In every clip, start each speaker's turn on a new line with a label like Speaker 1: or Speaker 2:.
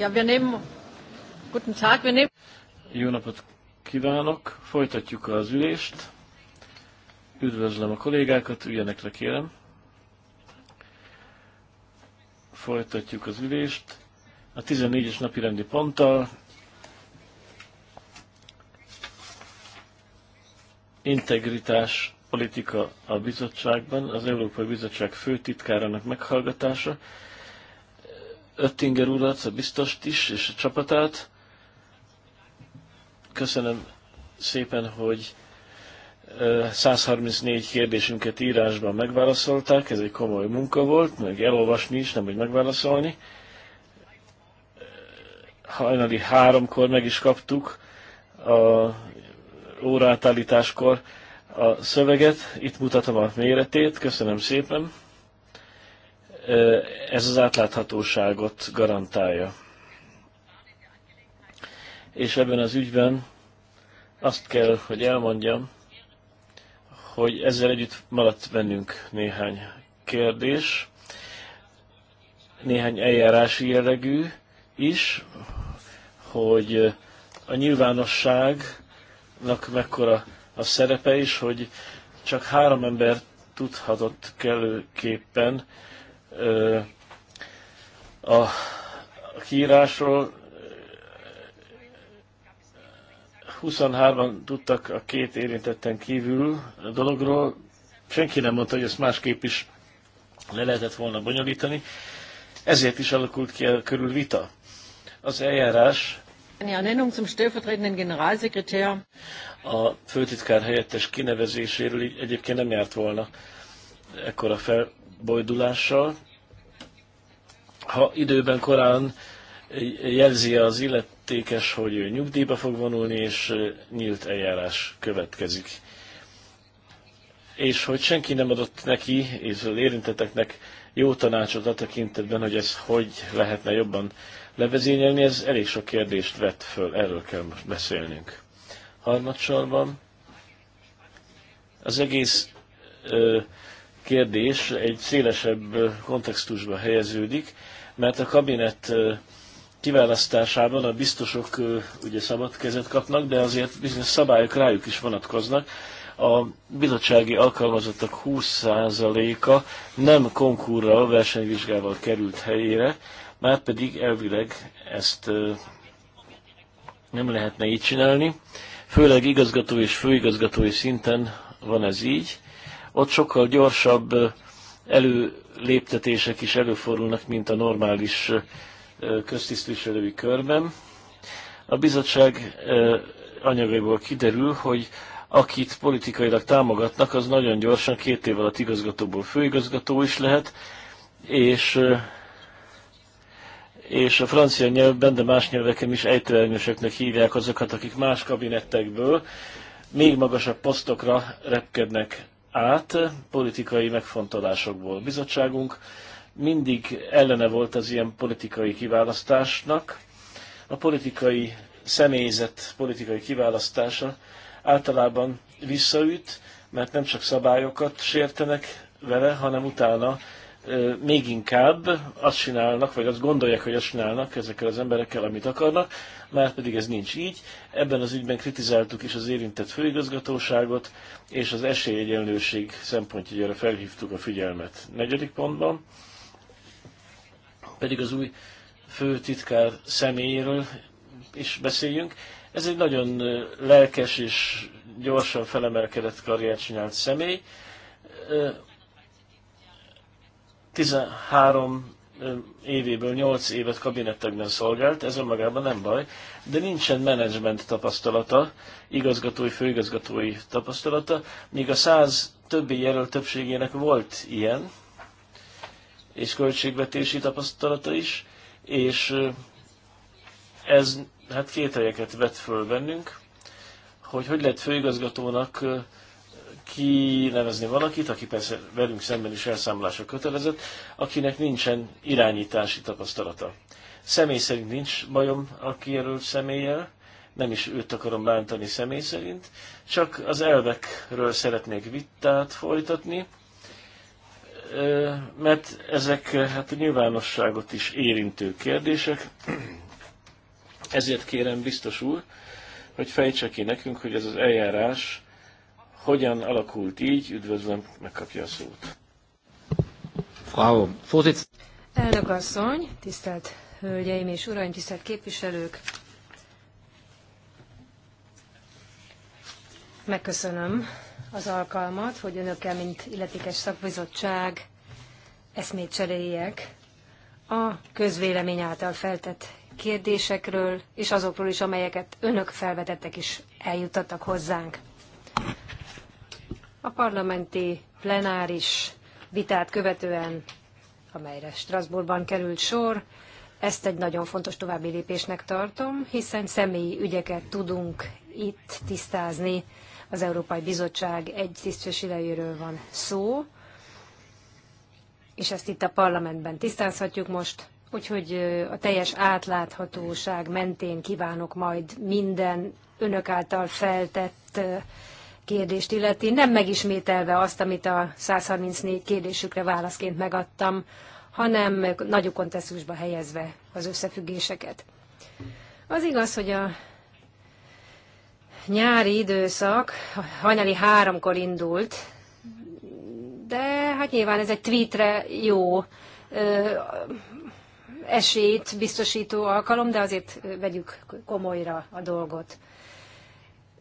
Speaker 1: Ja, wir nehmen... Guten Tag, wir nehmen...
Speaker 2: Jó napot kívánok! Folytatjuk az ülést. Üdvözlöm a kollégákat, üljenek le kérem. Folytatjuk az ülést. A 14-es napi rendi ponttal integritás politika a bizottságban, az Európai Bizottság főtitkárának meghallgatása. Öttinger urat, a biztost is, és a csapatát. Köszönöm szépen, hogy 134 kérdésünket írásban megválaszolták, ez egy komoly munka volt, meg elolvasni is, nem hogy megválaszolni. Hajnali háromkor meg is kaptuk a órátállításkor a szöveget, itt mutatom a méretét, köszönöm szépen ez az átláthatóságot garantálja. És ebben az ügyben azt kell, hogy elmondjam, hogy ezzel együtt maradt bennünk néhány kérdés, néhány eljárási jellegű is, hogy a nyilvánosságnak mekkora a szerepe is, hogy csak három ember tudhatott kellőképpen a kiírásról 23-an tudtak a két érintetten kívül a dologról. Senki nem mondta, hogy ezt másképp is le lehetett volna bonyolítani. Ezért is alakult ki a körül vita. Az eljárás a főtitkár helyettes kinevezéséről egyébként nem járt volna ekkora fel, bojdulással. Ha időben korán jelzi az illetékes, hogy ő nyugdíjba fog vonulni, és nyílt eljárás következik. És hogy senki nem adott neki, és az jó tanácsot a tekintetben, hogy ez hogy lehetne jobban levezényelni, ez elég sok kérdést vett föl, erről kell most beszélnünk. Harmadsorban az egész ö, kérdés egy szélesebb kontextusba helyeződik, mert a kabinet kiválasztásában a biztosok ugye szabad kezet kapnak, de azért bizonyos szabályok rájuk is vonatkoznak. A bizottsági alkalmazottak 20%-a nem konkurral, versenyvizsgával került helyére, már pedig elvileg ezt nem lehetne így csinálni. Főleg igazgató és főigazgatói szinten van ez így ott sokkal gyorsabb előléptetések is előfordulnak, mint a normális köztisztviselői körben. A bizottság anyagaiból kiderül, hogy akit politikailag támogatnak, az nagyon gyorsan két év alatt igazgatóból főigazgató is lehet, és, és a francia nyelvben, de más nyelveken is ejtőernyőseknek hívják azokat, akik más kabinettekből még magasabb posztokra repkednek át politikai megfontolásokból. Bizottságunk mindig ellene volt az ilyen politikai kiválasztásnak. A politikai személyzet politikai kiválasztása általában visszaüt, mert nem csak szabályokat sértenek vele, hanem utána még inkább azt csinálnak, vagy azt gondolják, hogy azt csinálnak ezekkel az emberekkel, amit akarnak, mert pedig ez nincs így. Ebben az ügyben kritizáltuk is az érintett főigazgatóságot, és az esélyegyenlőség szempontjára felhívtuk a figyelmet. Negyedik pontban pedig az új főtitkár személyéről is beszéljünk. Ez egy nagyon lelkes és gyorsan felemelkedett karriert csinált személy, 13 évéből 8 évet kabinettekben szolgált, ez önmagában nem baj, de nincsen menedzsment tapasztalata, igazgatói, főigazgatói tapasztalata, míg a 100 többi jelölt többségének volt ilyen, és költségvetési tapasztalata is, és ez hát két helyeket vet föl bennünk, hogy hogy lehet főigazgatónak kinevezni valakit, aki persze velünk szemben is elszámolásra kötelezett, akinek nincsen irányítási tapasztalata. Személy szerint nincs bajom a kijelölt személlyel, nem is őt akarom bántani személy szerint, csak az elvekről szeretnék vittát folytatni, mert ezek hát a nyilvánosságot is érintő kérdések, ezért kérem biztos úr, hogy fejtse ki nekünk, hogy ez az eljárás hogyan alakult így, üdvözlöm, megkapja a szót. Frau
Speaker 1: Elnök asszony,
Speaker 3: tisztelt hölgyeim és uraim, tisztelt képviselők! Megköszönöm az alkalmat, hogy önökkel, mint illetékes szakbizottság eszmét cseréljek a közvélemény által feltett kérdésekről, és azokról is, amelyeket önök felvetettek és eljutattak hozzánk. A parlamenti plenáris vitát követően, amelyre Strasbourgban került sor, ezt egy nagyon fontos további lépésnek tartom, hiszen személyi ügyeket tudunk itt tisztázni. Az Európai Bizottság egy tisztviselőjéről van szó, és ezt itt a parlamentben tisztázhatjuk most, úgyhogy a teljes átláthatóság mentén kívánok majd minden önök által feltett kérdést illeti, nem megismételve azt, amit a 134 kérdésükre válaszként megadtam, hanem nagyobb kontextusba helyezve az összefüggéseket. Az igaz, hogy a nyári időszak hajnali háromkor indult, de hát nyilván ez egy tweetre jó ö, esélyt biztosító alkalom, de azért vegyük komolyra a dolgot.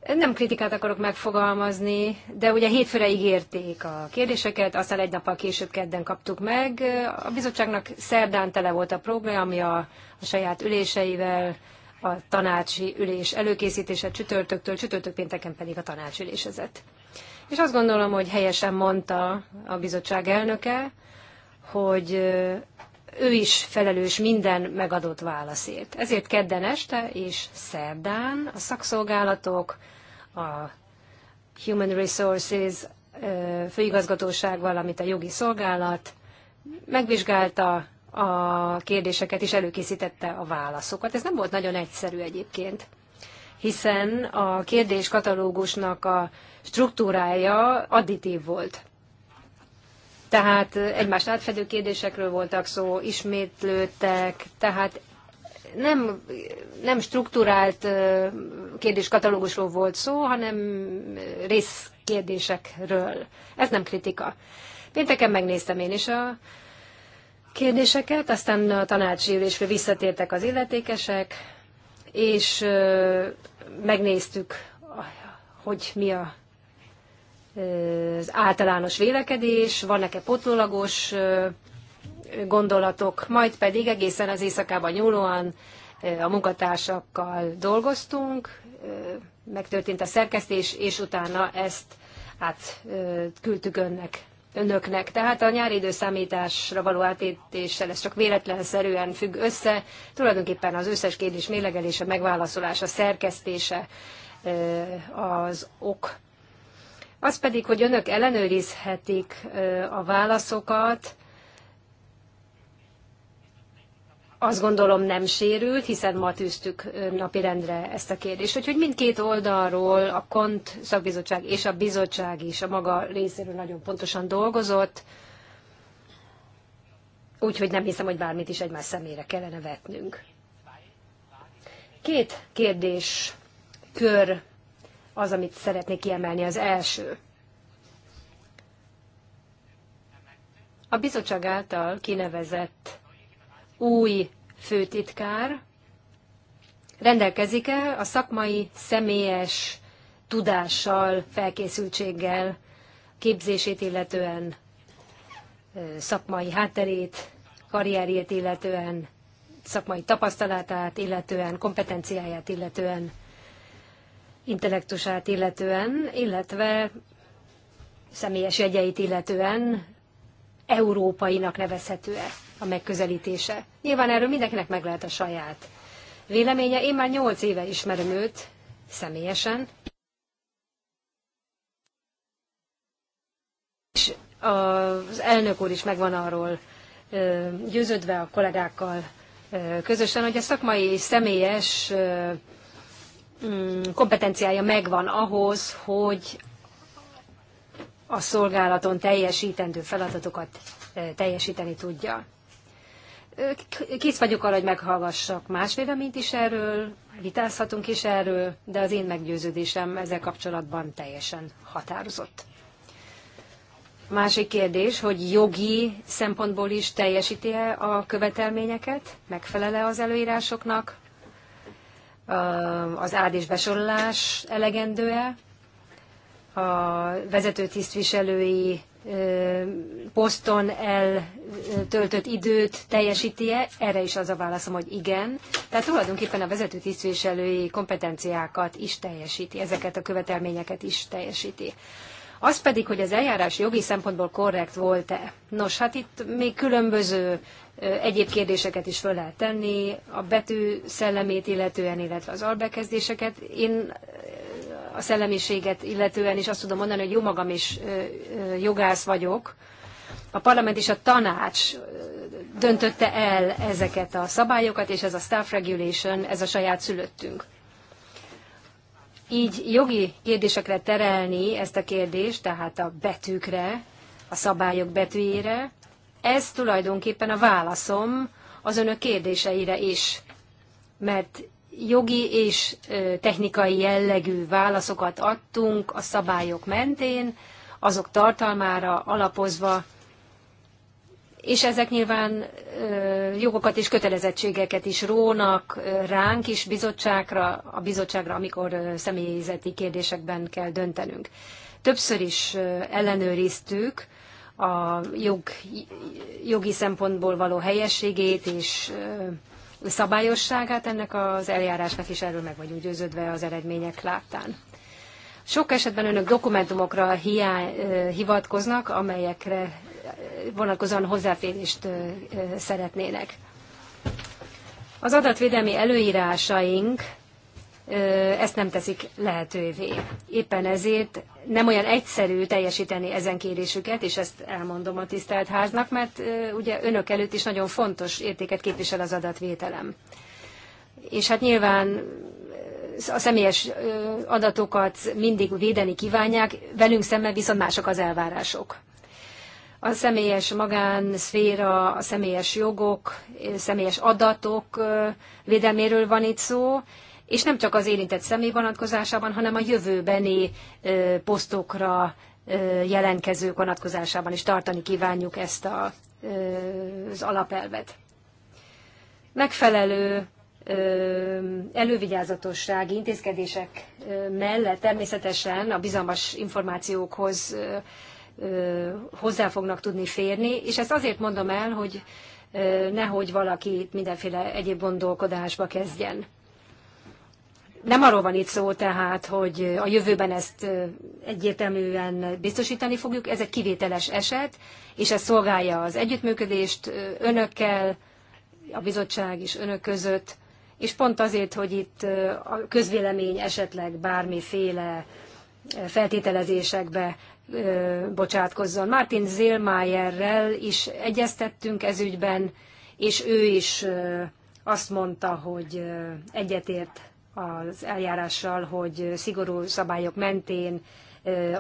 Speaker 3: Nem kritikát akarok megfogalmazni, de ugye hétfőre ígérték a kérdéseket, aztán egy nappal később kedden kaptuk meg. A bizottságnak szerdán tele volt a programja a saját üléseivel, a tanácsi ülés előkészítése csütörtöktől, csütörtök pénteken pedig a tanácsi ülésezett. És azt gondolom, hogy helyesen mondta a bizottság elnöke, hogy ő is felelős minden megadott válaszért. Ezért kedden este és szerdán a szakszolgálatok, a Human Resources főigazgatóság, valamint a jogi szolgálat megvizsgálta a kérdéseket és előkészítette a válaszokat. Ez nem volt nagyon egyszerű egyébként, hiszen a kérdéskatalógusnak a struktúrája additív volt. Tehát egymás átfedő kérdésekről voltak szó, ismétlődtek, tehát nem, nem struktúrált kérdéskatalógusról volt szó, hanem részkérdésekről. Ez nem kritika. Pénteken megnéztem én is a kérdéseket, aztán a tanácsi ülésre visszatértek az illetékesek, és megnéztük, hogy mi a az általános vélekedés, vannak-e potlólagos gondolatok, majd pedig egészen az éjszakában nyúlóan a munkatársakkal dolgoztunk, megtörtént a szerkesztés, és utána ezt hát küldtük önnek, önöknek. Tehát a nyári időszámításra való átétéssel ez csak véletlenszerűen függ össze. Tulajdonképpen az összes kérdés mélegelése, megválaszolása, szerkesztése az ok az pedig, hogy önök ellenőrizhetik a válaszokat, azt gondolom nem sérült, hiszen ma tűztük napirendre ezt a kérdést. Úgyhogy mindkét oldalról a KONT szakbizottság és a bizottság is a maga részéről nagyon pontosan dolgozott, úgyhogy nem hiszem, hogy bármit is egymás szemére kellene vetnünk. Két kérdés kör az, amit szeretnék kiemelni, az első. A bizottság által kinevezett új főtitkár rendelkezik-e a szakmai, személyes tudással, felkészültséggel, képzését illetően, szakmai hátterét, karrierjét illetően, szakmai tapasztalatát illetően, kompetenciáját illetően intellektusát illetően, illetve személyes jegyeit illetően európainak nevezhető-e a megközelítése. Nyilván erről mindenkinek meg lehet a saját véleménye. Én már nyolc éve ismerem őt személyesen. És az elnök úr is megvan arról győződve a kollégákkal közösen, hogy a szakmai és személyes Mm, kompetenciája megvan ahhoz, hogy a szolgálaton teljesítendő feladatokat eh, teljesíteni tudja. Kész vagyok arra, hogy meghallgassak más véleményt is erről, vitázhatunk is erről, de az én meggyőződésem ezzel kapcsolatban teljesen határozott. Másik kérdés, hogy jogi szempontból is teljesíti-e a követelményeket, megfelele az előírásoknak, az ád besorolás elegendő-e, a vezető tisztviselői poszton eltöltött időt teljesíti-e? Erre is az a válaszom, hogy igen. Tehát tulajdonképpen a vezető tisztviselői kompetenciákat is teljesíti, ezeket a követelményeket is teljesíti. Az pedig, hogy az eljárás jogi szempontból korrekt volt-e. Nos, hát itt még különböző egyéb kérdéseket is föl lehet tenni, a betű szellemét illetően, illetve az albekezdéseket. Én a szellemiséget illetően is azt tudom mondani, hogy jó magam is jogász vagyok. A parlament és a tanács döntötte el ezeket a szabályokat, és ez a staff regulation, ez a saját szülöttünk így jogi kérdésekre terelni ezt a kérdést, tehát a betűkre, a szabályok betűjére, ez tulajdonképpen a válaszom az önök kérdéseire is. Mert jogi és technikai jellegű válaszokat adtunk a szabályok mentén, azok tartalmára alapozva, és ezek nyilván jogokat és kötelezettségeket is rónak ránk is bizottságra, a bizottságra, amikor személyzeti kérdésekben kell döntenünk. Többször is ellenőriztük a jog, jogi szempontból való helyességét és szabályosságát ennek az eljárásnak, és erről meg vagyunk győződve az eredmények láttán. Sok esetben önök dokumentumokra hiá, hivatkoznak, amelyekre vonatkozóan hozzáférést szeretnének. Az adatvédelmi előírásaink ezt nem teszik lehetővé. Éppen ezért nem olyan egyszerű teljesíteni ezen kérésüket, és ezt elmondom a tisztelt háznak, mert ugye önök előtt is nagyon fontos értéket képvisel az adatvételem. És hát nyilván a személyes adatokat mindig védeni kívánják, velünk szemben viszont mások az elvárások a személyes magánszféra, a személyes jogok, személyes adatok védelméről van itt szó, és nem csak az érintett személy vonatkozásában, hanem a jövőbeni posztokra jelentkezők vonatkozásában is tartani kívánjuk ezt a, az alapelvet. Megfelelő elővigyázatossági intézkedések mellett természetesen a bizalmas információkhoz hozzá fognak tudni férni, és ezt azért mondom el, hogy nehogy valaki mindenféle egyéb gondolkodásba kezdjen. Nem arról van itt szó tehát, hogy a jövőben ezt egyértelműen biztosítani fogjuk, ez egy kivételes eset, és ez szolgálja az együttműködést önökkel, a bizottság is önök között, és pont azért, hogy itt a közvélemény esetleg bármiféle feltételezésekbe bocsátkozzon. Martin Zélmájerrel is egyeztettünk ez ügyben, és ő is azt mondta, hogy egyetért az eljárással, hogy szigorú szabályok mentén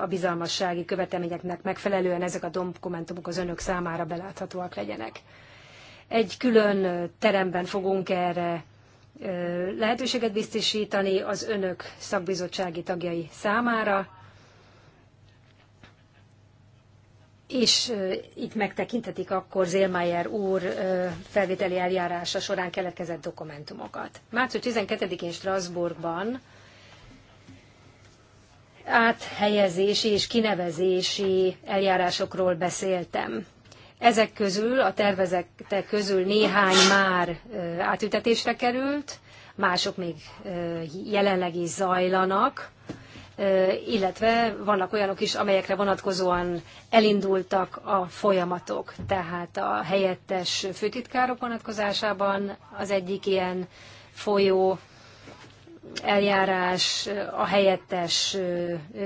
Speaker 3: a bizalmassági követelményeknek megfelelően ezek a dokumentumok az önök számára beláthatóak legyenek. Egy külön teremben fogunk erre lehetőséget biztosítani az önök szakbizottsági tagjai számára, és itt megtekinthetik akkor Zélmeier úr felvételi eljárása során keletkezett dokumentumokat. Március 12-én Strasbourgban áthelyezési és kinevezési eljárásokról beszéltem. Ezek közül, a tervezetek közül néhány már átültetésre került, mások még jelenleg is zajlanak, illetve vannak olyanok is, amelyekre vonatkozóan elindultak a folyamatok. Tehát a helyettes főtitkárok vonatkozásában az egyik ilyen folyó eljárás, a helyettes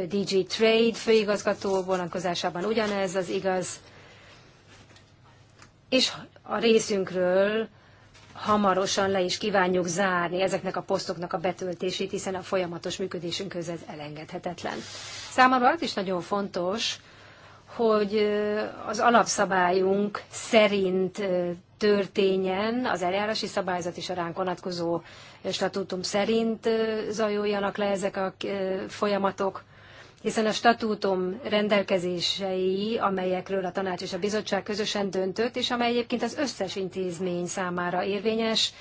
Speaker 3: DG Trade főigazgató vonatkozásában ugyanez az igaz. És a részünkről hamarosan le is kívánjuk zárni ezeknek a posztoknak a betöltését, hiszen a folyamatos működésünkhöz ez elengedhetetlen. Számomra az is nagyon fontos, hogy az alapszabályunk szerint történjen, az eljárási szabályzat is a ránk vonatkozó statútum szerint zajoljanak le ezek a folyamatok, hiszen a statútum rendelkezései, amelyekről a tanács és a bizottság közösen döntött, és amely egyébként az összes intézmény számára érvényes,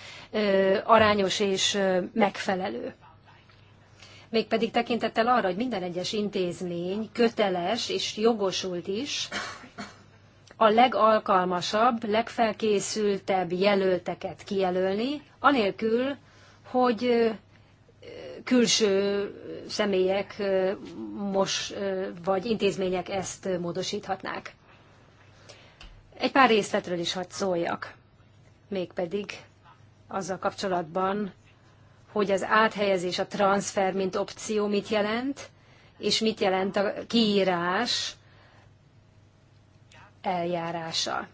Speaker 3: arányos és megfelelő. Mégpedig tekintettel arra, hogy minden egyes intézmény köteles és jogosult is a legalkalmasabb, legfelkészültebb jelölteket kijelölni, anélkül, hogy külső személyek most, vagy intézmények ezt módosíthatnák. Egy pár részletről is hadd szóljak, mégpedig azzal kapcsolatban, hogy az áthelyezés, a transfer, mint opció mit jelent, és mit jelent a kiírás eljárása.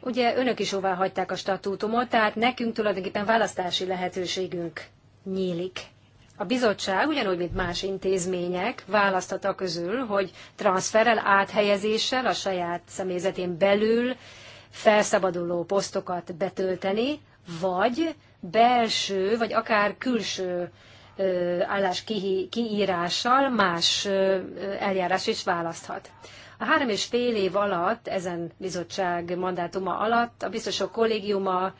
Speaker 3: Ugye önök is óvá hagyták a statútumot, tehát nekünk tulajdonképpen választási lehetőségünk nyílik. A bizottság, ugyanúgy, mint más intézmények, választhat a közül, hogy transferrel, áthelyezéssel a saját személyzetén belül felszabaduló posztokat betölteni, vagy belső, vagy akár külső állás kiírással más eljárás is választhat. A három és fél év alatt, ezen bizottság mandátuma alatt a biztosok kollégiuma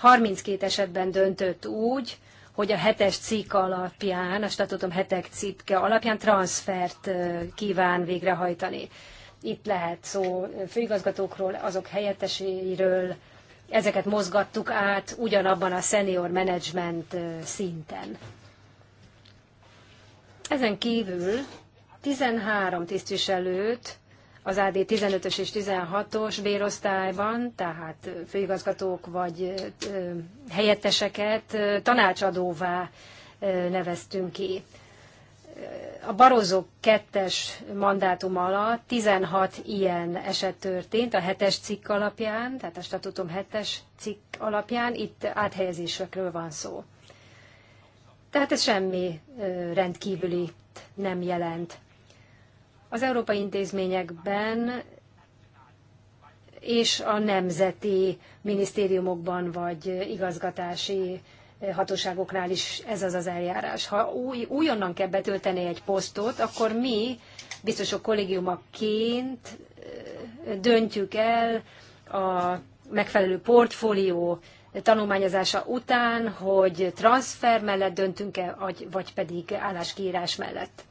Speaker 3: 32 esetben döntött úgy, hogy a hetes cikk alapján, a statutum hetek cikke alapján transfert kíván végrehajtani. Itt lehet szó főigazgatókról, azok helyetteséről, ezeket mozgattuk át ugyanabban a senior management szinten. Ezen kívül 13 tisztviselőt az AD 15-ös és 16-os bérosztályban, tehát főigazgatók vagy helyetteseket tanácsadóvá neveztünk ki. A Barozó 2-es mandátum alatt 16 ilyen eset történt a 7-es cikk alapján, tehát a statutum 7-es cikk alapján, itt áthelyezésekről van szó. Tehát ez semmi rendkívüli nem jelent az európai intézményekben és a nemzeti minisztériumokban vagy igazgatási hatóságoknál is ez az az eljárás. Ha új, újonnan kell betölteni egy posztot, akkor mi biztosok kollégiumaként döntjük el a megfelelő portfólió tanulmányozása után, hogy transfer mellett döntünk-e, vagy pedig álláskiírás mellett.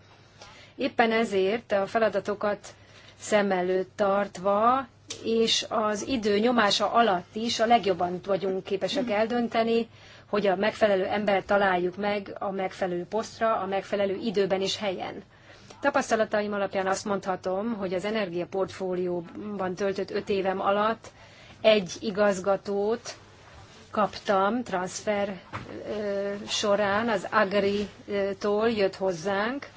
Speaker 3: Éppen ezért a feladatokat szem előtt tartva, és az idő nyomása alatt is a legjobban vagyunk képesek eldönteni, hogy a megfelelő embert találjuk meg a megfelelő posztra, a megfelelő időben és helyen. Tapasztalataim alapján azt mondhatom, hogy az energiaportfólióban töltött öt évem alatt egy igazgatót kaptam transfer során, az Agri-tól jött hozzánk,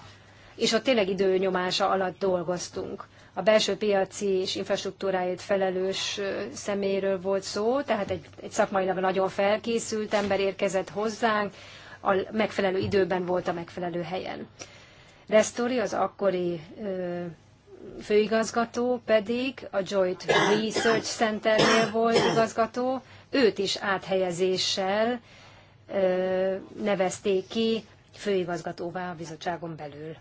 Speaker 3: és ott tényleg időnyomása alatt dolgoztunk. A belső piaci és infrastruktúráért felelős személyről volt szó, tehát egy, egy szakmailag nagyon felkészült ember érkezett hozzánk, a megfelelő időben volt a megfelelő helyen. Restori, az akkori ö, főigazgató pedig a Joint Research Centernél volt igazgató, őt is áthelyezéssel ö, nevezték ki főigazgatóvá a bizottságon belül.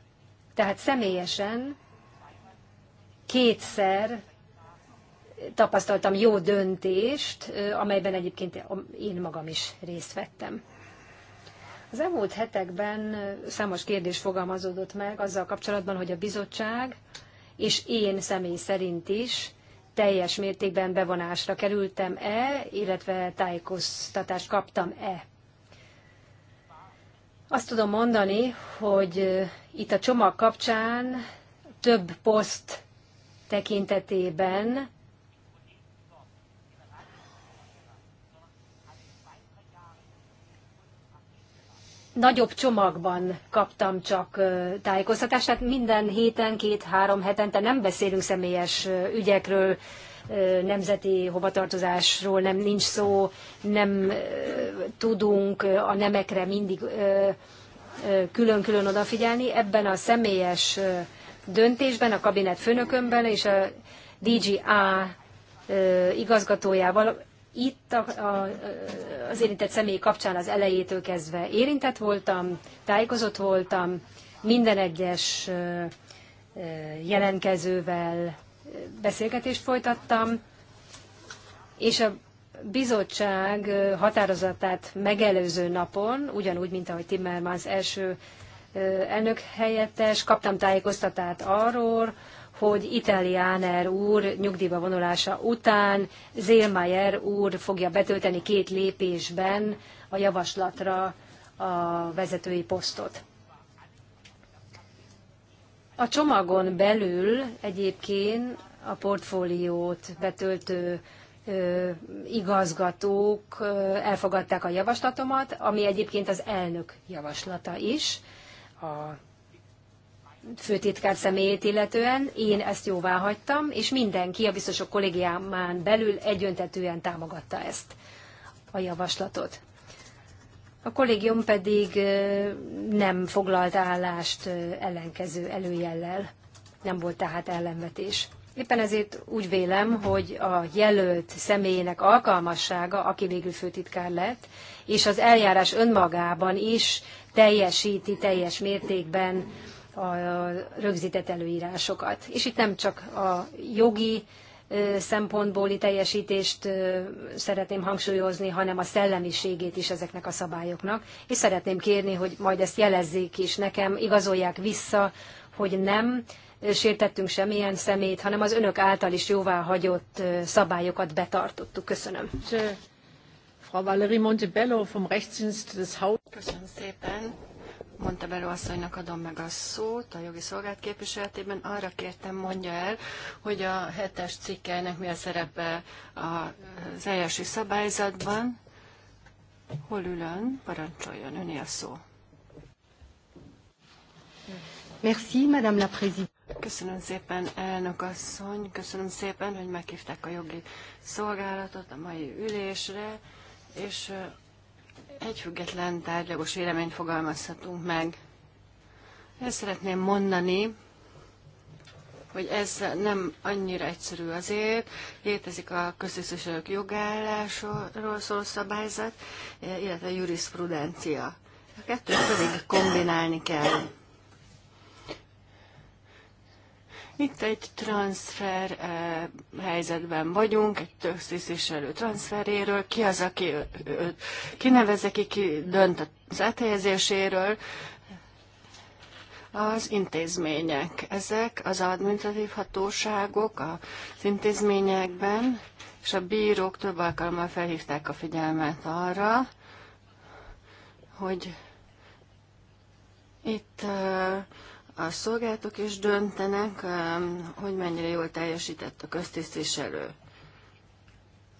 Speaker 3: Tehát személyesen kétszer tapasztaltam jó döntést, amelyben egyébként én magam is részt vettem. Az elmúlt hetekben számos kérdés fogalmazódott meg azzal kapcsolatban, hogy a bizottság és én személy szerint is teljes mértékben bevonásra kerültem-e, illetve tájékoztatást kaptam-e azt tudom mondani, hogy itt a csomag kapcsán több poszt tekintetében nagyobb csomagban kaptam csak tájékoztatást, tehát minden héten, két-három hetente nem beszélünk személyes ügyekről, nemzeti hovatartozásról nem nincs szó, nem tudunk a nemekre mindig külön-külön odafigyelni. Ebben a személyes döntésben, a kabinet főnökömben és a DGA igazgatójával itt a, a, az érintett személy kapcsán az elejétől kezdve érintett voltam, tájékozott voltam, minden egyes jelentkezővel beszélgetést folytattam, és a bizottság határozatát megelőző napon, ugyanúgy, mint ahogy Timmermans első elnök helyettes, kaptam tájékoztatát arról, hogy Italiáner úr nyugdíjba vonulása után Zélmayer úr fogja betölteni két lépésben a javaslatra a vezetői posztot. A csomagon belül egyébként a portfóliót betöltő igazgatók elfogadták a javaslatomat, ami egyébként az elnök javaslata is, a főtitkár személyét illetően. Én ezt jóvá hagytam, és mindenki a biztosok kollégiámán belül egyöntetően támogatta ezt a javaslatot. A kollégium pedig nem foglalt állást ellenkező előjellel, nem volt tehát ellenvetés. Éppen ezért úgy vélem, hogy a jelölt személyének alkalmassága, aki végül főtitkár lett, és az eljárás önmagában is teljesíti teljes mértékben a rögzített előírásokat. És itt nem csak a jogi szempontból teljesítést szeretném hangsúlyozni, hanem a szellemiségét is ezeknek a szabályoknak, és szeretném kérni, hogy majd ezt jelezzék is nekem, igazolják vissza, hogy nem sértettünk semmilyen szemét, hanem az önök által is jóvá hagyott szabályokat betartottuk. Köszönöm.
Speaker 1: Frau Valerie Montebello vom Rechtsdienst des Hauses. Köszönöm szépen mondta Beró asszonynak adom meg a szót a jogi szolgált képviseletében. Arra kértem, mondja el, hogy a hetes cikkelnek mi a szerepe az eljárási szabályzatban. Hol ül ön? Parancsoljon, öné a szó. Merci, Madame la Présidente. Köszönöm szépen, elnök asszony, köszönöm szépen, hogy meghívták a jogi szolgálatot a mai ülésre, és egy független tárgyagos véleményt fogalmazhatunk meg. Én szeretném mondani, hogy ez nem annyira egyszerű azért. Létezik a köztisztviselők jogállásról szóló szabályzat, illetve jurisprudencia. A kettőt pedig kombinálni kell. Itt egy transfer eh, helyzetben vagyunk, egy tökszízviselő transferéről, ki az, aki őt kinevezze, ki, ki dönt az áthelyezéséről, az intézmények. Ezek az administratív hatóságok az intézményekben, és a bírók több alkalommal felhívták a figyelmet arra, hogy itt eh, a szolgálatok is döntenek, hogy mennyire jól teljesített a köztisztviselő.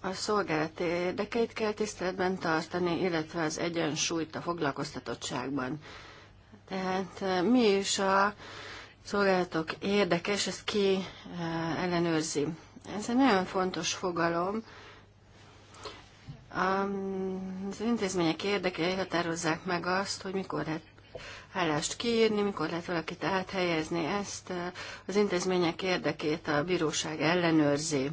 Speaker 1: A szolgálat érdekeit kell tiszteletben tartani, illetve az egyensúlyt a foglalkoztatottságban. Tehát mi is a szolgálatok érdekes, ezt ki ellenőrzi. Ez egy nagyon fontos fogalom. Az intézmények érdekei határozzák meg azt, hogy mikor lehet állást kiírni, mikor lehet valakit áthelyezni. Ezt eh, az intézmények érdekét a bíróság ellenőrzi.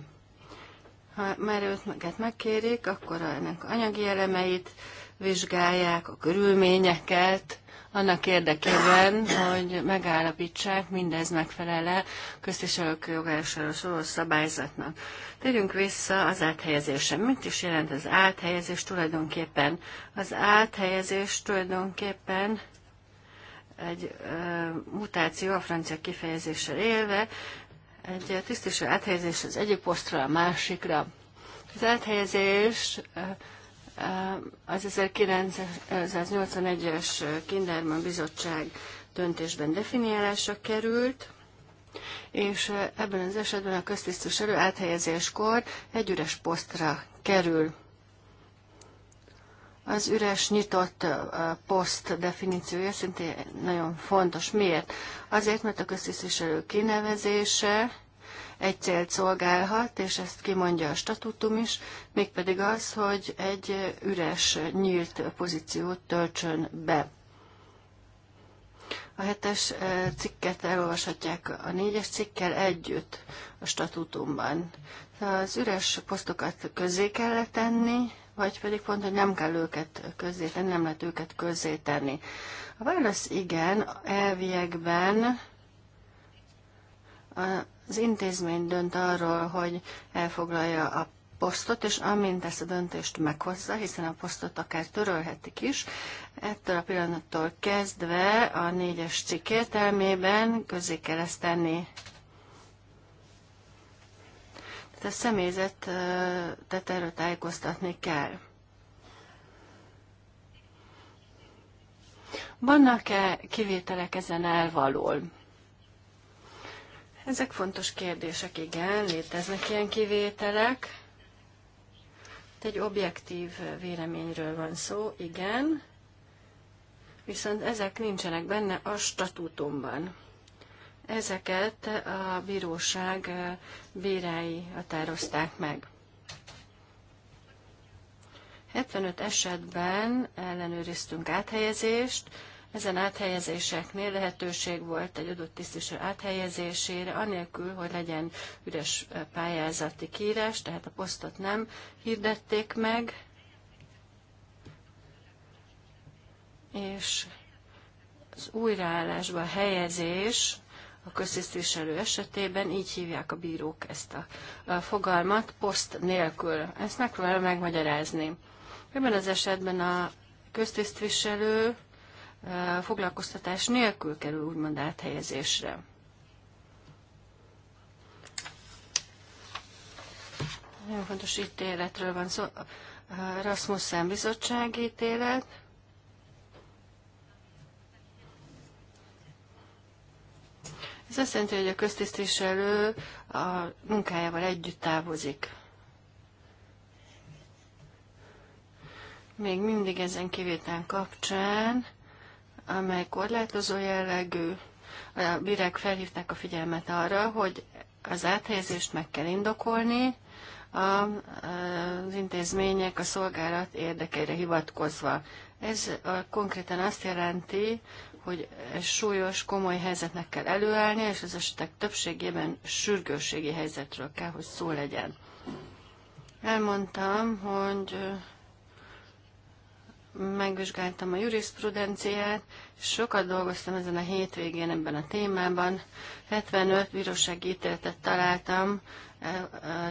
Speaker 1: Ha már őt meget megkérik, akkor ennek anyagi elemeit vizsgálják, a körülményeket, annak érdekében, hogy megállapítsák, mindez megfelele köztiselők jogására szóló szabályzatnak. Térjünk vissza az áthelyezésre. Mit is jelent az áthelyezés tulajdonképpen? Az áthelyezés tulajdonképpen egy mutáció, a francia kifejezéssel élve, egy tisztviselő áthelyezés az egyik posztra a másikra. Az áthelyezés az 1981-es Kinderman bizottság döntésben definiálásra került, és ebben az esetben a köztisztviselő áthelyezéskor egy üres posztra kerül. Az üres, nyitott poszt definíciója szintén nagyon fontos. Miért? Azért, mert a köztisztviselő kinevezése egy célt szolgálhat, és ezt kimondja a statutum is, mégpedig az, hogy egy üres, nyílt pozíciót töltsön be. A hetes cikket elolvashatják a négyes cikkel együtt a statutumban. Az üres posztokat közé kell tenni, vagy pedig pont, hogy nem kell őket közzétenni, nem lehet őket közzétenni. A válasz igen, elviekben az intézmény dönt arról, hogy elfoglalja a posztot, és amint ezt a döntést meghozza, hiszen a posztot akár törölhetik is, ettől a pillanattól kezdve a négyes cikk értelmében közé kell ezt tenni a személyzetet erről tájékoztatni kell. Vannak-e kivételek ezen elvalól? Ezek fontos kérdések, igen, léteznek ilyen kivételek. Itt egy objektív véleményről van szó, igen, viszont ezek nincsenek benne a statútumban. Ezeket a bíróság bírái határozták meg. 75 esetben ellenőriztünk áthelyezést, ezen áthelyezéseknél lehetőség volt egy adott tisztviselő áthelyezésére, anélkül, hogy legyen üres pályázati kírás, tehát a posztot nem hirdették meg, és az újraállásba helyezés a köztisztviselő esetében, így hívják a bírók ezt a fogalmat, poszt nélkül. Ezt megpróbálom megmagyarázni. Ebben az esetben a köztisztviselő foglalkoztatás nélkül kerül úgymond áthelyezésre. Nagyon fontos ítéletről van szó. Rasmussen ítélet. Ez azt jelenti, hogy a köztisztviselő a munkájával együtt távozik. Még mindig ezen kivétel kapcsán, amely korlátozó jellegű, a bírák felhívták a figyelmet arra, hogy az áthelyezést meg kell indokolni, a, az intézmények a szolgálat érdekeire hivatkozva. Ez konkrétan azt jelenti, hogy súlyos, komoly helyzetnek kell előállni, és az esetek többségében sürgőségi helyzetről kell, hogy szó legyen. Elmondtam, hogy megvizsgáltam a jurisprudenciát, sokat dolgoztam ezen a hétvégén ebben a témában. 75 bírósági ítéletet találtam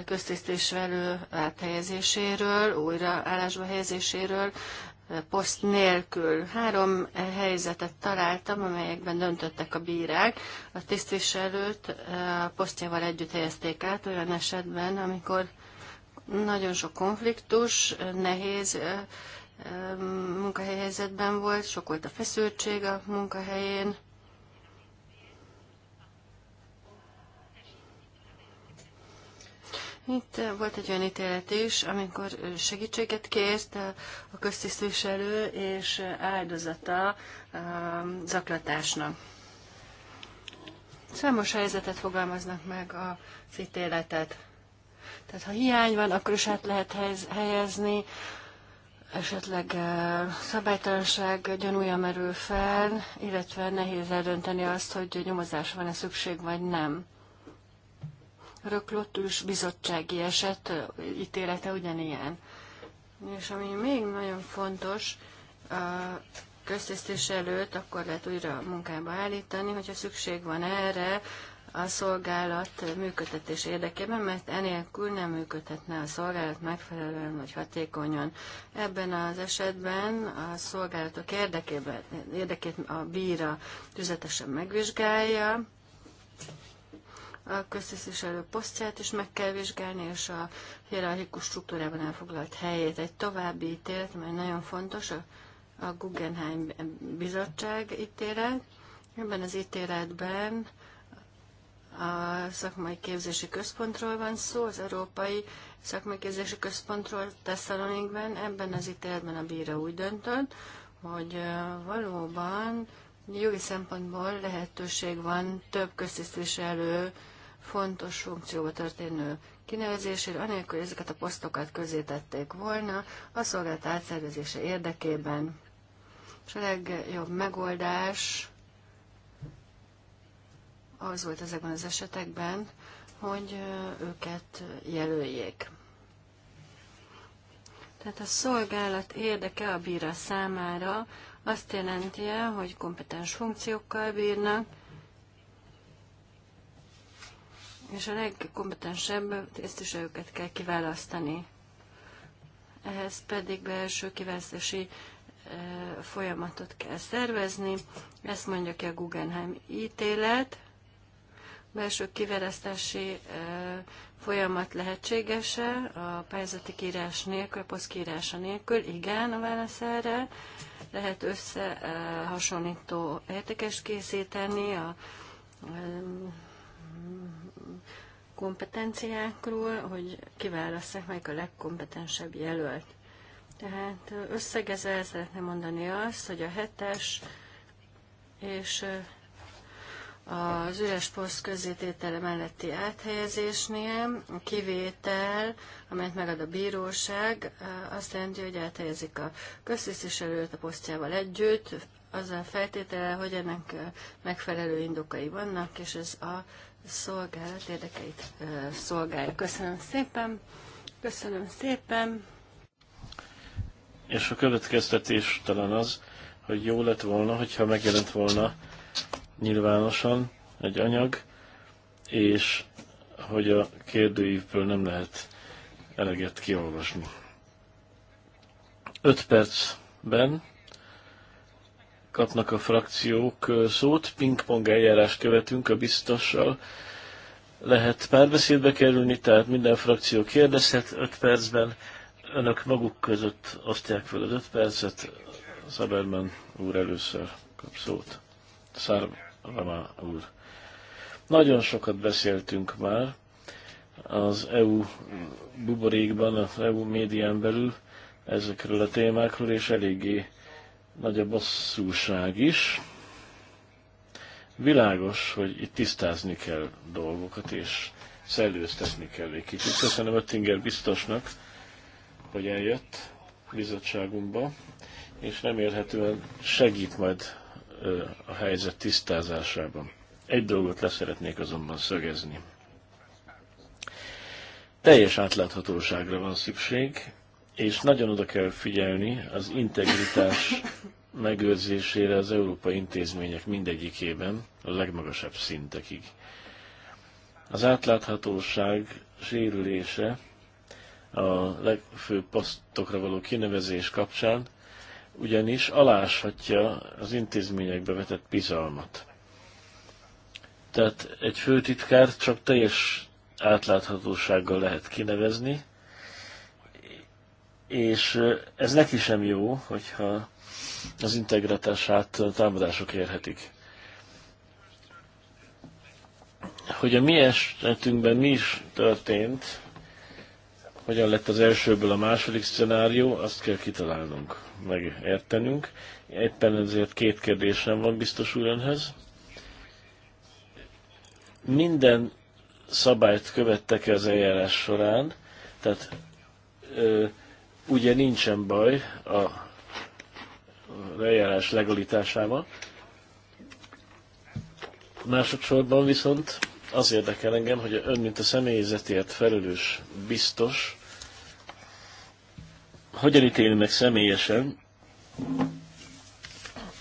Speaker 1: köztisztésvelő áthelyezéséről, újra állásba helyezéséről, poszt nélkül. Három helyzetet találtam, amelyekben döntöttek a bírák. A tisztviselőt a eh, posztjával együtt helyezték át olyan esetben, amikor nagyon sok konfliktus, nehéz eh, eh, munkahelyzetben volt, sok volt a feszültség a munkahelyén, Itt volt egy olyan ítélet is, amikor segítséget kért a köztisztviselő és áldozata um, zaklatásnak. Számos helyzetet fogalmaznak meg a ítéletet. Tehát ha hiány van, akkor is át lehet helyezni, esetleg uh, szabálytalanság gyanúja merül fel, illetve nehéz eldönteni azt, hogy nyomozás van-e szükség, vagy nem. Röklottus bizottsági eset ítélete ugyanilyen. És ami még nagyon fontos, a köztisztés előtt akkor lehet újra munkába állítani, hogyha szükség van erre a szolgálat működtetés érdekében, mert enélkül nem működhetne a szolgálat megfelelően vagy hatékonyan. Ebben az esetben a szolgálatok érdekében, érdekét a bíra tüzetesen megvizsgálja, a köztisztviselő posztját is meg kell vizsgálni, és a hierarchikus struktúrában elfoglalt helyét. Egy további ítélet, mert nagyon fontos, a, a Guggenheim bizottság ítélet. Ebben az ítéletben a szakmai képzési központról van szó, az Európai Szakmai Képzési Központról Tesszalonikben. Ebben az ítéletben a bíró úgy döntött, hogy valóban jogi szempontból lehetőség van több köztisztviselő fontos funkcióba történő kinevezésére, anélkül, hogy ezeket a posztokat közé tették volna a szolgálat átszervezése érdekében. És a legjobb megoldás az volt ezekben az esetekben, hogy őket jelöljék. Tehát a szolgálat érdeke a bíra számára azt jelenti, hogy kompetens funkciókkal bírnak, és a legkompetensebb tisztviselőket kell kiválasztani. Ehhez pedig belső kiválasztási e, folyamatot kell szervezni. Ezt mondja ki a Guggenheim ítélet. Belső kiválasztási e, folyamat lehetséges-e a pályázati kiírás nélkül, a poszkírása nélkül? Igen, a válasz erre. Lehet összehasonlító e, értékes készíteni a kompetenciákról, hogy kiválasszák, melyik a legkompetensebb jelölt. Tehát összegezve szeretne mondani azt, hogy a hetes és az üres poszt közzététele melletti áthelyezésnél a kivétel, amelyet megad a bíróság, azt jelenti, hogy áthelyezik a köztisztviselőt a posztjával együtt, az a feltétele, hogy ennek megfelelő indokai vannak, és ez a szolgálat érdekeit szolgálja. Köszönöm szépen. Köszönöm szépen.
Speaker 2: És a következtetés talán az, hogy jó lett volna, hogyha megjelent volna nyilvánosan egy anyag, és hogy a kérdőívből nem lehet eleget kiolvasni. 5 percben kapnak a frakciók szót, pingpong eljárás követünk a biztossal. Lehet párbeszédbe kerülni, tehát minden frakció kérdezhet 5 percben, önök maguk között osztják fel az 5 percet, Szaberman úr először kap szót. Szárvama úr. Nagyon sokat beszéltünk már az EU buborékban, az EU médián belül ezekről a témákról, és eléggé nagy a bosszúság is. Világos, hogy itt tisztázni kell dolgokat, és szellőztetni kell egy kicsit. Köszönöm Öttinger biztosnak, hogy eljött bizottságunkba, és remélhetően segít majd a helyzet tisztázásában. Egy dolgot leszeretnék azonban szögezni. Teljes átláthatóságra van szükség, és nagyon oda kell figyelni az integritás megőrzésére az európai intézmények mindegyikében, a legmagasabb szintekig. Az átláthatóság sérülése a legfőbb posztokra való kinevezés kapcsán ugyanis aláshatja az intézményekbe vetett bizalmat. Tehát egy főtitkár csak teljes átláthatósággal lehet kinevezni, és ez neki sem jó, hogyha az integratását támadások érhetik. Hogy a mi esetünkben mi is történt, hogyan lett az elsőből a második szenárió, azt kell kitalálnunk, megértenünk. Éppen ezért két kérdésem van biztos úr önhöz. Minden szabályt követtek az eljárás során, tehát ö, ugye nincsen baj a eljárás legalitásával. Másodszorban viszont az érdekel engem, hogy ön, mint a személyzetért felelős biztos, hogyan ítéli meg személyesen,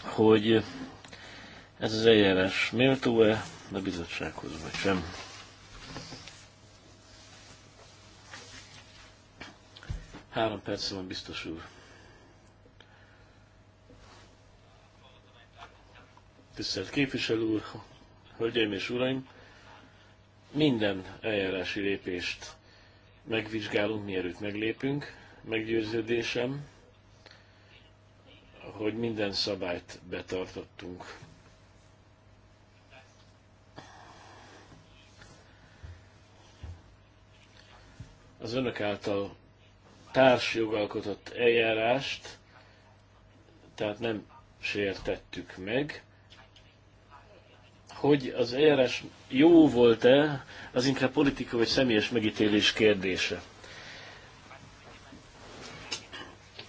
Speaker 2: hogy ez az eljárás méltó-e a bizottsághoz, vagy sem. Három perc van, biztos úr. Tisztelt képviselő úr, hölgyeim és uraim, minden eljárási lépést megvizsgálunk, mielőtt meglépünk. Meggyőződésem, hogy minden szabályt betartottunk. Az önök által társjogalkotott eljárást, tehát nem sértettük meg. Hogy az eljárás jó volt-e, az inkább politika vagy személyes megítélés kérdése.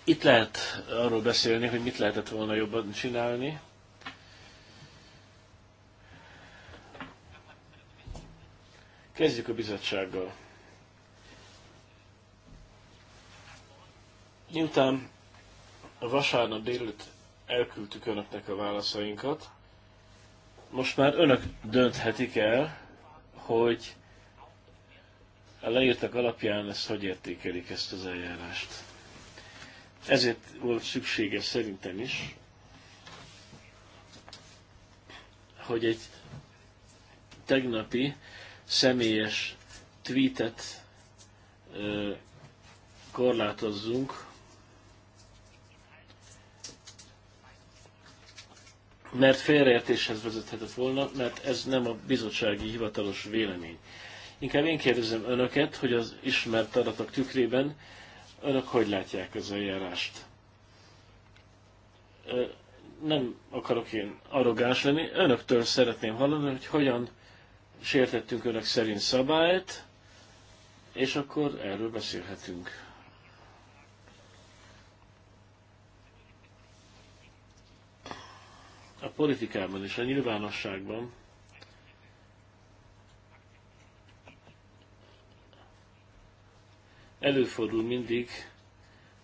Speaker 2: Itt lehet arról beszélni, hogy mit lehetett volna jobban csinálni. Kezdjük a bizottsággal. Miután a vasárnap délőtt elküldtük önöknek a válaszainkat, most már önök dönthetik el, hogy a leírtak alapján ezt hogy értékelik ezt az eljárást. Ezért volt szükséges szerintem is, hogy egy tegnapi személyes tweetet korlátozzunk mert félreértéshez vezethetett volna, mert ez nem a bizottsági hivatalos vélemény. Inkább én kérdezem önöket, hogy az ismert adatok tükrében önök hogy látják az eljárást? Nem akarok én arrogáns lenni, önöktől szeretném hallani, hogy hogyan sértettünk önök szerint szabályt, és akkor erről beszélhetünk. a politikában és a nyilvánosságban előfordul mindig,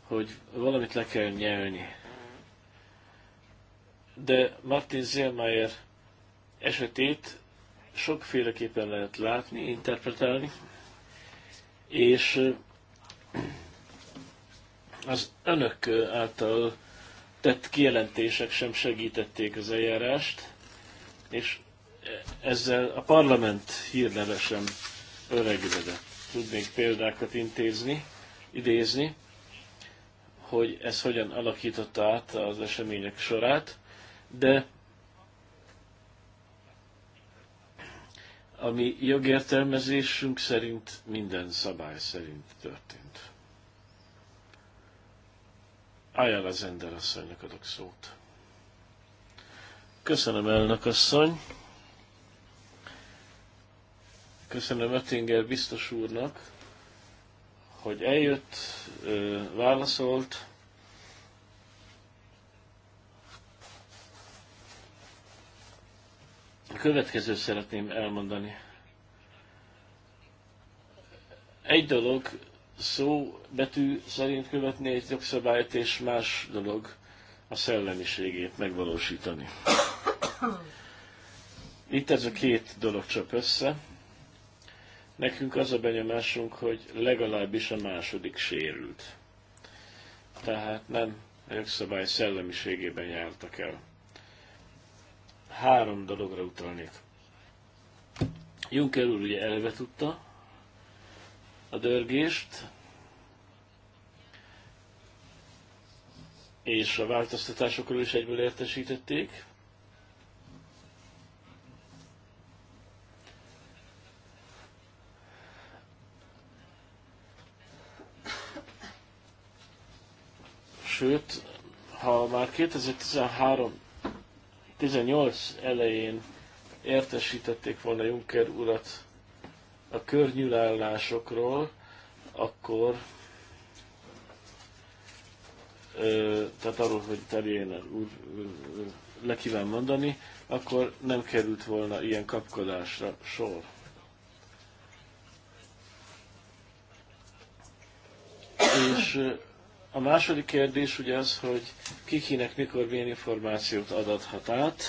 Speaker 2: hogy valamit le kell nyelni. De Martin Zellmeyer esetét sokféleképpen lehet látni, interpretálni, és az önök által tett kijelentések sem segítették az eljárást, és ezzel a parlament hírneve sem öregüledett. Tudnék példákat intézni, idézni, hogy ez hogyan alakította át az események sorát, de ami jogértelmezésünk szerint minden szabály szerint történt. Ajala Zender asszonynak adok szót. Köszönöm, elnök asszony. Köszönöm Öttinger biztos úrnak, hogy eljött, válaszolt. A következőt szeretném elmondani. Egy dolog szó betű szerint követni egy jogszabályt, és más dolog a szellemiségét megvalósítani. Itt ez a két dolog csap össze. Nekünk az a benyomásunk, hogy legalábbis a második sérült. Tehát nem a jogszabály szellemiségében jártak el. Három dologra utalnék. Juncker úr ugye eleve tudta, a dörgést, és a változtatásokról is egyből értesítették. Sőt, ha már 2013 18 elején értesítették volna Juncker urat a környülállásokról, akkor tehát arról, hogy Tarjéner úr le kíván mondani, akkor nem került volna ilyen kapkodásra sor. És a második kérdés ugye az, hogy kikinek mikor milyen információt adathat át.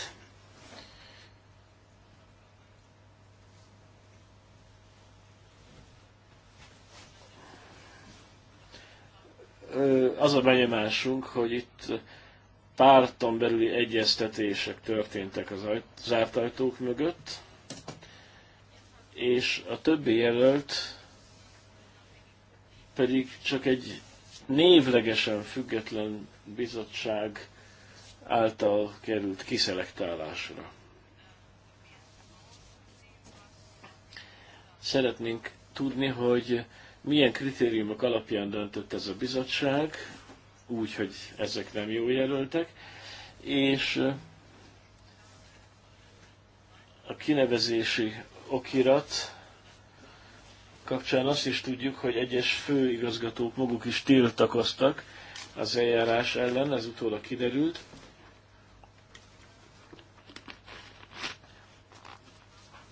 Speaker 2: az a benyomásunk, hogy itt párton belüli egyeztetések történtek az ajt, zárt ajtók mögött, és a többi jelölt pedig csak egy névlegesen független bizottság által került kiszelektálásra. Szeretnénk tudni, hogy milyen kritériumok alapján döntött ez a bizottság, úgy, hogy ezek nem jó jelöltek, és a kinevezési okirat kapcsán azt is tudjuk, hogy egyes főigazgatók maguk is tiltakoztak az eljárás ellen, ez utólag kiderült.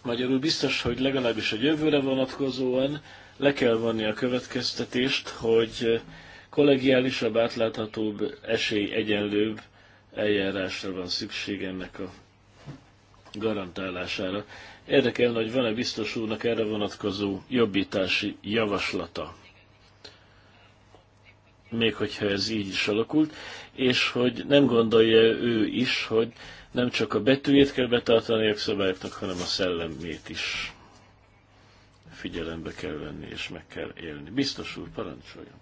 Speaker 2: Magyarul biztos, hogy legalábbis a jövőre vonatkozóan le kell vanni a következtetést, hogy kollegiálisabb, átláthatóbb, egyenlőbb eljárásra van szükség ennek a garantálására. Érdekelne, hogy van-e biztos úrnak erre vonatkozó jobbítási javaslata, még hogyha ez így is alakult, és hogy nem gondolja ő is, hogy nem csak a betűjét kell betartani a jogszabályoknak, hanem a szellemét is figyelembe kell venni és meg kell élni. Biztos úr, parancsoljon!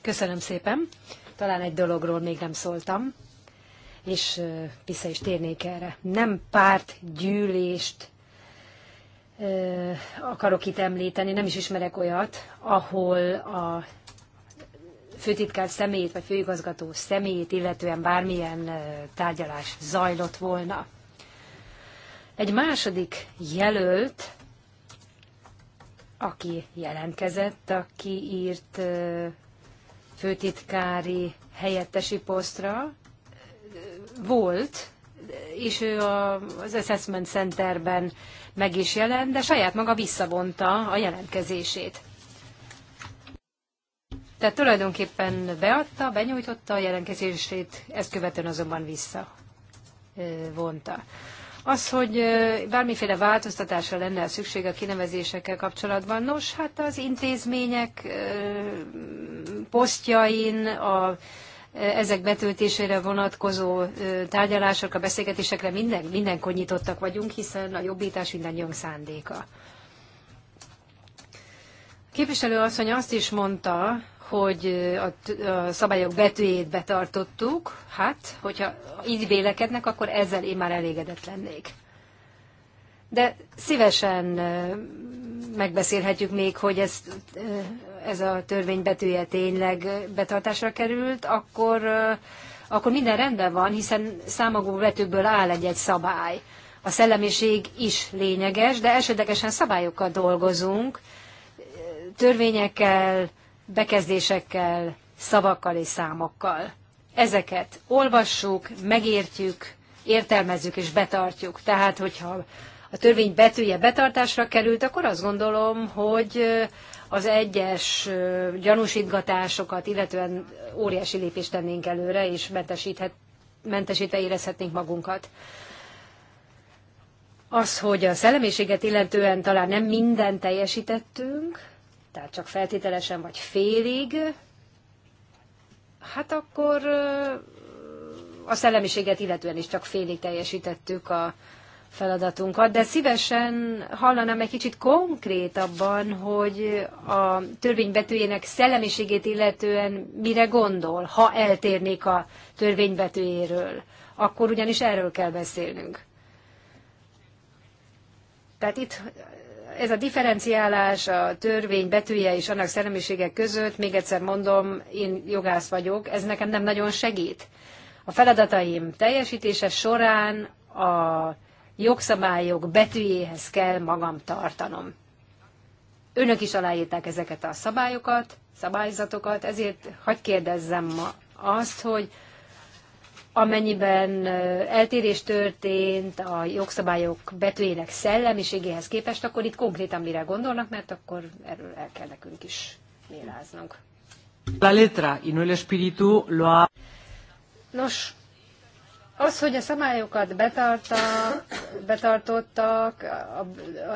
Speaker 3: Köszönöm szépen. Talán egy dologról még nem szóltam, és vissza is térnék erre. Nem pártgyűlést akarok itt említeni, nem is ismerek olyat, ahol a főtitkár személyét, vagy főigazgató személyét, illetően bármilyen tárgyalás zajlott volna. Egy második jelölt, aki jelentkezett, aki írt főtitkári helyettesi posztra, volt és ő az Assessment Centerben meg is jelent, de saját maga visszavonta a jelentkezését. Tehát tulajdonképpen beadta, benyújtotta a jelentkezését, ezt követően azonban visszavonta. Az, hogy bármiféle változtatásra lenne a szükség a kinevezésekkel kapcsolatban, nos, hát az intézmények posztjain, a ezek betöltésére vonatkozó tárgyalásokra, beszélgetésekre minden, mindenkor nyitottak vagyunk, hiszen a jobbítás mindannyiunk szándéka. A képviselő asszony azt is mondta, hogy a, szabályok betűjét betartottuk, hát, hogyha így vélekednek, akkor ezzel én már elégedett lennék. De szívesen megbeszélhetjük még, hogy ezt ez a törvény betűje tényleg betartásra került, akkor, akkor minden rendben van, hiszen számagú betűkből áll egy-egy szabály. A szellemiség is lényeges, de elsődlegesen szabályokkal dolgozunk, törvényekkel, bekezdésekkel, szavakkal és számokkal. Ezeket olvassuk, megértjük, értelmezzük és betartjuk. Tehát, hogyha a törvény betűje betartásra került, akkor azt gondolom, hogy az egyes gyanúsítgatásokat, illetően óriási lépést tennénk előre, és mentesíthet, mentesítve érezhetnénk magunkat. Az, hogy a szellemiséget illetően talán nem mindent teljesítettünk, tehát csak feltételesen vagy félig, hát akkor a szellemiséget illetően is csak félig teljesítettük a feladatunkat, de szívesen hallanám egy kicsit konkrétabban, hogy a törvénybetűjének szellemiségét illetően mire gondol, ha eltérnék a törvénybetűjéről. Akkor ugyanis erről kell beszélnünk. Tehát itt ez a differenciálás a törvény betűje és annak szellemisége között, még egyszer mondom, én jogász vagyok, ez nekem nem nagyon segít. A feladataim teljesítése során a jogszabályok betűjéhez kell magam tartanom. Önök is aláírták ezeket a szabályokat, szabályzatokat, ezért hagyj kérdezzem ma azt, hogy amennyiben eltérés történt a jogszabályok betűjének szellemiségéhez képest, akkor itt konkrétan mire gondolnak, mert akkor erről el kell nekünk is méláznunk.
Speaker 1: La letra y no el espíritu lo ha...
Speaker 3: Nos, az, hogy a szabályokat betarta, betartottak,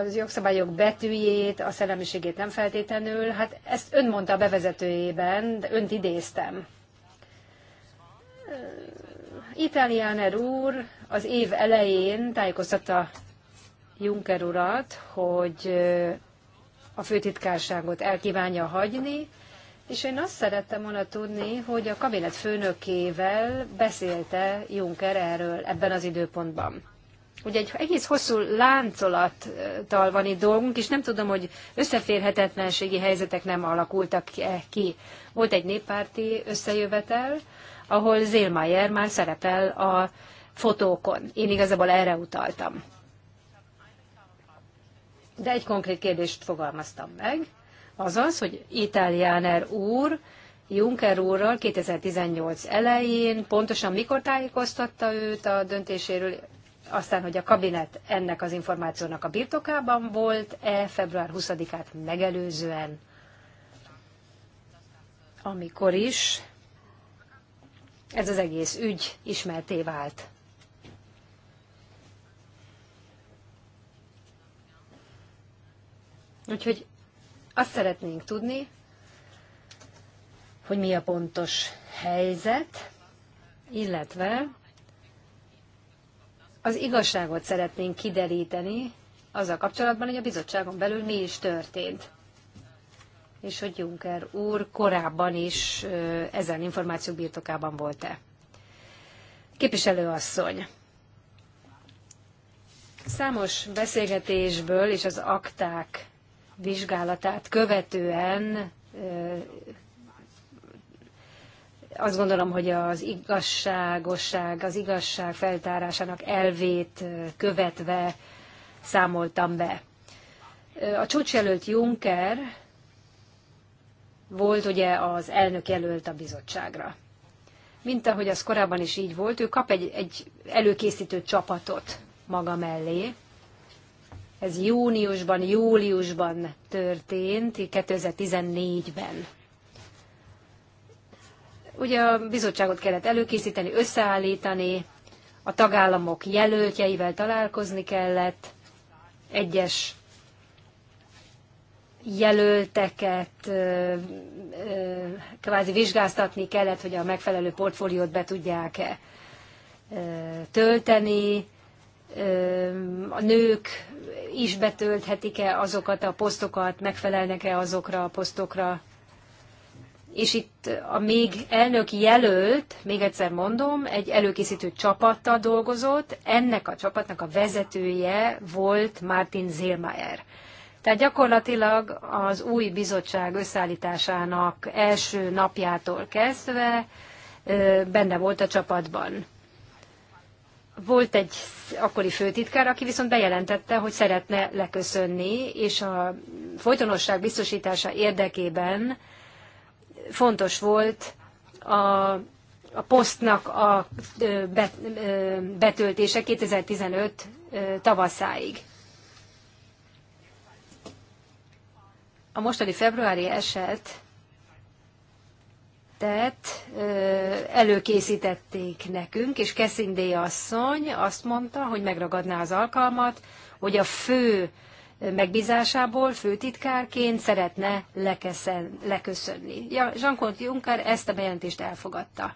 Speaker 3: az jogszabályok betűjét, a szellemiségét nem feltétlenül, hát ezt ön mondta a bevezetőjében, de önt idéztem. Italianer úr az év elején tájékoztatta Juncker urat, hogy a főtitkárságot elkívánja hagyni, és én azt szerettem volna tudni, hogy a kabinet főnökével beszélte Juncker erről ebben az időpontban. Ugye egy egész hosszú láncolattal van itt dolgunk, és nem tudom, hogy összeférhetetlenségi helyzetek nem alakultak ki. Eh, Volt egy néppárti összejövetel, ahol Zélmayer már szerepel a fotókon. Én igazából erre utaltam. De egy konkrét kérdést fogalmaztam meg, az az, hogy Italiáner úr Juncker úrral 2018 elején pontosan mikor tájékoztatta őt a döntéséről, aztán, hogy a kabinet ennek az információnak a birtokában volt-e február 20-át megelőzően, amikor is ez az egész ügy ismerté vált. Úgyhogy azt szeretnénk tudni, hogy mi a pontos helyzet, illetve az igazságot szeretnénk kideríteni azzal kapcsolatban, hogy a bizottságon belül mi is történt. És hogy Juncker úr korábban is ezen információk birtokában volt-e. Képviselőasszony. Számos beszélgetésből és az akták vizsgálatát követően azt gondolom, hogy az igazságosság, az igazság feltárásának elvét követve számoltam be. A csúcsjelölt Juncker volt ugye az elnök jelölt a bizottságra. Mint ahogy az korábban is így volt, ő kap egy, egy előkészítő csapatot maga mellé, ez júniusban, júliusban történt, 2014-ben. Ugye a bizottságot kellett előkészíteni, összeállítani, a tagállamok jelöltjeivel találkozni kellett, egyes jelölteket kvázi vizsgáztatni kellett, hogy a megfelelő portfóliót be tudják-e tölteni, a nők is betölthetik-e azokat a posztokat, megfelelnek-e azokra a posztokra. És itt a még elnök jelölt, még egyszer mondom, egy előkészítő csapattal dolgozott, ennek a csapatnak a vezetője volt Martin Zilmaier. Tehát gyakorlatilag az új bizottság összeállításának első napjától kezdve benne volt a csapatban volt egy akkori főtitkár, aki viszont bejelentette, hogy szeretne leköszönni, és a folytonosság biztosítása érdekében fontos volt a, a posztnak a betöltése 2015 tavaszáig. A mostani februári eset tervezetet előkészítették nekünk, és Keszindé asszony azt mondta, hogy megragadná az alkalmat, hogy a fő megbízásából főtitkárként szeretne lekeszen, leköszönni. Ja, Jean-Claude Juncker ezt a bejelentést elfogadta.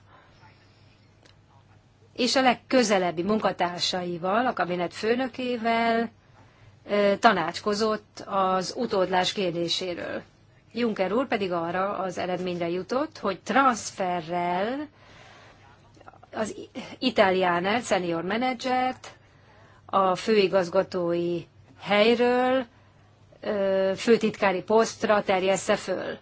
Speaker 3: És a legközelebbi munkatársaival, a kabinet főnökével tanácskozott az utódlás kérdéséről. Juncker úr pedig arra az eredményre jutott, hogy transferrel az Italiánát, senior menedzsert a főigazgatói helyről főtitkári posztra terjessze föl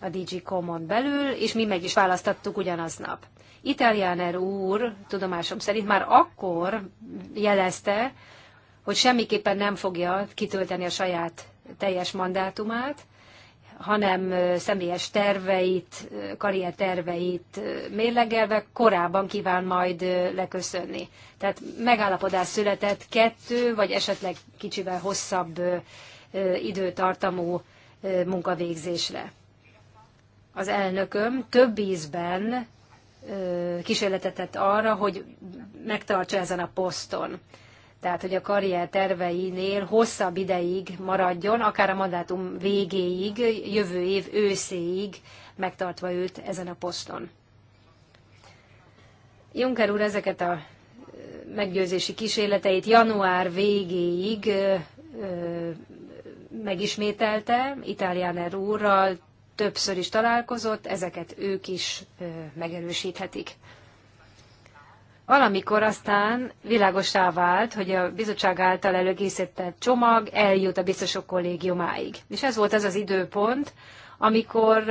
Speaker 3: a DG Common belül, és mi meg is választattuk ugyanaznap. Italianer úr, tudomásom szerint már akkor jelezte, hogy semmiképpen nem fogja kitölteni a saját teljes mandátumát, hanem személyes terveit, karrierterveit mérlegelve korábban kíván majd leköszönni. Tehát megállapodás született kettő, vagy esetleg kicsivel hosszabb időtartamú munkavégzésre. Az elnököm több ízben kísérletetett arra, hogy megtartsa ezen a poszton tehát hogy a karrier terveinél hosszabb ideig maradjon, akár a mandátum végéig, jövő év őszéig megtartva őt ezen a poszton. Juncker úr ezeket a meggyőzési kísérleteit január végéig megismételte, Itáliáner úrral többször is találkozott, ezeket ők is megerősíthetik. Valamikor aztán világosá vált, hogy a bizottság által előkészített csomag eljut a biztosok kollégiumáig. És ez volt az az időpont, amikor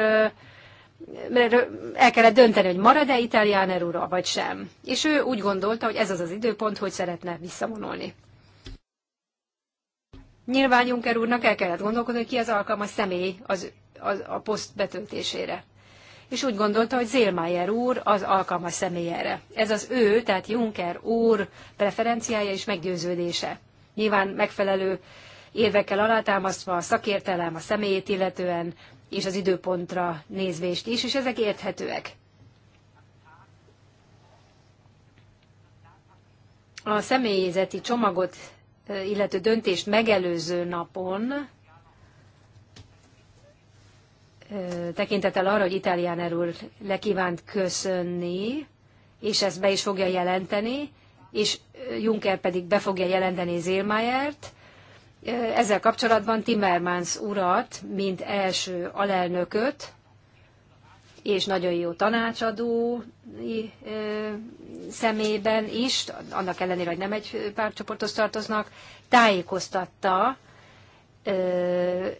Speaker 3: el kellett dönteni, hogy marad-e Italiáner ura, vagy sem. És ő úgy gondolta, hogy ez az az időpont, hogy szeretne visszavonulni. Nyilván Juncker úrnak el kellett gondolkodni, hogy ki az alkalmas személy az, az, a poszt betöltésére és úgy gondolta, hogy Zélmayer úr az alkalmas személy erre. Ez az ő, tehát Juncker úr preferenciája és meggyőződése. Nyilván megfelelő érvekkel alátámasztva a szakértelem, a személyét illetően, és az időpontra nézvést is, és ezek érthetőek. A személyzeti csomagot eh, illető döntést megelőző napon tekintettel arra, hogy Italiáner úr lekívánt köszönni, és ezt be is fogja jelenteni, és Juncker pedig be fogja jelenteni Zélmájert. Ezzel kapcsolatban Timmermans urat, mint első alelnököt, és nagyon jó tanácsadó szemében is, annak ellenére, hogy nem egy pártcsoporthoz tartoznak, tájékoztatta,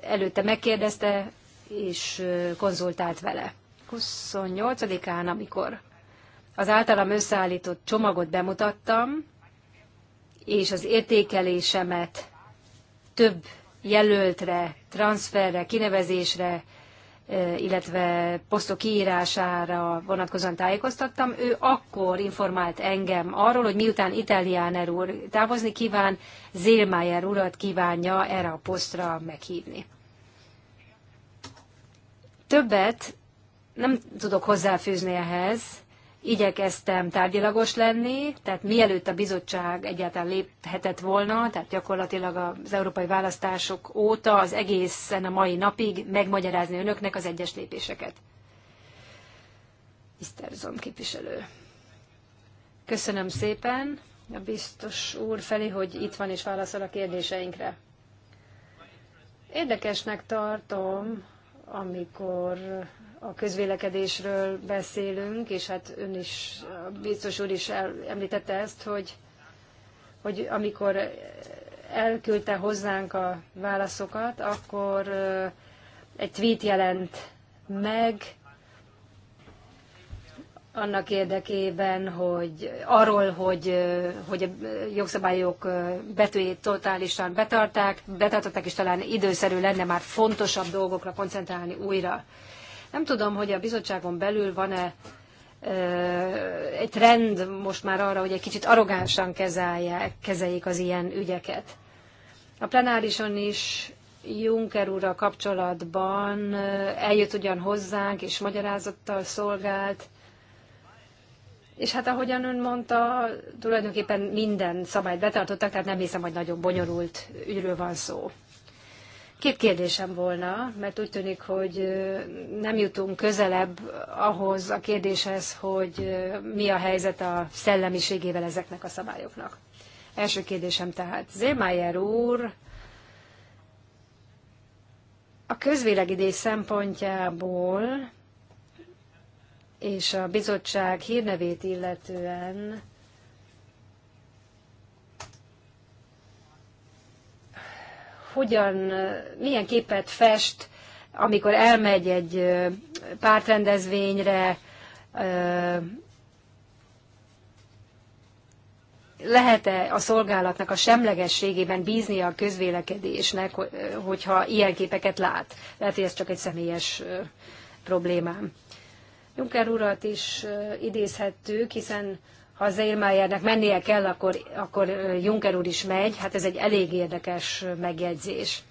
Speaker 3: előtte megkérdezte és konzultált vele. 28-án, amikor az általam összeállított csomagot bemutattam, és az értékelésemet több jelöltre, transferre, kinevezésre, illetve posztok kiírására vonatkozóan tájékoztattam. Ő akkor informált engem arról, hogy miután Italiáner úr távozni kíván, Zélmájer urat kívánja erre a posztra meghívni. Többet nem tudok hozzáfűzni ehhez, igyekeztem tárgyilagos lenni, tehát mielőtt a bizottság egyáltalán léphetett volna, tehát gyakorlatilag az európai választások óta az egészen a mai napig megmagyarázni önöknek az egyes lépéseket. Iszterzom képviselő. Köszönöm szépen a biztos úr felé, hogy itt van és válaszol a kérdéseinkre. Érdekesnek tartom, amikor a közvélekedésről beszélünk, és hát ön is, biztos úr is el, említette ezt, hogy, hogy amikor elküldte hozzánk a válaszokat, akkor egy tweet jelent meg, annak érdekében, hogy arról, hogy, hogy a jogszabályok betűjét totálisan betarták, betartották, és talán időszerű lenne már fontosabb dolgokra koncentrálni újra. Nem tudom, hogy a bizottságon belül van-e egy trend most már arra, hogy egy kicsit arrogánsan kezelják, kezeljék az ilyen ügyeket. A plenárison is Juncker úrral kapcsolatban eljött ugyan hozzánk, és magyarázattal szolgált, és hát ahogyan ön mondta, tulajdonképpen minden szabályt betartottak, tehát nem hiszem, hogy nagyon bonyolult ügyről van szó. Két kérdésem volna, mert úgy tűnik, hogy nem jutunk közelebb ahhoz a kérdéshez, hogy mi a helyzet a szellemiségével ezeknek a szabályoknak. Első kérdésem tehát, Zémájer úr, a közvélegidés szempontjából és a bizottság hírnevét illetően hogyan, milyen képet fest, amikor elmegy egy pártrendezvényre, lehet-e a szolgálatnak a semlegességében bízni a közvélekedésnek, hogyha ilyen képeket lát? Lehet, hogy ez csak egy személyes problémám. Juncker urat is idézhettük, hiszen ha az Élmájernek mennie kell, akkor, akkor Juncker úr is megy. Hát ez egy elég érdekes megjegyzés.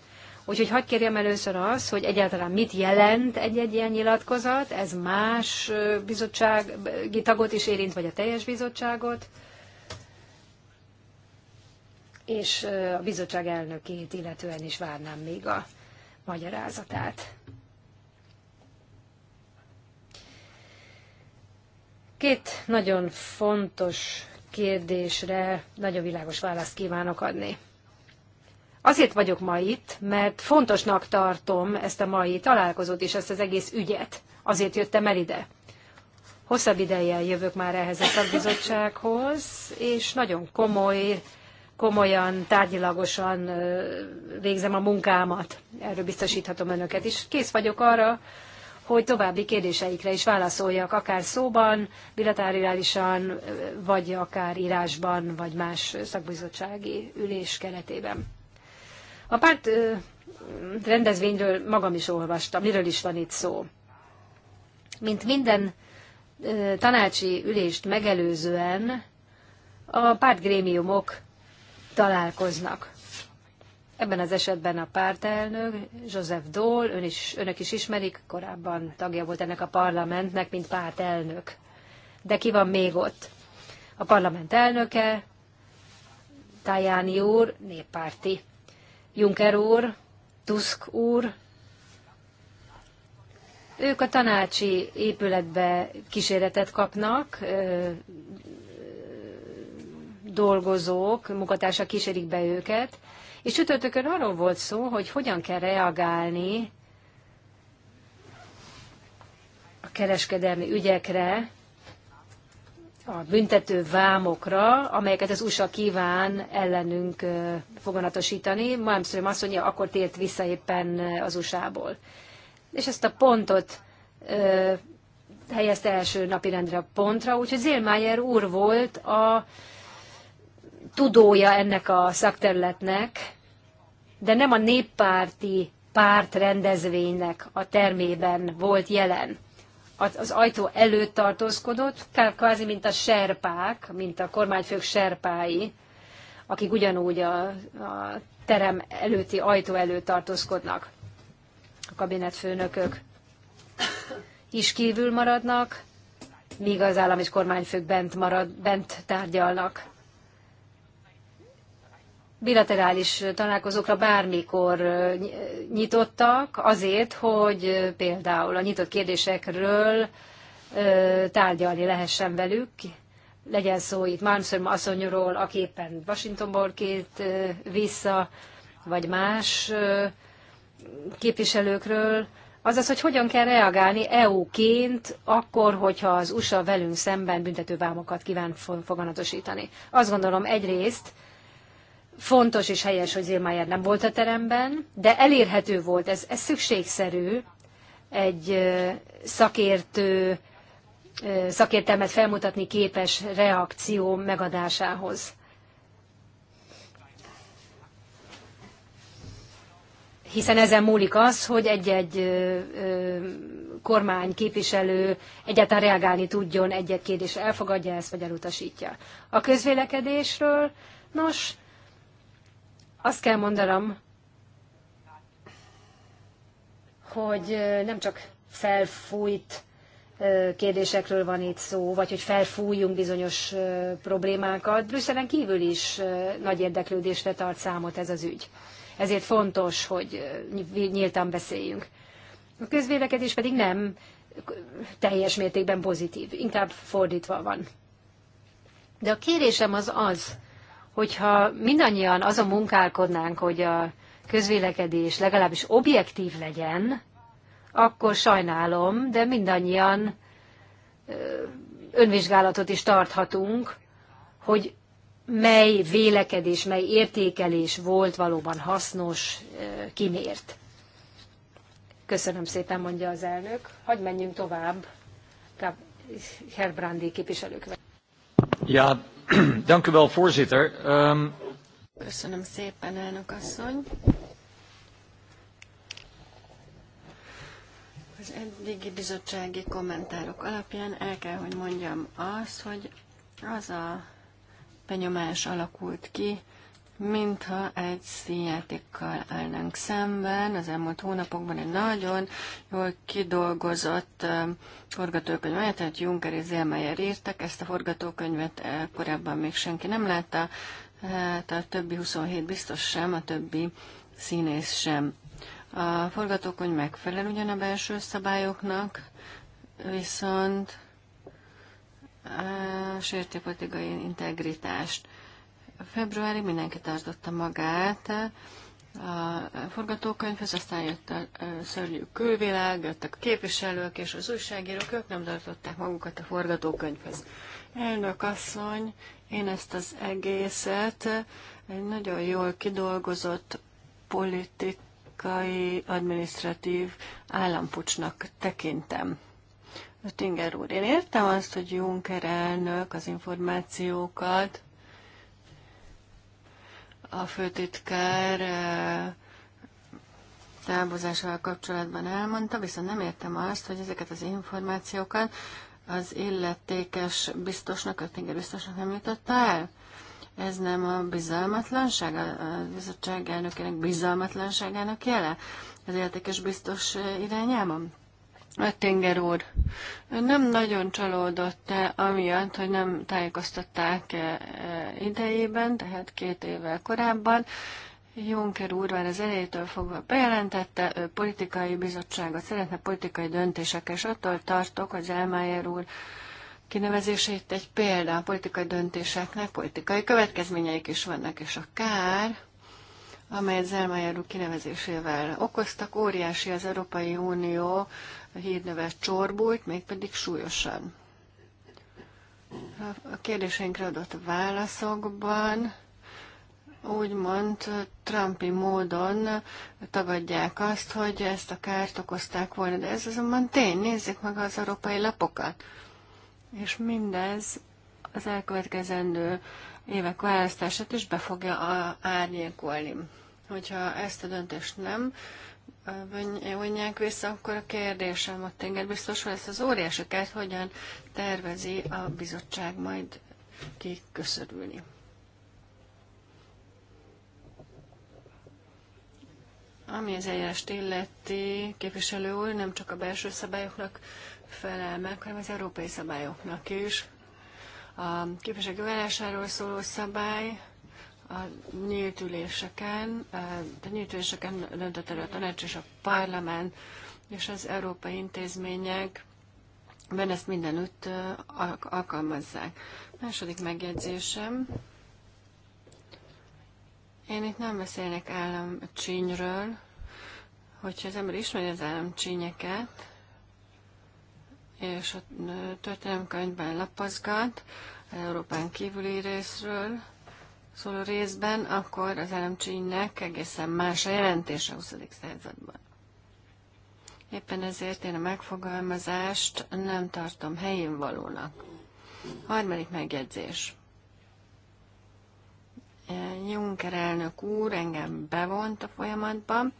Speaker 3: Úgyhogy hagyd kérjem először az, hogy egyáltalán mit jelent egy-egy ilyen nyilatkozat, ez más bizottsági tagot is érint, vagy a teljes bizottságot, és a bizottság elnökét illetően is várnám még a magyarázatát. Két nagyon fontos kérdésre nagyon világos választ kívánok adni. Azért vagyok ma itt, mert fontosnak tartom ezt a mai találkozót és ezt az egész ügyet. Azért jöttem el ide. Hosszabb ideje jövök már ehhez a szakbizottsághoz, és nagyon komoly, komolyan, tárgyilagosan végzem a munkámat. Erről biztosíthatom önöket. És kész vagyok arra, hogy további kérdéseikre is válaszoljak, akár szóban, bilaterálisan, vagy akár írásban, vagy más szakbizottsági ülés keretében. A párt rendezvényről magam is olvastam, miről is van itt szó. Mint minden tanácsi ülést megelőzően a pártgrémiumok találkoznak. Ebben az esetben a pártelnök, Joseph Dole, ön is, önök is ismerik, korábban tagja volt ennek a parlamentnek, mint pártelnök. De ki van még ott? A parlament elnöke, Tajani úr, néppárti. Juncker úr, Tusk úr, ők a tanácsi épületbe kíséretet kapnak, dolgozók, munkatársak kísérik be őket, és csütörtökön arról volt szó, hogy hogyan kell reagálni a kereskedelmi ügyekre, a büntető vámokra, amelyeket az USA kíván ellenünk foganatosítani. Malmström mondja, akkor tért vissza éppen az USA-ból. És ezt a pontot ö, helyezte első napirendre a pontra, úgyhogy Zélmájer úr volt a tudója ennek a szakterületnek, de nem a néppárti párt rendezvénynek a termében volt jelen. Az ajtó előtt tartózkodott, kvázi mint a serpák, mint a kormányfők serpái, akik ugyanúgy a, a terem előtti ajtó előtt tartózkodnak. A kabinetfőnökök is kívül maradnak, míg az állam és kormányfők bent, marad, bent tárgyalnak bilaterális találkozókra bármikor nyitottak, azért, hogy például a nyitott kérdésekről tárgyalni lehessen velük, legyen szó itt Malmström asszonyról, aki éppen Washingtonból két vissza, vagy más képviselőkről, azaz, hogy hogyan kell reagálni EU-ként akkor, hogyha az USA velünk szemben büntetővámokat kíván foganatosítani. Azt gondolom egyrészt, Fontos és helyes, hogy Zilmájer nem volt a teremben, de elérhető volt, ez, ez szükségszerű egy szakértő, szakértelmet felmutatni képes reakció megadásához. Hiszen ezen múlik az, hogy egy-egy kormány, képviselő egyáltalán reagálni tudjon egy-egy kérdésre, elfogadja ezt vagy elutasítja. A közvélekedésről, nos, azt kell mondanom, hogy nem csak felfújt kérdésekről van itt szó, vagy hogy felfújjunk bizonyos problémákat. Brüsszelen kívül is nagy érdeklődésre tart számot ez az ügy. Ezért fontos, hogy nyíltan beszéljünk. A közvélekedés pedig nem teljes mértékben pozitív, inkább fordítva van. De a kérésem az az, hogyha mindannyian azon munkálkodnánk, hogy a közvélekedés legalábbis objektív legyen, akkor sajnálom, de mindannyian önvizsgálatot is tarthatunk, hogy mely vélekedés, mely értékelés volt valóban hasznos, kimért. Köszönöm szépen, mondja az elnök. Hagy menjünk tovább. Herbrandi képviselők.
Speaker 1: Ja, voorzitter. Ehm, Köszönöm szépen, elnök asszony. Az eddigi bizottsági kommentárok alapján el kell, hogy mondjam azt, hogy az a benyomás alakult ki, mintha egy színjátékkal állnánk szemben. Az elmúlt hónapokban egy nagyon jól kidolgozott forgatókönyv, tehát Juncker és Zélmeyer írtak, ezt a forgatókönyvet korábban még senki nem látta, hát a többi 27 biztos sem, a többi színész sem. A forgatókönyv megfelel ugyan a belső szabályoknak, viszont a politikai integritást februári mindenki tartotta magát a forgatókönyvhöz, aztán jött a szörnyű külvilág, jöttek a képviselők és az újságírók, ők nem tartották magukat a forgatókönyvhöz. Elnök asszony, én ezt az egészet egy nagyon jól kidolgozott politikai, administratív állampucsnak tekintem. Tinger úr, én értem azt, hogy Juncker elnök az információkat a főtitkár távozásával kapcsolatban elmondta, viszont nem értem azt, hogy ezeket az információkat az illetékes biztosnak, Öttinger biztosnak nem jutotta el. Ez nem a bizalmatlanság, a bizottság elnökének bizalmatlanságának jele az illetékes biztos irányában? Öttinger úr, nem nagyon csalódott-e amiatt, hogy nem tájékoztatták eh, eh, idejében, tehát két évvel korábban, Juncker úr már az elejétől fogva bejelentette, ő politikai bizottságot szeretne politikai döntések, és attól tartok, hogy Zelmájer úr kinevezését egy példa a politikai döntéseknek, politikai következményeik is vannak, és a kár, amelyet Zelmájer úr kinevezésével okoztak, óriási az Európai Unió a hírneve csorbult, mégpedig súlyosan. A kérdésénkre adott válaszokban úgymond Trumpi módon tagadják azt, hogy ezt a kárt okozták volna. De ez azonban tény, nézzék meg az európai lapokat. És mindez az elkövetkezendő évek választását is be fogja árnyékolni. Hogyha ezt a döntést nem vonják vissza, akkor a kérdésem a tenger biztos, hogy ezt az óriásokat hogyan tervezi a bizottság majd kiköszörülni. Ami az eljárást illeti, képviselő úr, nem csak a belső szabályoknak felel meg, hanem az európai szabályoknak is. A képviselő szóló szabály a nyílt üléseken, a nyílt üléseken döntött elő a tanács és a parlament és az európai intézmények, mert ezt mindenütt alkalmazzák. Második megjegyzésem. Én itt nem beszélnek államcsínyről, hogyha az ember ismeri az államcsínyeket, és a könyvben lapozgat, Európán kívüli részről, szóló részben, akkor az államcsínynek egészen más a jelentése a 20. században. Éppen ezért én a megfogalmazást nem tartom helyén valónak. Harmadik megjegyzés. Juncker elnök úr engem bevont a folyamatban,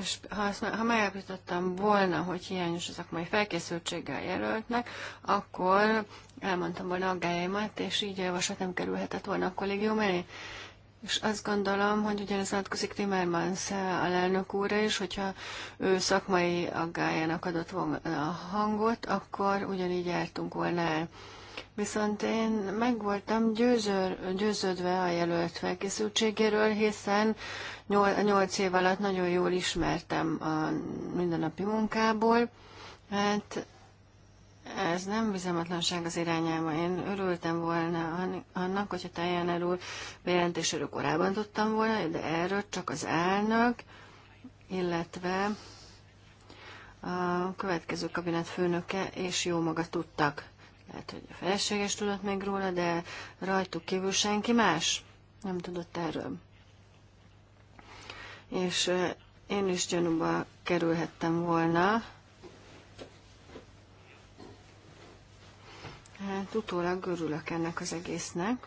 Speaker 1: és ha, azt, ha megállapítottam volna, hogy hiányos a szakmai felkészültséggel jelöltnek, akkor elmondtam volna aggájaimat, és így a javaslat nem kerülhetett volna a kollégium elé. És azt gondolom, hogy ugyanez vonatkozik Timmermans alelnök úrra is, hogyha ő szakmai aggájának adott volna a hangot, akkor ugyanígy jártunk volna el. Viszont én meg voltam győződve a jelölt felkészültségéről, hiszen nyolc év alatt nagyon jól ismertem a mindennapi munkából. Hát ez nem bizalmatlanság az irányába. Én örültem volna annak, hogyha teljesen elúl bejelentésről korábban tudtam volna, de erről csak az elnök, illetve a következő kabinet főnöke és jó maga tudtak. Lehet, hogy a feleséges tudott még róla, de rajtuk kívül senki más nem tudott erről. És én is gyanúba kerülhettem volna. Hát utólag görülök ennek az egésznek.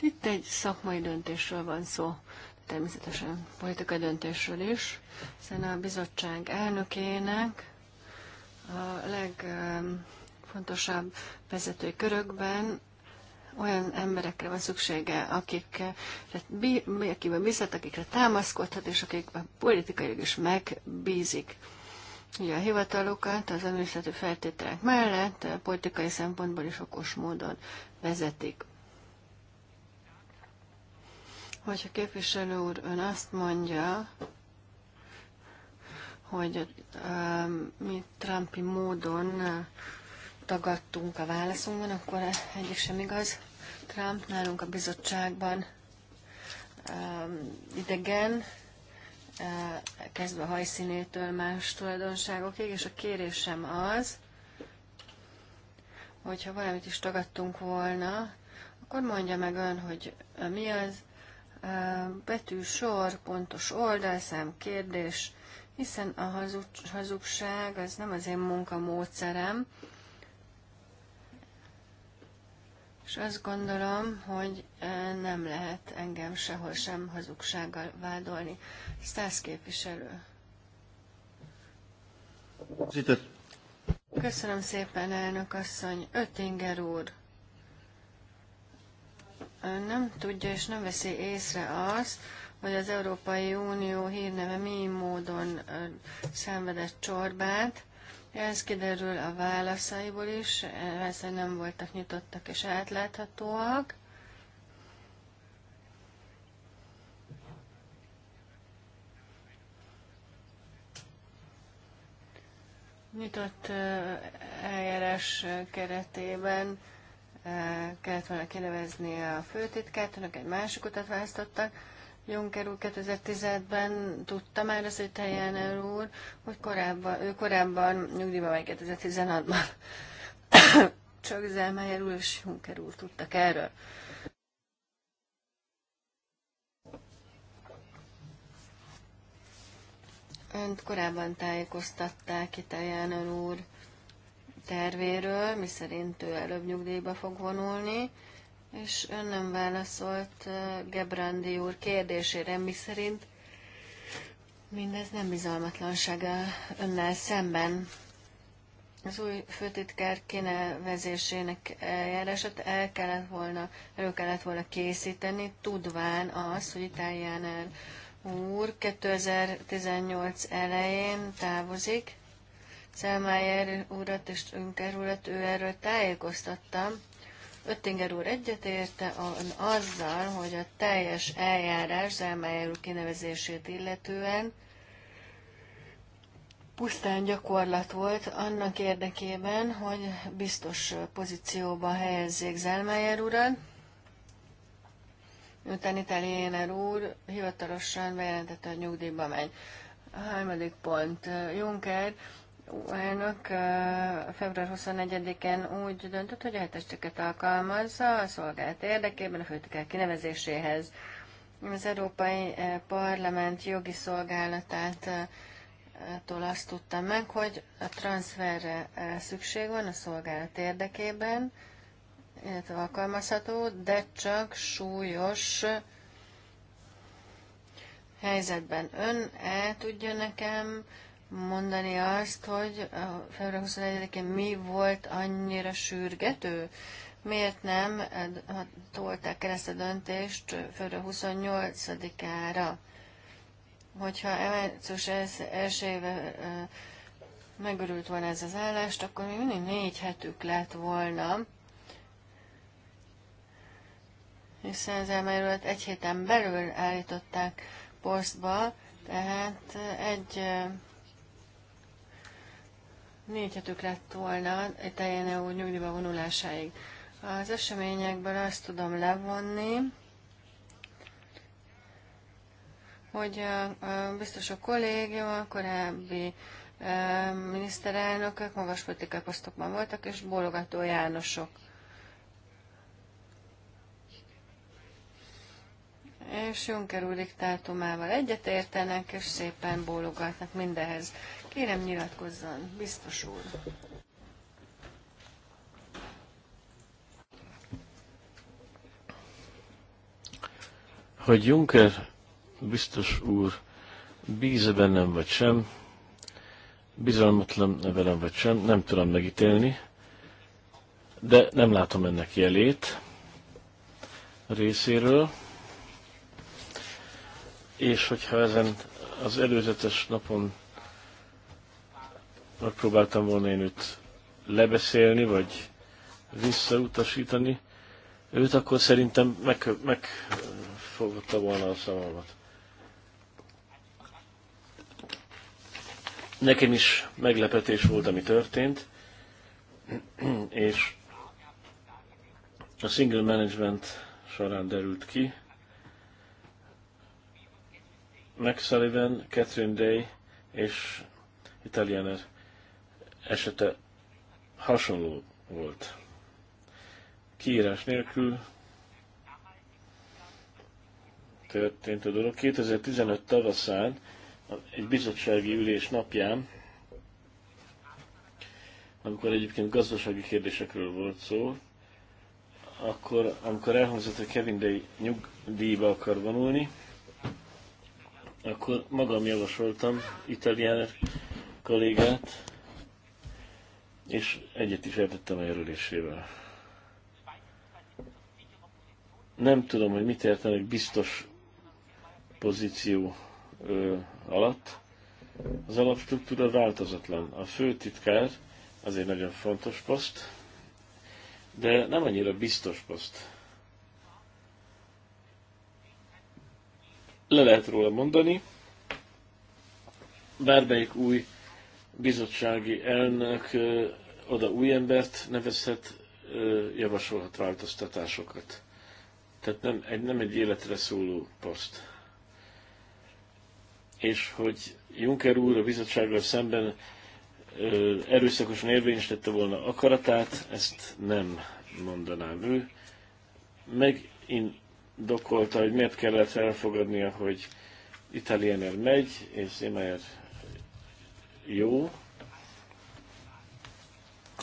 Speaker 1: Itt egy szakmai döntésről van szó természetesen politikai döntésről is, hiszen a bizottság elnökének a legfontosabb vezetői körökben olyan emberekre van szüksége, akikre, akikben bízhat, akikre támaszkodhat, és akikben politikailag is megbízik. Ugye a hivatalokat az önműszető feltételek mellett eh, politikai szempontból is okos módon vezetik. Hogyha képviselő úr ön azt mondja, hogy uh, mi Trumpi módon uh, tagadtunk a válaszunkban, akkor egyik sem igaz. Trump nálunk a bizottságban uh, idegen, uh, kezdve a hajszínétől más tulajdonságokig, és a kérésem az, hogyha valamit is tagadtunk volna, akkor mondja meg ön, hogy mi az, betű, sor, pontos oldalszám, kérdés, hiszen a hazugság az nem az én munkamódszerem, és azt gondolom, hogy nem lehet engem sehol sem hazugsággal vádolni. Szász képviselő. Köszönöm szépen, elnök asszony. Öttinger úr nem tudja és nem veszi észre azt, hogy az Európai Unió hírneve mi módon szenvedett csorbát. Ez kiderül a válaszaiból is, persze nem voltak nyitottak és átláthatóak. Nyitott eljárás keretében kellett volna kinevezni a főtitkát, önök egy másik utat választottak. Juncker úr 2010-ben tudta már az, hogy Tajáner úr, hogy korábban, ő korábban nyugdíjban vagy 2016-ban. Csak Zelmeyer úr és Juncker úr tudtak erről. Önt korábban tájékoztatták itt Tajáner úr tervéről, szerint ő előbb nyugdíjba fog vonulni, és ön nem válaszolt eh, Gebrandi úr kérdésére, miszerint mindez nem bizalmatlansága önnel szemben. Az új főtitkár kinevezésének eljárását el kellett volna, elő kellett volna készíteni, tudván az, hogy Italiánál úr 2018 elején távozik, Szelmájer úrat és Önker úrat, ő erről tájékoztattam. Öttinger úr egyetérte azzal, hogy a teljes eljárás Szelmájer úr kinevezését illetően pusztán gyakorlat volt annak érdekében, hogy biztos pozícióba helyezzék Zelmájer urat. Miután Éner úr hivatalosan bejelentette, hogy nyugdíjba megy. A harmadik pont. Juncker elnök február 24-én úgy döntött, hogy a hetesteket alkalmazza a szolgált érdekében a főtitkár kinevezéséhez. Az Európai Parlament jogi szolgálatát azt tudtam meg, hogy a transferre szükség van a szolgálat érdekében, illetve alkalmazható, de csak súlyos helyzetben ön el tudja nekem mondani azt, hogy a február 21-én mi volt annyira sürgető? Miért nem eh, tolták el ezt a döntést február 28-ára? Hogyha első elsőjével eh, megörült volna ez az állást, akkor még mindig négy hetük lett volna, hiszen az elmerület egy héten belül állították posztba, tehát egy eh, négy hetük lett volna Tejene EU nyugdíjba vonulásáig. Az eseményekből azt tudom levonni, hogy biztos a kollégium, a korábbi miniszterelnökök magas politikai posztokban voltak, és bólogató Jánosok. És Juncker úr diktátumával egyetértenek, és szépen bólogatnak mindenhez. Kérem nyilatkozzon, biztos úr.
Speaker 2: Hogy Juncker biztos úr bíze bennem vagy sem, bizalmatlan -e velem vagy sem, nem tudom megítélni, de nem látom ennek jelét részéről. És hogyha ezen az előzetes napon Megpróbáltam volna én őt lebeszélni, vagy visszautasítani, őt akkor szerintem megfogta meg, meg volna a szavamat. Nekem is meglepetés volt, ami történt, és a single management során derült ki. Max Sullivan, Catherine Day és Italiener esete hasonló volt. Kiírás nélkül történt a dolog. 2015 tavaszán egy bizottsági ülés napján, amikor egyébként gazdasági kérdésekről volt szó, akkor, amikor elhangzott, hogy Kevin Day nyugdíjba akar vonulni, akkor magam javasoltam italián kollégát, és egyet is értettem a jelölésével. Nem tudom, hogy mit értem egy biztos pozíció ö, alatt. Az alapstruktúra változatlan. A főtitkár az egy nagyon fontos poszt, de nem annyira biztos poszt. Le lehet róla mondani, bármelyik új bizottsági elnök oda új embert nevezhet, javasolhat változtatásokat. Tehát nem egy, nem egy életre szóló poszt. És hogy Juncker úr a bizottsággal szemben erőszakosan érvényesítette volna akaratát, ezt nem mondanám ő. Megindokolta, hogy miért kellett elfogadnia, hogy Italiener megy, és Zimmer jó,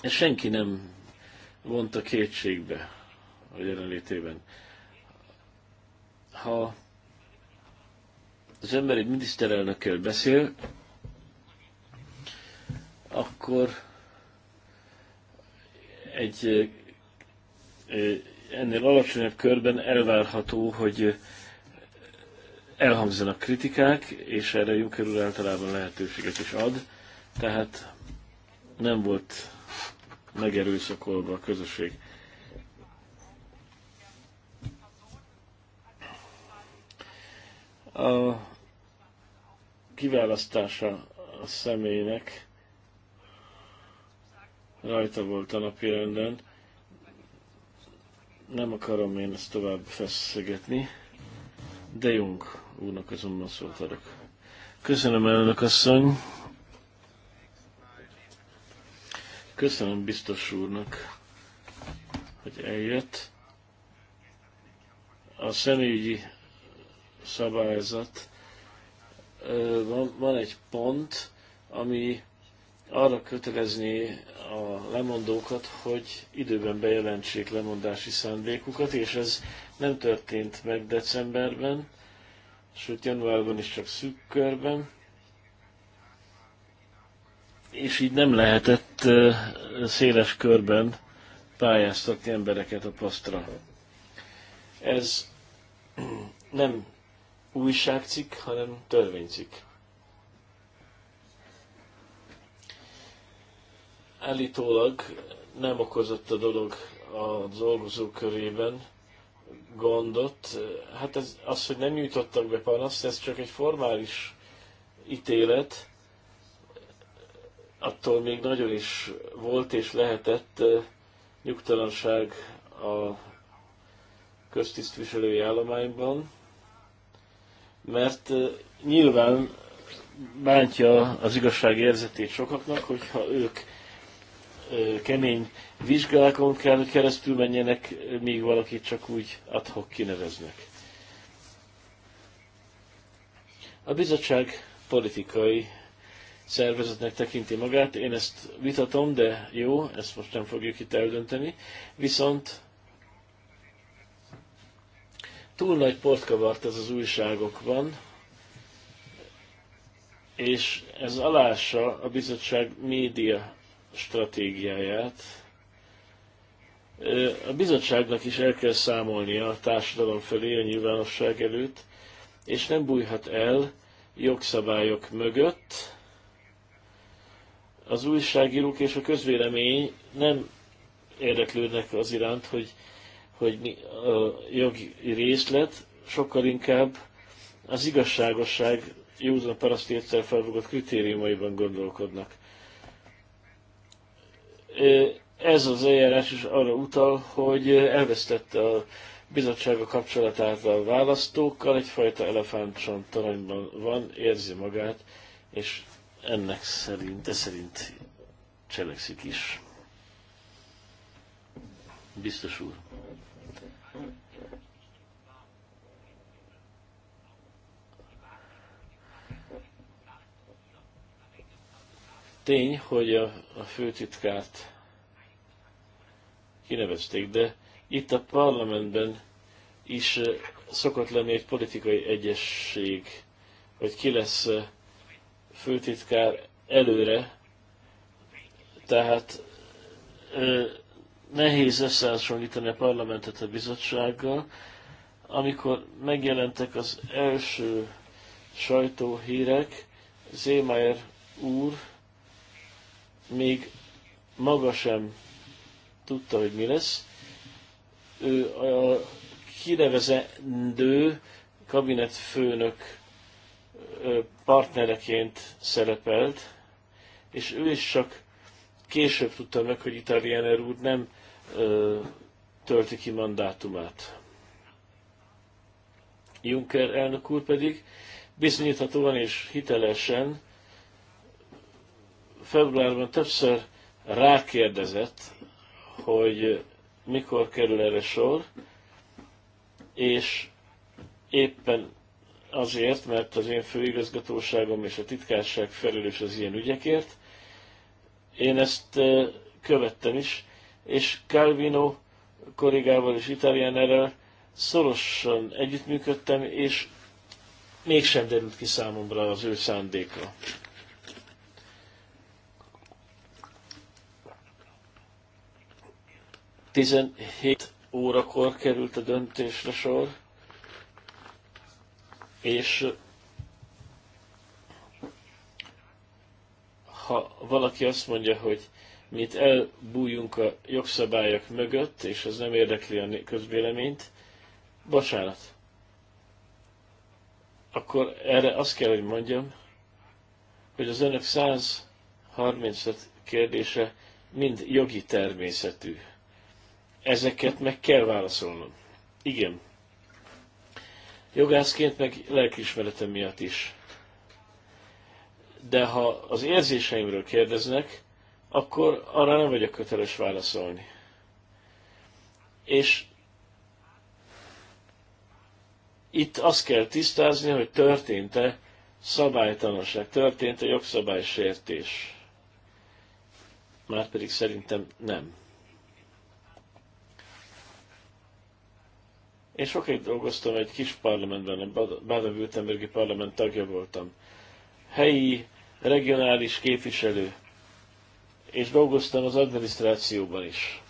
Speaker 2: és senki nem vonta kétségbe a jelenlétében. Ha az ember egy miniszterelnökkel beszél, akkor egy ennél alacsonyabb körben elvárható, hogy elhangzanak kritikák, és erre Juncker úr általában lehetőséget is ad. Tehát nem volt megerőszakolva a közösség. A kiválasztása a személynek rajta volt a napi renden. Nem akarom én ezt tovább feszegetni, de Jung úrnak azonban szólt adok. Köszönöm, elnök asszony! Köszönöm biztos úrnak, hogy eljött. A személyi szabályzat van, van egy pont, ami arra kötelezni a lemondókat, hogy időben bejelentsék lemondási szándékukat, és ez nem történt meg decemberben, sőt januárban is csak szűk körben és így nem lehetett széles körben pályáztatni embereket a pasztra. Ez nem újságcikk, hanem törvénycikk. Állítólag nem okozott a dolog a dolgozó körében gondot. Hát ez, az, hogy nem nyújtottak be panaszt, ez csak egy formális ítélet, attól még nagyon is volt és lehetett nyugtalanság a köztisztviselői állományban, mert nyilván bántja az igazság érzetét sokaknak, hogyha ők kemény vizsgálákon kell, hogy keresztül menjenek, míg valakit csak úgy adhok kineveznek. A bizottság politikai szervezetnek tekinti magát. Én ezt vitatom, de jó, ezt most nem fogjuk itt eldönteni. Viszont túl nagy port kavart ez az újságokban, és ez alássa a bizottság média stratégiáját. A bizottságnak is el kell számolnia a társadalom felé, a nyilvánosság előtt, és nem bújhat el jogszabályok mögött, az újságírók és a közvélemény nem érdeklődnek az iránt, hogy, hogy mi a jogi részlet, sokkal inkább az igazságosság józan paraszt értel felfogott kritériumaiban gondolkodnak. Ez az eljárás is arra utal, hogy elvesztette a bizottsága kapcsolatát a választókkal, egyfajta elefántson toronyban van, érzi magát, és ennek szerint, ez szerint cselekszik is. Biztos úr. Tény, hogy a, a főtitkát kinevezték, de itt a parlamentben is eh, szokott lenni egy politikai egyesség, hogy ki lesz eh, főtitkár előre, tehát nehéz összehasonlítani a parlamentet a bizottsággal. Amikor megjelentek az első sajtóhírek, Zémaier úr még maga sem tudta, hogy mi lesz. Ő a kinevezendő kabinetfőnök partnereként szerepelt, és ő is csak később tudta meg, hogy Italiener úr nem ö, tölti ki mandátumát. Juncker elnök úr pedig bizonyíthatóan és hitelesen februárban többször rákérdezett, hogy mikor kerül erre sor, és éppen azért, mert az én főigazgatóságom és a titkárság felelős az ilyen ügyekért. Én ezt követtem is, és Calvino korrigával és Italianerrel szorosan együttműködtem, és mégsem derült ki számomra az ő szándéka. Tizenhét órakor került a döntésre sor, és ha valaki azt mondja, hogy mi itt elbújunk a jogszabályok mögött, és ez nem érdekli a közvéleményt, bocsánat. Akkor erre azt kell, hogy mondjam, hogy az önök 135 kérdése mind jogi természetű. Ezeket meg kell válaszolnom. Igen, jogászként, meg lelkiismeretem miatt is. De ha az érzéseimről kérdeznek, akkor arra nem vagyok köteles válaszolni. És itt azt kell tisztázni, hogy történt-e szabálytalanság, történt-e jogszabálysértés. Márpedig szerintem nem. Én sokáig dolgoztam egy kis parlamentben, Baden-Württembergi parlament tagja voltam. Helyi, regionális képviselő, és dolgoztam az adminisztrációban is.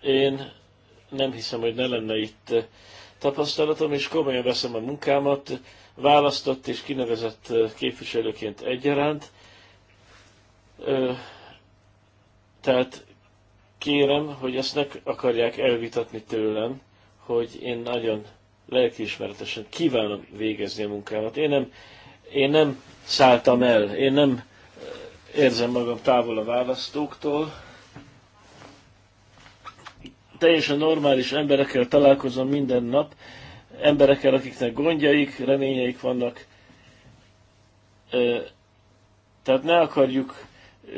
Speaker 2: Én nem hiszem, hogy ne lenne itt tapasztalatom, és komolyan veszem a munkámat, választott és kinevezett képviselőként egyaránt tehát kérem, hogy ezt ne akarják elvitatni tőlem, hogy én nagyon lelkiismeretesen kívánom végezni a munkámat. Én nem, én nem szálltam el, én nem eh, érzem magam távol a választóktól. Teljesen normális emberekkel találkozom minden nap, emberekkel, akiknek gondjaik, reményeik vannak. Eh, tehát ne akarjuk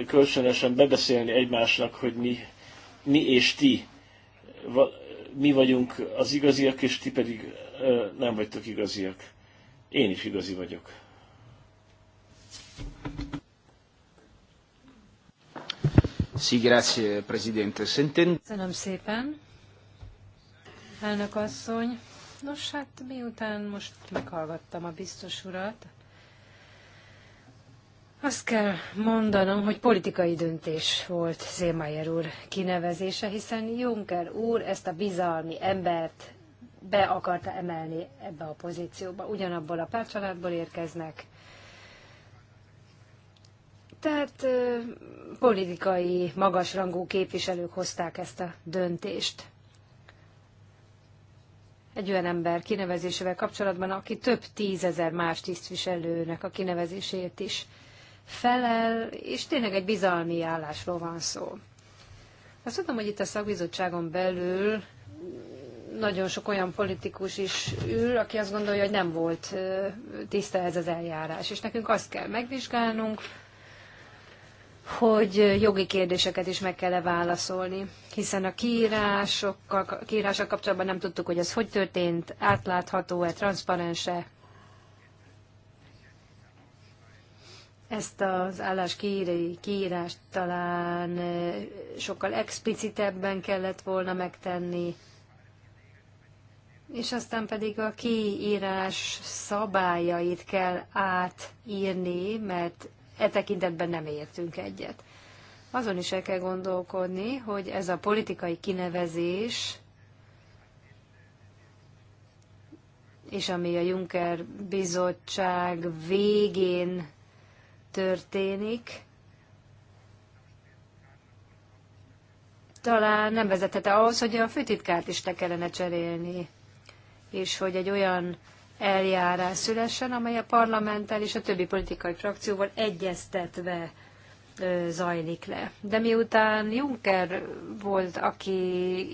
Speaker 2: kölcsönösen bebeszélni egymásnak, hogy mi, mi és ti, mi vagyunk az igaziak, és ti pedig nem vagytok igaziak. Én is igazi vagyok. Sí, grazie, Presidente.
Speaker 3: Köszönöm szépen, elnök asszony. Nos, hát miután most meghallgattam a biztos urat, azt kell mondanom, hogy politikai döntés volt Szémájer úr kinevezése, hiszen Juncker úr ezt a bizalmi embert be akarta emelni ebbe a pozícióba. Ugyanabból a pártcsaládból érkeznek. Tehát politikai, magasrangú képviselők hozták ezt a döntést. Egy olyan ember kinevezésével kapcsolatban, aki több tízezer más tisztviselőnek a kinevezését is felel, és tényleg egy bizalmi állásról van szó. Azt tudom, hogy itt a szakbizottságon belül nagyon sok olyan politikus is ül, aki azt gondolja, hogy nem volt tiszta ez az eljárás. És nekünk azt kell megvizsgálnunk, hogy jogi kérdéseket is meg kell-e válaszolni, hiszen a kiírásokkal, kiírással kapcsolatban nem tudtuk, hogy ez hogy történt, átlátható-e, transzparense, Ezt az állás kiírást talán sokkal explicitebben kellett volna megtenni, és aztán pedig a kiírás szabályait kell átírni, mert e tekintetben nem értünk egyet. Azon is el kell gondolkodni, hogy ez a politikai kinevezés, és ami a Juncker bizottság végén történik, talán nem vezethet ahhoz, hogy a főtitkárt is te kellene cserélni, és hogy egy olyan eljárás szülessen, amely a parlamenttel és a többi politikai frakcióval egyeztetve zajlik le. De miután Juncker volt, aki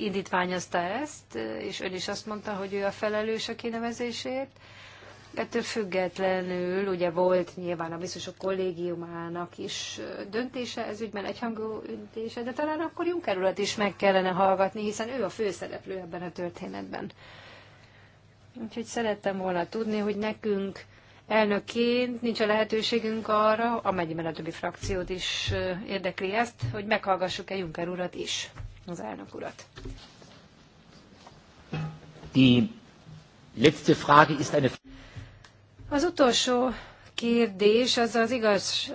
Speaker 3: indítványozta ezt, és ön is azt mondta, hogy ő a felelős a kinevezésért, Ettől függetlenül ugye volt nyilván a biztosok kollégiumának is döntése ez ügyben, egyhangú döntése, de talán akkor Juncker urat is meg kellene hallgatni, hiszen ő a főszereplő ebben a történetben. Úgyhogy szerettem volna tudni, hogy nekünk elnökként nincs a lehetőségünk arra, amennyiben a többi frakciót is érdekli ezt, hogy meghallgassuk-e Juncker urat is, az elnök urat. Die letzte Frage ist eine az utolsó kérdés az az igaz,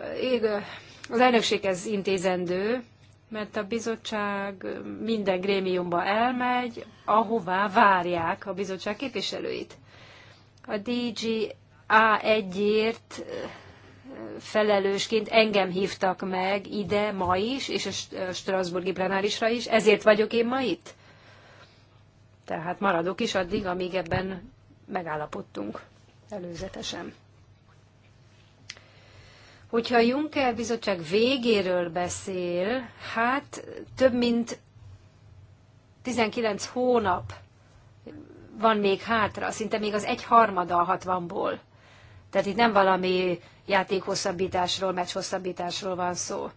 Speaker 3: az elnökséghez intézendő, mert a bizottság minden grémiumba elmegy, ahová várják a bizottság képviselőit. A DG A1-ért felelősként engem hívtak meg ide ma is, és a Strasburgi plenárisra is, ezért vagyok én ma itt. Tehát maradok is addig, amíg ebben megállapodtunk előzetesen. Hogyha a Juncker bizottság végéről beszél, hát több mint 19 hónap van még hátra, szinte még az egy harmada a 60-ból. Tehát itt nem valami játékhosszabbításról, meccshosszabbításról van szó.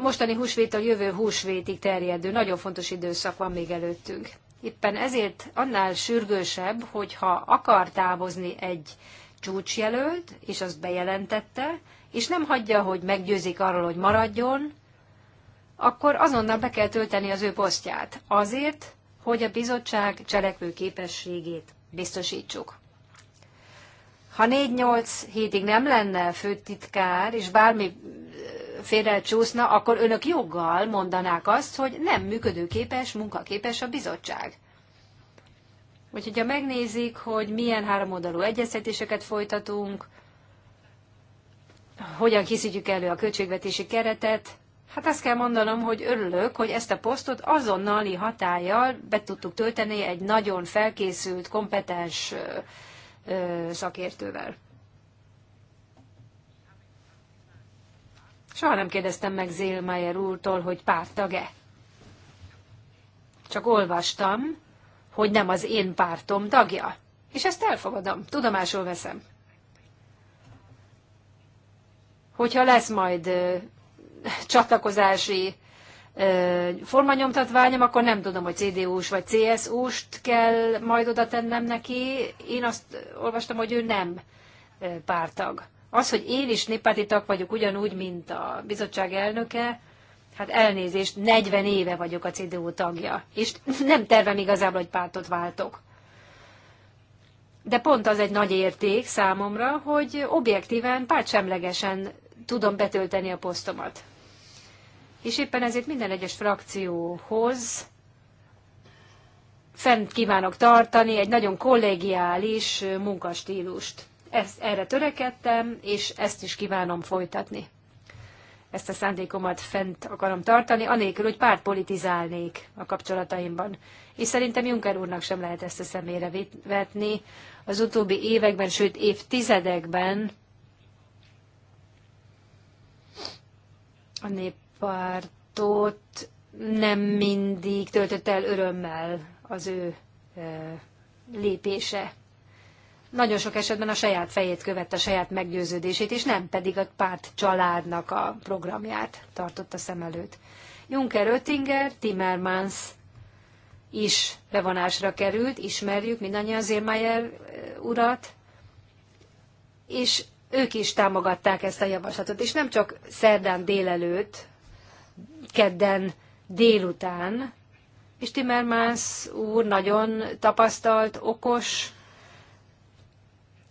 Speaker 3: Mostani mostani a jövő húsvétig terjedő, nagyon fontos időszak van még előttünk. Éppen ezért annál sürgősebb, hogyha akar távozni egy csúcsjelölt, és azt bejelentette, és nem hagyja, hogy meggyőzik arról, hogy maradjon, akkor azonnal be kell tölteni az ő posztját. Azért, hogy a bizottság cselekvő képességét biztosítsuk. Ha 4-8 hétig nem lenne főtitkár, és bármi csúszna, akkor önök joggal mondanák azt, hogy nem működőképes, munkaképes a bizottság. Úgyhogy ha megnézik, hogy milyen háromoldalú egyeztetéseket folytatunk, hogyan készítjük elő a költségvetési keretet, hát azt kell mondanom, hogy örülök, hogy ezt a posztot azonnali hatállyal be tudtuk tölteni egy nagyon felkészült, kompetens szakértővel. Soha nem kérdeztem meg Zélmeier úrtól, hogy párttag-e. Csak olvastam, hogy nem az én pártom tagja. És ezt elfogadom, tudomásul veszem. Hogyha lesz majd ö, csatlakozási ö, formanyomtatványom, akkor nem tudom, hogy CDU-s vagy CSU-st kell majd oda tennem neki. Én azt olvastam, hogy ő nem ö, pártag. Az, hogy én is néppárti tag vagyok ugyanúgy, mint a bizottság elnöke, hát elnézést, 40 éve vagyok a CDU tagja, és nem tervem igazából, hogy pártot váltok. De pont az egy nagy érték számomra, hogy objektíven, pártsemlegesen tudom betölteni a posztomat. És éppen ezért minden egyes frakcióhoz fent kívánok tartani egy nagyon kollegiális munkastílust ezt, erre törekedtem, és ezt is kívánom folytatni. Ezt a szándékomat fent akarom tartani, anélkül, hogy párt politizálnék a kapcsolataimban. És szerintem Juncker úrnak sem lehet ezt a szemére vetni. Az utóbbi években, sőt évtizedekben a néppártot nem mindig töltött el örömmel az ő lépése nagyon sok esetben a saját fejét követte, a saját meggyőződését, és nem pedig a párt családnak a programját tartotta szem előtt. Juncker Oettinger, Timmermans is bevonásra került, ismerjük mindannyian Mayer eh, urat, és ők is támogatták ezt a javaslatot, és nem csak szerdán délelőtt, kedden délután, és Timmermans úr nagyon tapasztalt, okos,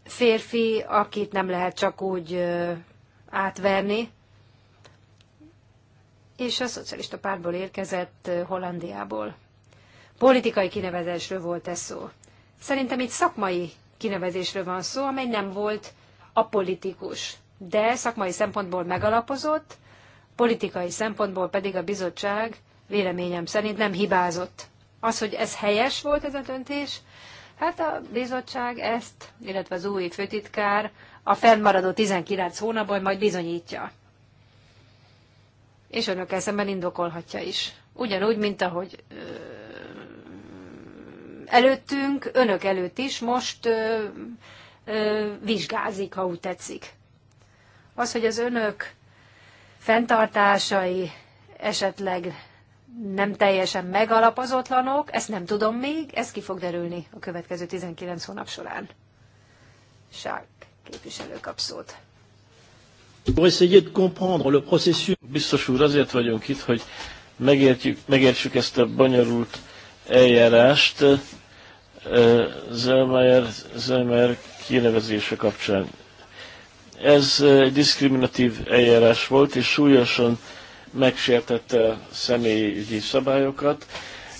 Speaker 3: férfi, akit nem lehet csak úgy átverni, és a szocialista pártból érkezett Hollandiából. Politikai kinevezésről volt ez szó. Szerintem itt szakmai kinevezésről van szó, amely nem volt a politikus, de szakmai szempontból megalapozott, politikai szempontból pedig a bizottság véleményem szerint nem hibázott. Az, hogy ez helyes volt ez a döntés, Hát a bizottság ezt, illetve az új főtitkár a fennmaradó 19 hónapban majd bizonyítja. És önök eszemben indokolhatja is. Ugyanúgy, mint ahogy ö, előttünk, önök előtt is most ö, ö, vizsgázik, ha úgy tetszik. Az, hogy az önök fenntartásai esetleg nem teljesen megalapozatlanok, ezt nem tudom még, ez ki fog derülni a következő 19 hónap során. Sák képviselő kap szót.
Speaker 2: Biztos úr, azért vagyunk itt, hogy megértjük, megértsük ezt a bonyolult eljárást Zelmayer, Zelmayer kinevezése kapcsán. Ez egy diszkriminatív eljárás volt, és súlyosan megsértette eh, személyi szabályokat,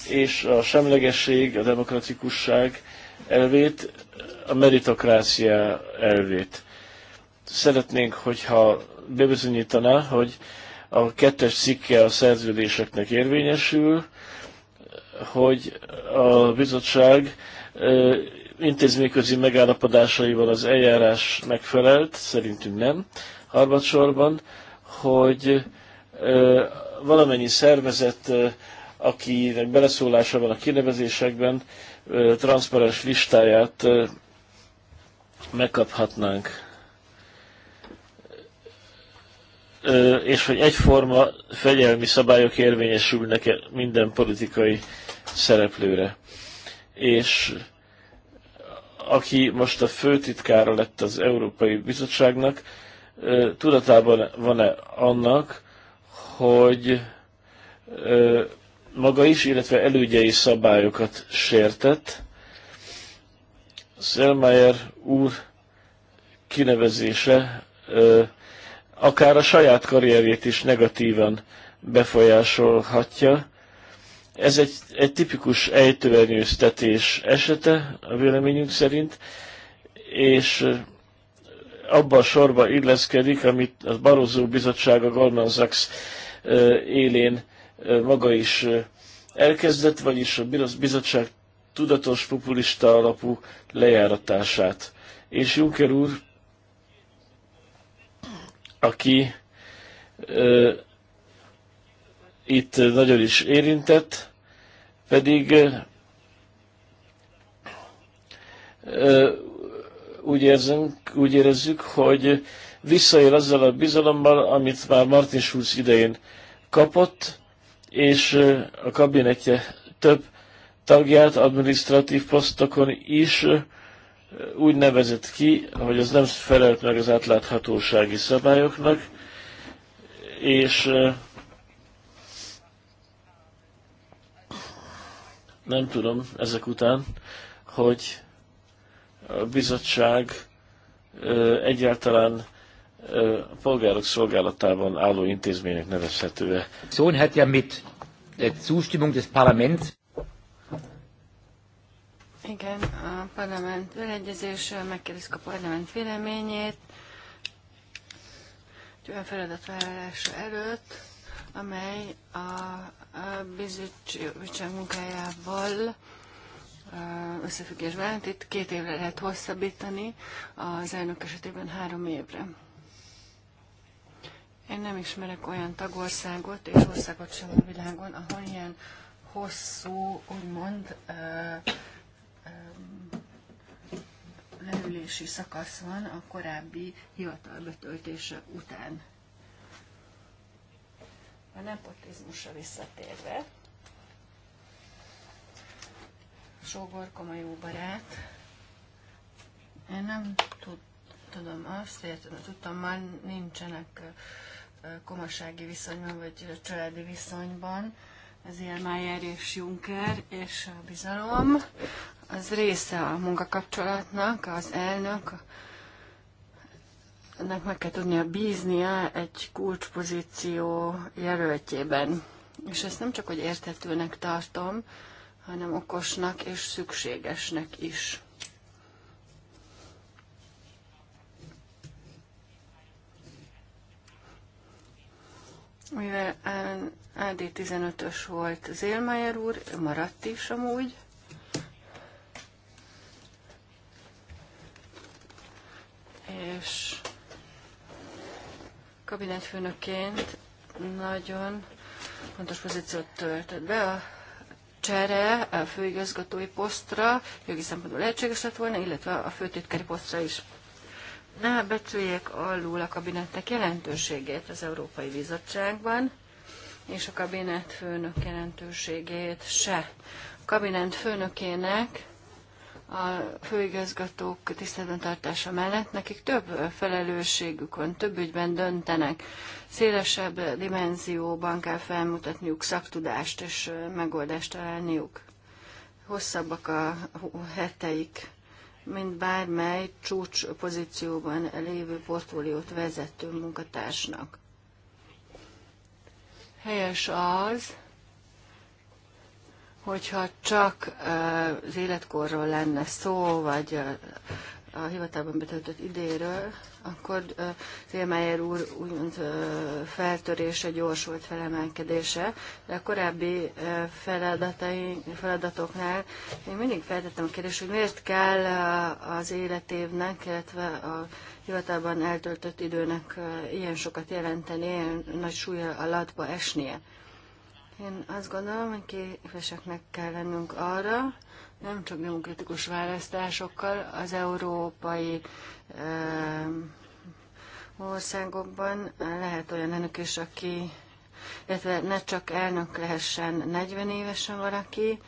Speaker 2: és a semlegesség, a demokratikusság elvét, a meritokrácia elvét. Szeretnénk, hogyha bebizonyítaná, hogy a kettes cikke a szerződéseknek érvényesül, hogy a bizottság eh, intézményközi megállapodásaival az eljárás megfelelt, szerintünk nem, harmadsorban, hogy valamennyi szervezet, akinek beleszólása van a kinevezésekben, transzparens listáját megkaphatnánk. És hogy egyforma fegyelmi szabályok érvényesülnek -e minden politikai szereplőre. És aki most a főtitkára lett az Európai Bizottságnak, tudatában van-e annak, hogy maga is, illetve elődjei szabályokat sértett. Szelmeier úr kinevezése akár a saját karrierjét is negatívan befolyásolhatja. Ez egy, egy tipikus ejtőernyőztetés esete, a véleményünk szerint, és abba a sorba illeszkedik, amit a Barozó Bizottság, a Goldman Sachs élén maga is elkezdett, vagyis a bizottság tudatos populista alapú lejáratását. És Juncker úr, aki ö, itt nagyon is érintett, pedig ö, úgy, érzünk, úgy érezzük, hogy visszaél azzal a bizalommal, amit már Martin Schulz idején kapott, és a kabinetje több tagját administratív posztokon is úgy nevezett ki, hogy az nem felelt meg az átláthatósági szabályoknak, és nem tudom ezek után, hogy a bizottság egyáltalán a polgárok szolgálatában álló intézmények nevezhető-e. Szón hat ja mit Zustimmung des Parlament
Speaker 1: Igen, a parlament beleegyezéssel megkérdezik a parlament véleményét egy olyan feladatvállalása előtt, amely a, a bizottság munkájával összefüggésben, itt két évre lehet hosszabbítani, az elnök esetében három évre. Én nem ismerek olyan tagországot és országot sem a világon, ahol ilyen hosszú, úgymond ö, ö, leülési szakasz van a korábbi hivatalbetöltése után. A nepotizmusra visszatérve, sógorkom a jó barát, én nem tud, tudom azt, értem, tudtam, már nincsenek uh, komasági viszonyban, vagy családi viszonyban, az Mayer és Juncker és a bizalom, az része a munkakapcsolatnak, az elnök, ennek meg kell tudnia bíznia egy kulcspozíció jelöltjében. És ezt nem csak, hogy értetőnek tartom, hanem okosnak és szükségesnek is. mivel AD15-ös volt Zélmeier úr, maradt is amúgy. És kabinetfőnökként nagyon fontos pozíciót töltött be a csere a főigazgatói posztra, jogi szempontból lehetséges lett volna, illetve a főtitkári posztra is ne becsüljék alul a kabinettek jelentőségét az Európai Bizottságban, és a kabinet főnök jelentőségét se. A kabinet főnökének a főigazgatók tiszteletben tartása mellett nekik több felelősségük van, több ügyben döntenek, szélesebb dimenzióban kell felmutatniuk szaktudást és megoldást találniuk. Hosszabbak a heteik mint bármely csúcs pozícióban lévő portfóliót vezető munkatársnak. Helyes az, hogyha csak az életkorról lenne szó, vagy a hivatalban betöltött idéről, akkor Félmeyer úr úgymond feltörése gyorsult felemelkedése, de a korábbi feladatoknál én mindig feltettem a kérdést, hogy miért kell az életévnek, illetve a hivatalban eltöltött időnek ilyen sokat jelenteni, ilyen nagy súlya alatba esnie. Én azt gondolom, hogy képeseknek kell lennünk arra, nem csak demokratikus választásokkal, az európai ö, országokban lehet olyan elnök is, aki, illetve ne csak elnök lehessen 40 évesen valaki,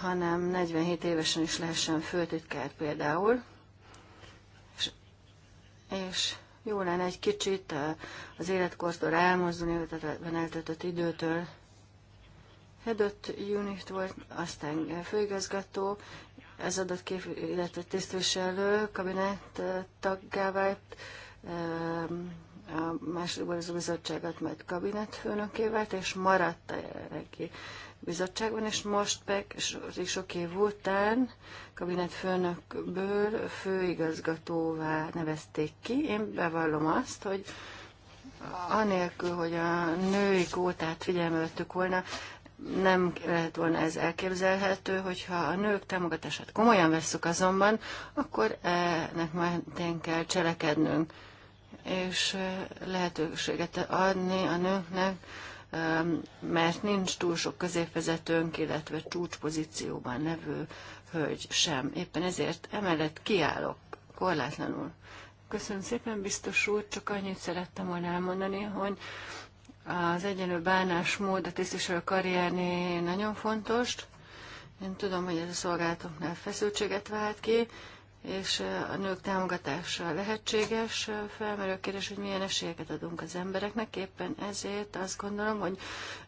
Speaker 1: hanem 47 évesen is lehessen főtitkár például. És, és jó lenne egy kicsit eh, az életkortól elmozdulni, illetve eltöltött időtől, Head Unit volt, aztán főigazgató, ez adott kép, illetve tisztviselő, kabinett eh, taggá vált, a második az bizottságot majd főnöké vált, és maradt a jelenlegi bizottságban, és most meg sok év után kabinetfőnökből főigazgatóvá nevezték ki. Én bevallom azt, hogy anélkül, hogy a női kótát figyelme volna, nem lehet volna ez elképzelhető, hogyha a nők támogatását komolyan vesszük azonban, akkor ennek mentén kell cselekednünk, és lehetőséget adni a nőknek, mert nincs túl sok középvezetőnk, illetve csúcspozícióban levő hölgy sem. Éppen ezért emellett kiállok korlátlanul. Köszönöm szépen, biztos úr, csak annyit szerettem volna elmondani, hogy az egyenlő bánásmód a tisztviselő karrierné nagyon fontos. Én tudom, hogy ez a szolgálatoknál feszültséget vált ki, és a nők támogatása lehetséges. felmerő kérdés, hogy milyen esélyeket adunk az embereknek. Éppen ezért azt gondolom, hogy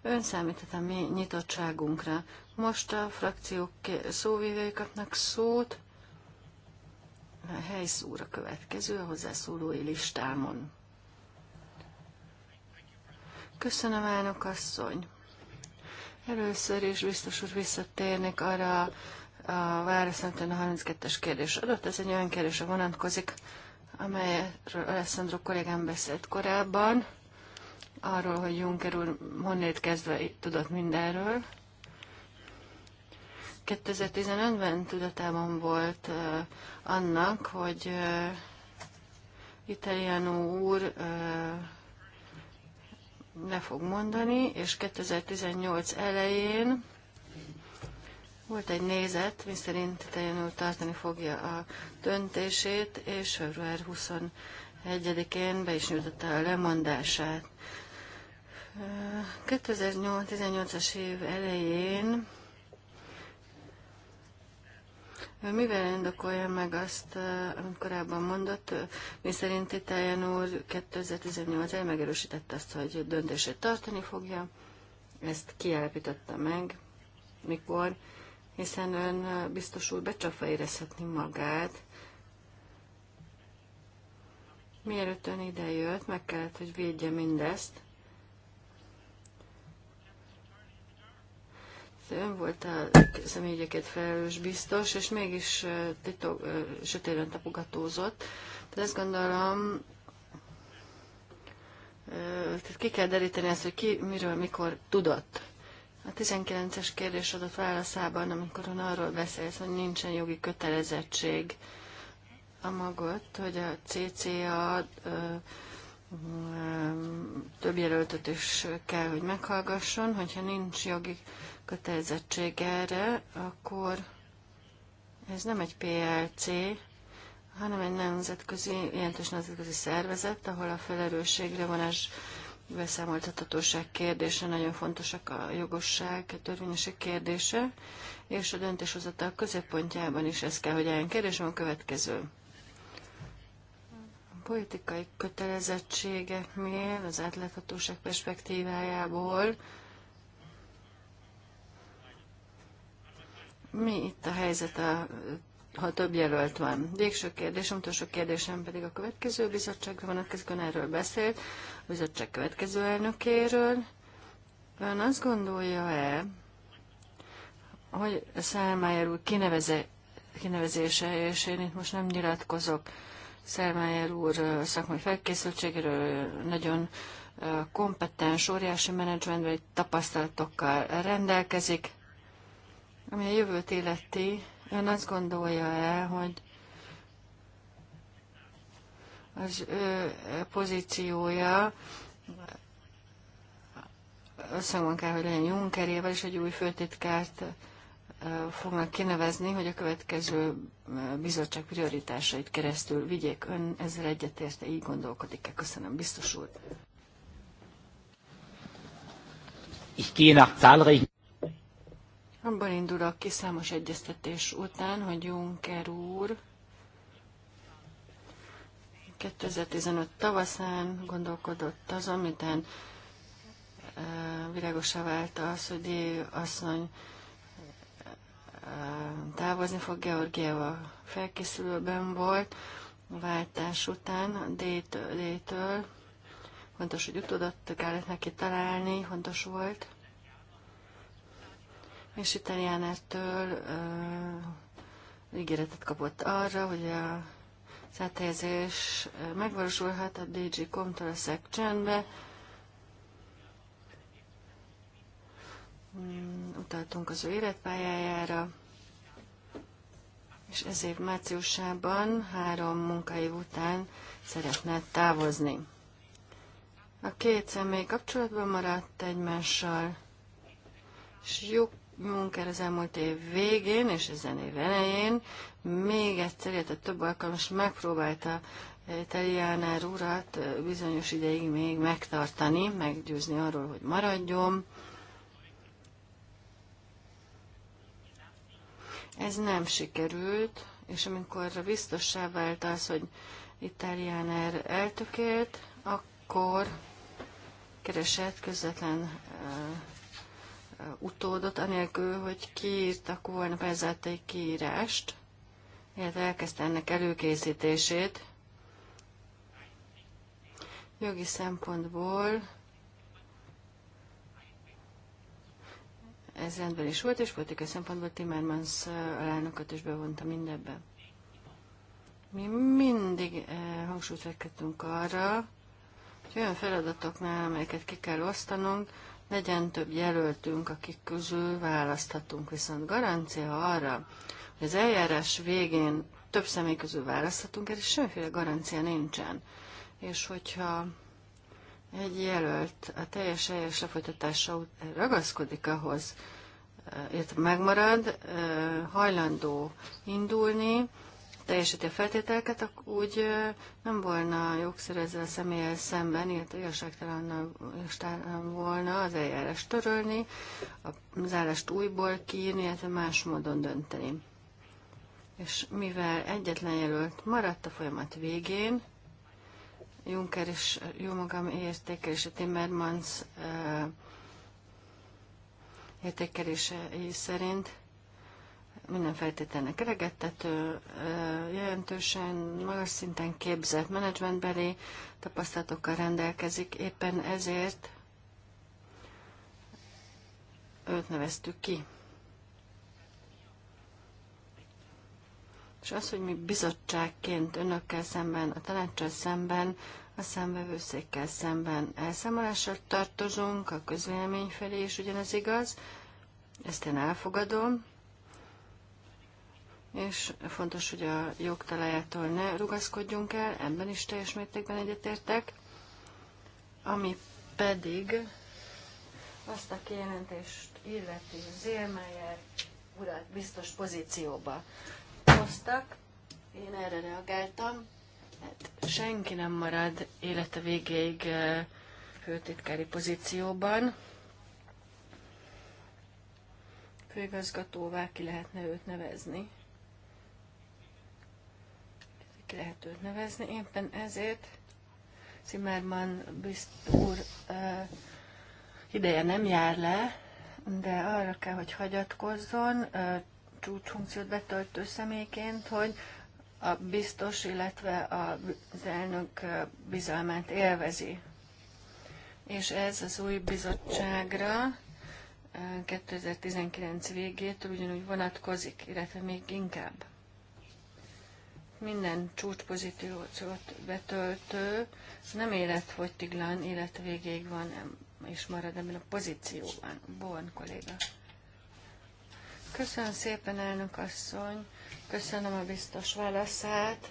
Speaker 1: ön számíthat a mi nyitottságunkra. Most a frakciók szóvívői kapnak szót. A helyszúra következő a hozzászólói listámon. Köszönöm, elnök asszony. Először is biztos úr visszatérnék arra a válaszom, a 32-es kérdés adott. Ez egy olyan kérdésre vonatkozik, amelyről Alessandro kollégám beszélt korábban, arról, hogy Juncker úr honnét kezdve tudott mindenről. 2015-ben tudatában volt uh, annak, hogy uh, Italiano úr uh, le fog mondani, és 2018 elején volt egy nézet, miszerint teljesen tartani fogja a döntését, és február 21-én be is nyújtotta a lemondását. 2018-as év elején mivel indokolja meg azt, eh, amit korábban mondott, eh, mi szerint Itálián úr 2018-el megerősítette azt, hogy döntését tartani fogja, ezt kiállapította meg, mikor, hiszen ön eh, biztos úr becsapva érezhetni magát, Mielőtt ön idejött, meg kellett, hogy védje mindezt, ön volt a személyeket felelős biztos, és mégis titok, sötéren tapogatózott. De azt gondolom, tehát ki kell deríteni ezt, hogy ki miről, mikor tudott. A 19-es kérdés adott válaszában, amikor ön arról beszélsz, hogy nincsen jogi kötelezettség a magot, hogy a CCA több jelöltöt is kell, hogy meghallgasson, hogyha nincs jogi kötelezettség erre, akkor ez nem egy PLC, hanem egy nemzetközi, jelentős nemzetközi szervezet, ahol a felerősségre vonás beszámoltathatóság kérdése, nagyon fontosak a jogosság, a törvényesség kérdése, és a döntéshozatal középpontjában is ez kell, hogy álljon. Kérdésem a következő. A politikai kötelezettségeknél, az átláthatóság perspektívájából mi itt a helyzet, a, ha több jelölt van? Végső kérdés, utolsó kérdésem pedig a következő bizottságra vonatkozik, ön erről beszélt, a bizottság következő elnökéről. Ön azt gondolja-e, hogy Szelmájer úr kineveze, kinevezése, és én itt most nem nyilatkozok, Szelmájer úr szakmai felkészültségéről nagyon kompetens, óriási menedzsmentben, tapasztalatokkal rendelkezik, ami a jövőt életi, ön azt gondolja-e, hogy az ő pozíciója összhangban kell, hogy legyen Junckerével, és egy új főtitkárt fognak kinevezni, hogy a következő bizottság prioritásait keresztül vigyék. Ön ezzel egyetérte, így gondolkodik-e? Köszönöm, biztos úr.
Speaker 3: Ich gehe nach zahlreichen
Speaker 1: abban indulok ki számos egyeztetés után, hogy Juncker úr 2015 tavaszán gondolkodott azon, miután világosá vált az, hogy D. asszony távozni fog Georgiával felkészülőben volt a váltás után D-től. Fontos, hogy utódott, kellett neki találni, fontos volt és Italiánettől uh, ígéretet kapott arra, hogy a az megvalósulhat a DG Comtól a secgen mm, utaltunk az ő életpályájára, és ez év márciusában, három munkaév után szeretne távozni. A két személy kapcsolatban maradt egymással, és jó munkára az elmúlt év végén és ezen év elején még egyszer, illetve több alkalmas megpróbálta e, Teliánár urat e, bizonyos ideig még megtartani, meggyőzni arról, hogy maradjon. Ez nem sikerült, és amikor biztossá vált az, hogy Italiáner eltökélt, akkor keresett közvetlen e, utódot, anélkül, hogy kiírtak volna bezárt egy kiírást, illetve elkezdte ennek előkészítését. Jogi szempontból ez rendben is volt, és politikai szempontból Timmermans alelnököt is bevonta mindebbe. Mi mindig eh, hangsúlyt fektetünk arra, hogy olyan feladatoknál, amelyeket ki kell osztanunk, legyen több jelöltünk, akik közül választhatunk. Viszont garancia arra, hogy az eljárás végén több személy közül választhatunk, erre semmiféle garancia nincsen. És hogyha egy jelölt a teljes eljárás lefolytatása ragaszkodik ahhoz, eh, illetve megmarad, eh, hajlandó indulni, teljesíti a feltételeket, úgy nem volna jogszerű ezzel a személyel szemben, illetve igazságtalan volna az eljárás törölni, az állást újból kiírni, illetve más módon dönteni. És mivel egyetlen jelölt maradt a folyamat végén, Juncker és jó magam értékelése, Timmermans értékelése szerint minden feltételnek elegettető, jelentősen magas szinten képzett menedzsmentbeli tapasztalatokkal rendelkezik, éppen ezért őt neveztük ki. És az, hogy mi bizottságként önökkel szemben, a tanácssal szemben, a szemvevőszékkel szemben elszámolással tartozunk, a közvélemény felé is ugyanez igaz, ezt én elfogadom, és fontos, hogy a jogtalájától ne rugaszkodjunk el, ebben is teljes mértékben egyetértek, ami pedig azt a kijelentést illeti Élmeyer urat biztos pozícióba hoztak. Én erre reagáltam. Hát senki nem marad élete végéig főtitkári pozícióban. Főigazgatóvá ki lehetne őt nevezni ki lehet őt nevezni. Éppen ezért Zimmermann biztos úr uh, ideje nem jár le, de arra kell, hogy hagyatkozzon uh, csúcsfunkciót betöltő személyként, hogy a biztos, illetve az elnök bizalmát élvezi. És ez az új bizottságra 2019 végétől ugyanúgy vonatkozik, illetve még inkább minden csúcspozíciót betöltő, az nem életfogytiglan, életvégéig van és marad ebben a pozícióban. Bon, kolléga. Köszönöm szépen, elnök asszony. Köszönöm a biztos válaszát.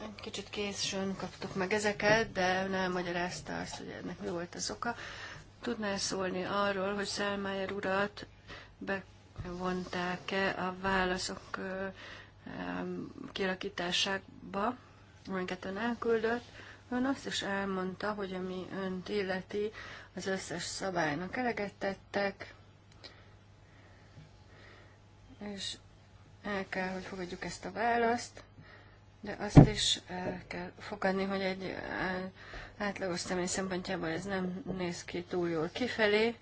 Speaker 1: Egy kicsit későn kaptuk meg ezeket, de ön elmagyarázta azt, hogy ennek mi volt az oka. Tudnál szólni arról, hogy Szelmájer urat bevonták-e a válaszok kialakításába, amiket ön elküldött, ön azt is elmondta, hogy ami önt illeti, az összes szabálynak eleget tettek, és el kell, hogy fogadjuk ezt a választ, de azt is el eh, kell fogadni, hogy egy eh, átlagos személy szempontjából ez nem néz ki túl jól kifelé,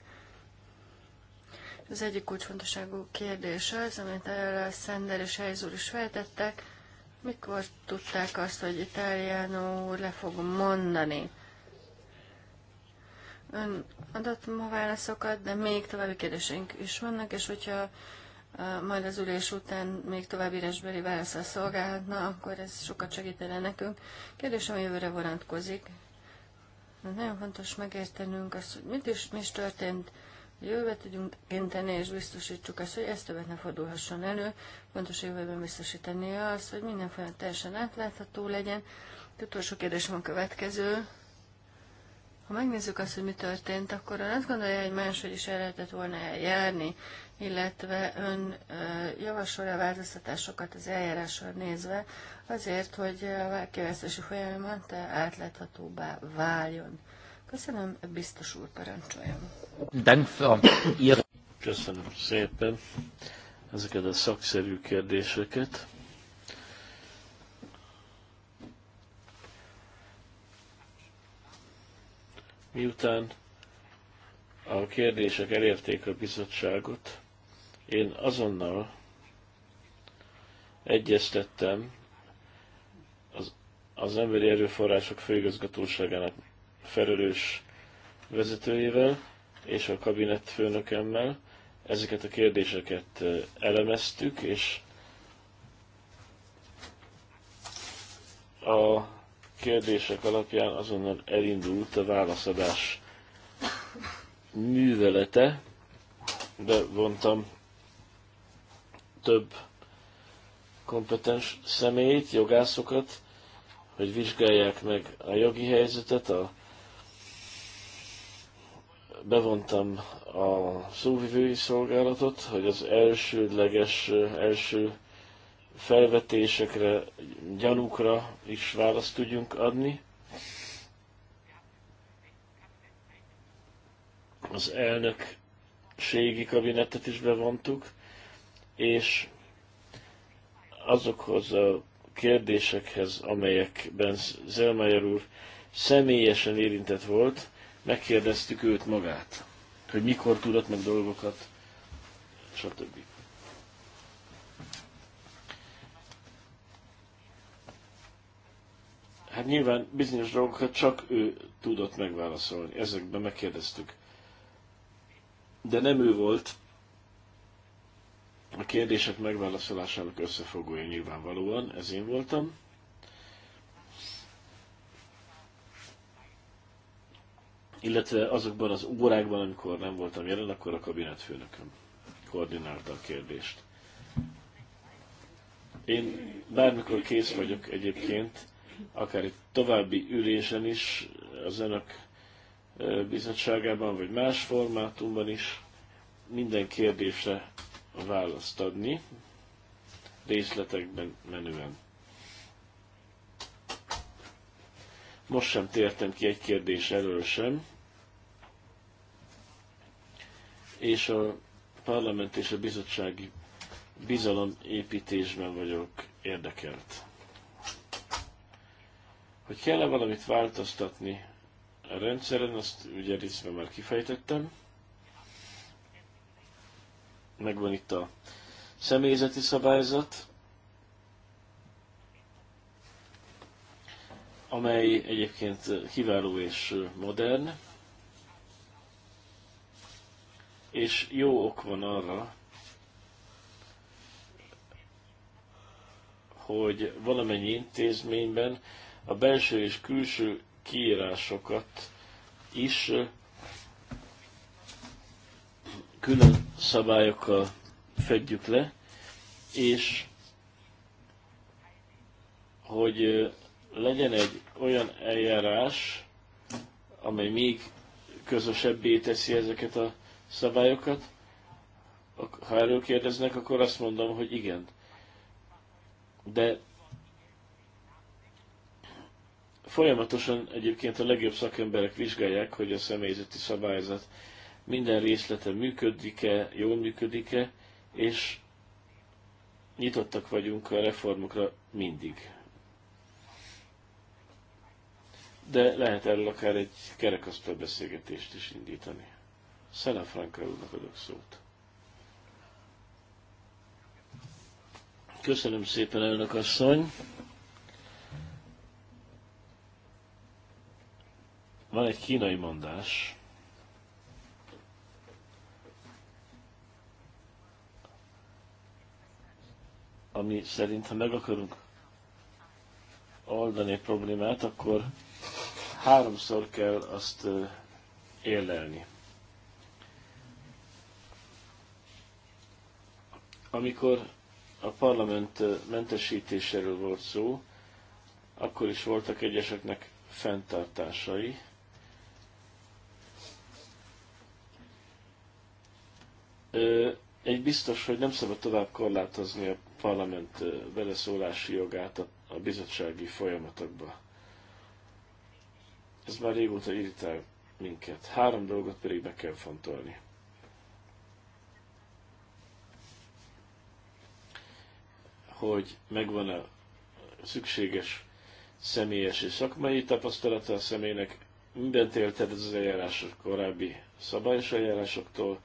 Speaker 1: az egyik kulcsfontosságú kérdés az, amit erre Szender és Helyzúr is feltettek, mikor tudták azt, hogy Italiano úr le fog mondani? Ön adott ma válaszokat, de még további kérdéseink is vannak, és hogyha majd az ülés után még további írásbeli válaszra szolgálhatna, akkor ez sokat segítene nekünk. Kérdésem a jövőre vonatkozik. Nagyon fontos megértenünk azt, hogy mit is, mi is történt jövőbe tudjunk inteni, és biztosítsuk azt, hogy ez többet ne fordulhasson elő. Fontos a jövőben biztosítani azt, hogy minden folyamat teljesen átlátható legyen. De utolsó kérdésem a következő. Ha megnézzük azt, hogy mi történt, akkor ön azt gondolja, hogy máshogy is el lehetett volna eljárni, illetve ön javasolja változtatásokat az eljárásra nézve, azért, hogy a kivesztési folyamat átláthatóbbá váljon. Köszönöm, biztos úr parancsoljon.
Speaker 2: Köszönöm szépen ezeket a szakszerű kérdéseket. Miután a kérdések elérték a bizottságot, én azonnal egyeztettem az, az Emberi Erőforrások Főigazgatóságának felelős vezetőjével és a kabinett főnökemmel ezeket a kérdéseket elemeztük, és a kérdések alapján azonnal elindult a válaszadás művelete, de vontam több kompetens személyt, jogászokat, hogy vizsgálják meg a jogi helyzetet, a bevontam a szóvivői szolgálatot, hogy az elsődleges, első felvetésekre, gyanúkra is választ tudjunk adni. Az elnökségi kabinetet is bevontuk, és azokhoz a kérdésekhez, amelyekben Zelmayer úr személyesen érintett volt, megkérdeztük őt magát, hogy mikor tudott meg dolgokat, stb. Hát nyilván bizonyos dolgokat csak ő tudott megválaszolni, ezekben megkérdeztük. De nem ő volt a kérdések megválaszolásának összefogója nyilvánvalóan, ez én voltam. illetve azokban az órákban, amikor nem voltam jelen, akkor a kabinetfőnököm koordinálta a kérdést. Én bármikor kész vagyok egyébként, akár egy további ülésen is, az önök bizottságában, vagy más formátumban is minden kérdésre választ adni, részletekben menően. Most sem tértem ki egy kérdés elől sem, és a parlament és a bizottsági bizalomépítésben vagyok érdekelt. Hogy kell-e valamit változtatni a rendszeren, azt ugye részben már kifejtettem. Megvan itt a személyzeti szabályzat, amely egyébként kiváló és modern és jó ok van arra, hogy valamennyi intézményben a belső és külső kiírásokat is külön szabályokkal fedjük le, és hogy legyen egy olyan eljárás, amely még közösebbé teszi ezeket a szabályokat. Ha erről kérdeznek, akkor azt mondom, hogy igen. De folyamatosan egyébként a legjobb szakemberek vizsgálják, hogy a személyzeti szabályzat minden részlete működik-e, jól működik-e, és nyitottak vagyunk a reformokra mindig. De lehet erről akár egy kerekasztal beszélgetést is indítani. Szelefrankra úrnak adok szót. Köszönöm szépen, elnök asszony. Van egy kínai mondás. ami szerint, ha meg akarunk oldani egy problémát, akkor háromszor kell azt élelni. Amikor a parlament mentesítéséről volt szó, akkor is voltak egyeseknek fenntartásai. Egy biztos, hogy nem szabad tovább korlátozni a parlament beleszólási jogát a bizottsági folyamatokba. Ez már régóta irritál minket. Három dolgot pedig be kell fontolni. hogy megvan a szükséges személyes és szakmai tapasztalata a személynek, mindent élted az eljárások korábbi szabályos eljárásoktól,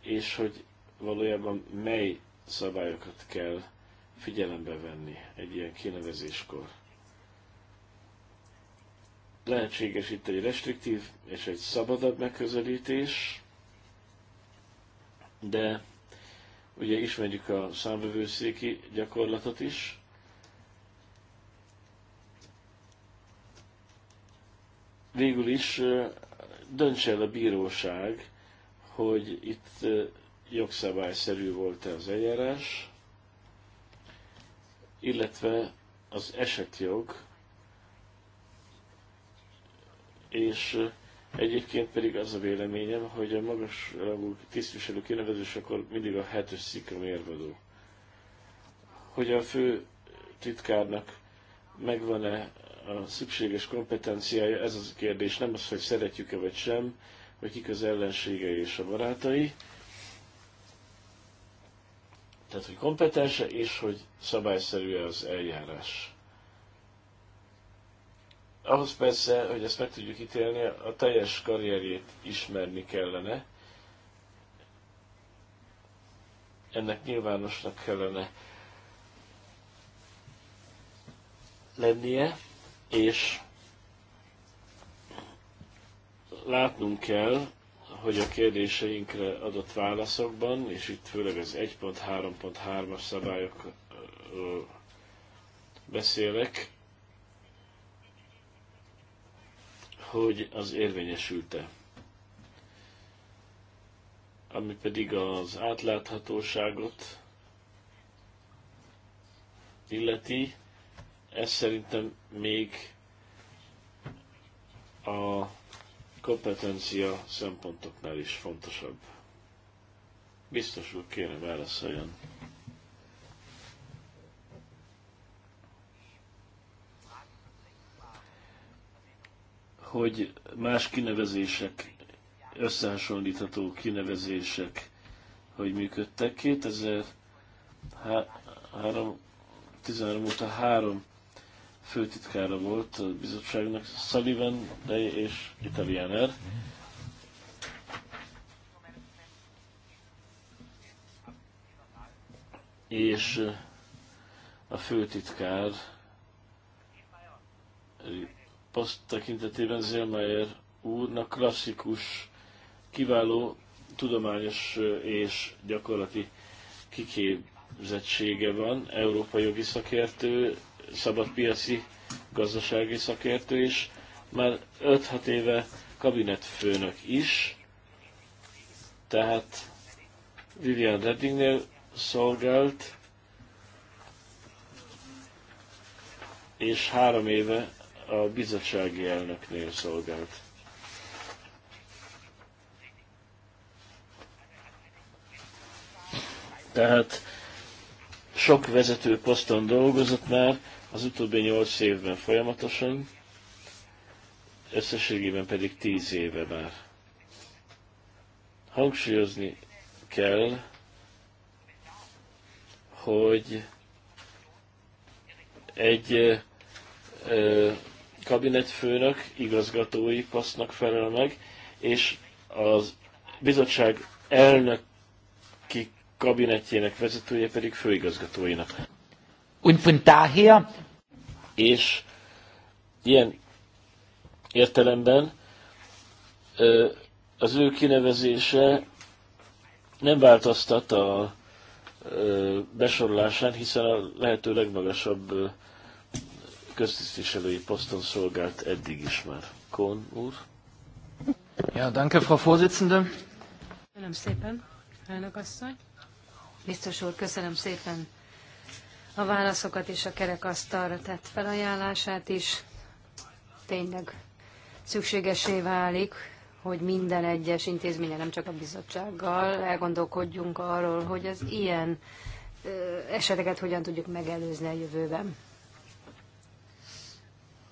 Speaker 2: és hogy valójában mely szabályokat kell figyelembe venni egy ilyen kinevezéskor. Lehetséges itt egy restriktív és egy szabadabb megközelítés, de Ugye ismerjük a számvevőszéki gyakorlatot is. Végül is dönts el a bíróság, hogy itt jogszabályszerű volt-e az eljárás, illetve az esetjog, és Egyébként pedig az a véleményem, hogy a magas rangú tisztviselő kinevezés akkor mindig a hetes szikra mérvadó. Hogy a fő titkárnak megvan-e a szükséges kompetenciája, ez az a kérdés, nem az, hogy szeretjük-e vagy sem, vagy kik az ellenségei és a barátai. Tehát, hogy kompetense és hogy szabályszerű -e az eljárás. Ahhoz persze, hogy ezt meg tudjuk ítélni, a teljes karrierjét ismerni kellene. Ennek nyilvánosnak kellene lennie, és látnunk kell, hogy a kérdéseinkre adott válaszokban, és itt főleg az 1.3.3-as szabályok beszélek, hogy az érvényesült-e. Ami pedig az átláthatóságot illeti, ez szerintem még a kompetencia szempontoknál is fontosabb. Biztos úr, kéne válaszoljon. hogy más kinevezések, összehasonlítható kinevezések, hogy működtek. 2013 óta három főtitkára volt a bizottságnak, Sullivan Day és Italianer. És a főtitkár poszt tekintetében Zélmeier úrnak klasszikus, kiváló tudományos és gyakorlati kiképzettsége van, európai jogi szakértő, szabadpiaci gazdasági szakértő, is, már 5-6 éve kabinetfőnök is, tehát Vivian Reddingnél szolgált, és három éve a bizottsági elnöknél szolgált. Tehát sok vezető poszton dolgozott már, az utóbbi nyolc évben folyamatosan, összességében pedig tíz éve már. Hangsúlyozni kell, hogy egy kabinetfőnök, igazgatói posztnak felel meg, és az bizottság elnöki kabinetjének vezetője pedig főigazgatóinak.
Speaker 1: Und von daher...
Speaker 2: És ilyen értelemben az ő kinevezése nem változtat a besorolásán, hiszen a lehető legmagasabb köztisztviselői poszton szolgált eddig is már. Kohn úr.
Speaker 1: Ja, danke, Frau Vorsitzende.
Speaker 3: Köszönöm szépen, elnök asszony. Biztos úr, köszönöm szépen a válaszokat és a kerekasztalra tett felajánlását is. Tényleg szükségesé válik, hogy minden egyes intézménye, nem csak a bizottsággal elgondolkodjunk arról, hogy az ilyen eseteket hogyan tudjuk megelőzni a jövőben.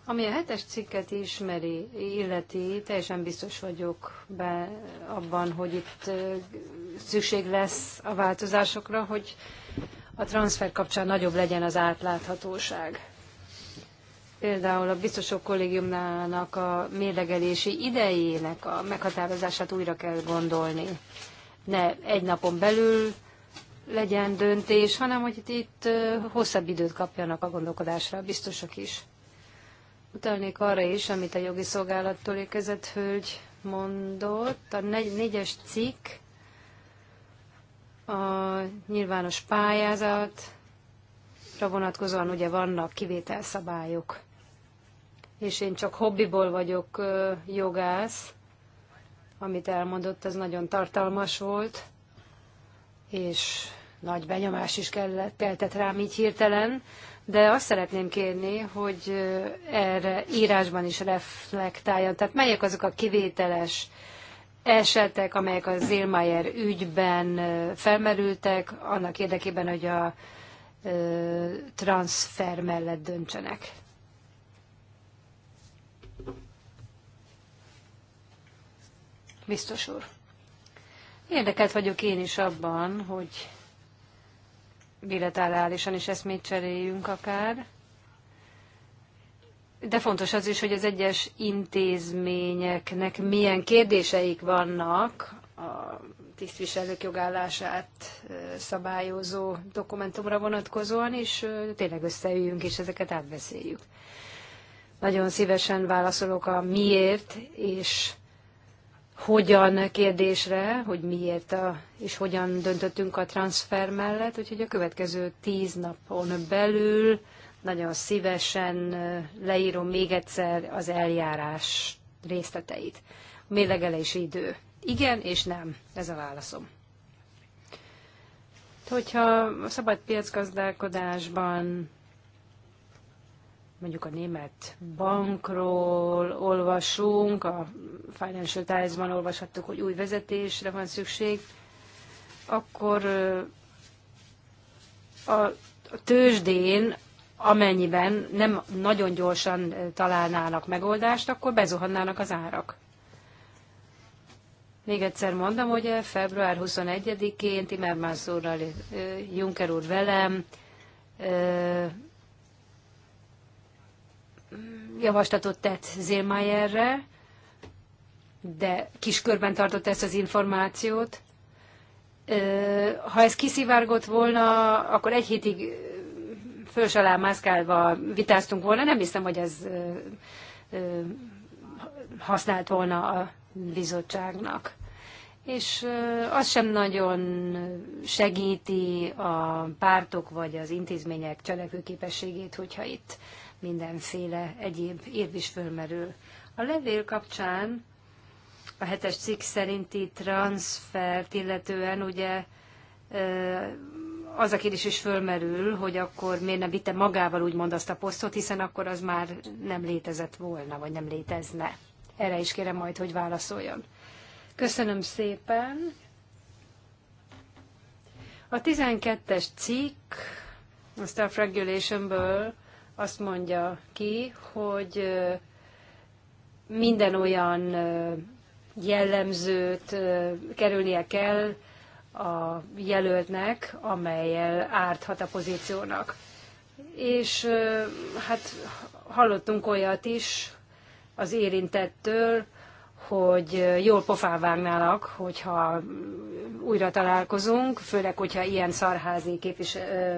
Speaker 3: Ami a hetes cikket ismeri, illeti, teljesen biztos vagyok be abban, hogy itt szükség lesz a változásokra, hogy a transfer kapcsán nagyobb legyen az átláthatóság. Például a biztosok kollégiumnának a mérlegelési idejének a meghatározását újra kell gondolni. Ne egy napon belül legyen döntés, hanem hogy itt, itt hosszabb időt kapjanak a gondolkodásra a biztosok is. Utalnék arra is, amit a jogi szolgálattól érkezett hölgy mondott. A negy, négyes cikk a nyilvános pályázatra vonatkozóan ugye vannak kivételszabályok. És én csak hobbiból vagyok jogász, amit elmondott, az nagyon tartalmas volt, és nagy benyomás is kellett, keltett rám így hirtelen, de azt szeretném kérni, hogy erre írásban is reflektáljon. Tehát melyek azok a kivételes esetek, amelyek a Zilmayer ügyben felmerültek, annak érdekében, hogy a transfer mellett döntsenek. Biztos úr. Érdekelt vagyok én is abban, hogy bilaterálisan is eszmét cseréljünk akár. De fontos az is, hogy az egyes intézményeknek milyen kérdéseik vannak a tisztviselők jogállását szabályozó dokumentumra vonatkozóan, és tényleg összeüljünk és ezeket átbeszéljük. Nagyon szívesen válaszolok a miért és hogyan kérdésre, hogy miért a, és hogyan döntöttünk a transfer mellett, úgyhogy a következő tíz napon belül nagyon szívesen leírom még egyszer az eljárás részleteit. Mélegelés idő. Igen és nem. Ez a válaszom. Hogyha a szabad piacgazdálkodásban mondjuk a német bankról olvasunk, a Financial Times-ban olvashattuk, hogy új vezetésre van szükség, akkor a tőzsdén, amennyiben nem nagyon gyorsan találnának megoldást, akkor bezuhannának az árak. Még egyszer mondom, hogy február 21-én Timmermans úrral, Juncker úr velem, javaslatot tett Zélmájerre, de kiskörben tartott ezt az információt. Ha ez kiszivárgott volna, akkor egy hétig föl alá mászkálva vitáztunk volna. Nem hiszem, hogy ez használt volna a bizottságnak. És az sem nagyon segíti a pártok vagy az intézmények cselekvőképességét, hogyha itt mindenféle egyéb érv is fölmerül. A levél kapcsán a hetes cikk szerinti transfert illetően ugye az a kérdés is fölmerül, hogy akkor miért nem vitte magával úgymond azt a posztot, hiszen akkor az már nem létezett volna, vagy nem létezne. Erre is kérem majd, hogy válaszoljon. Köszönöm szépen. A 12-es cikk a staff regulationből azt mondja ki, hogy minden olyan jellemzőt kerülnie kell a jelöltnek, amelyel árthat a pozíciónak. És hát hallottunk olyat is az érintettől, hogy jól pofávárnálak, hogyha újra találkozunk, főleg, hogyha ilyen szarházi képvis, ö,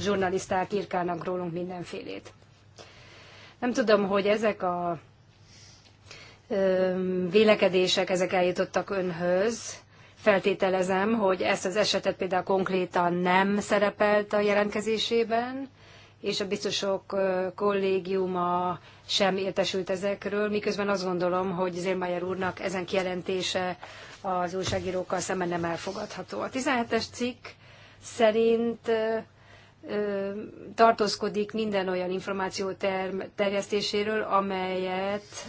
Speaker 3: zsurnaliszták írkálnak rólunk mindenfélét. Nem tudom, hogy ezek a ö, vélekedések, ezek eljutottak önhöz. Feltételezem, hogy ezt az esetet például konkrétan nem szerepelt a jelentkezésében, és a biztosok kollégiuma sem értesült ezekről, miközben azt gondolom, hogy Zélmájer úrnak ezen kijelentése az újságírókkal szemben nem elfogadható. A 17-es cikk szerint tartózkodik minden olyan információ terjesztéséről, amelyet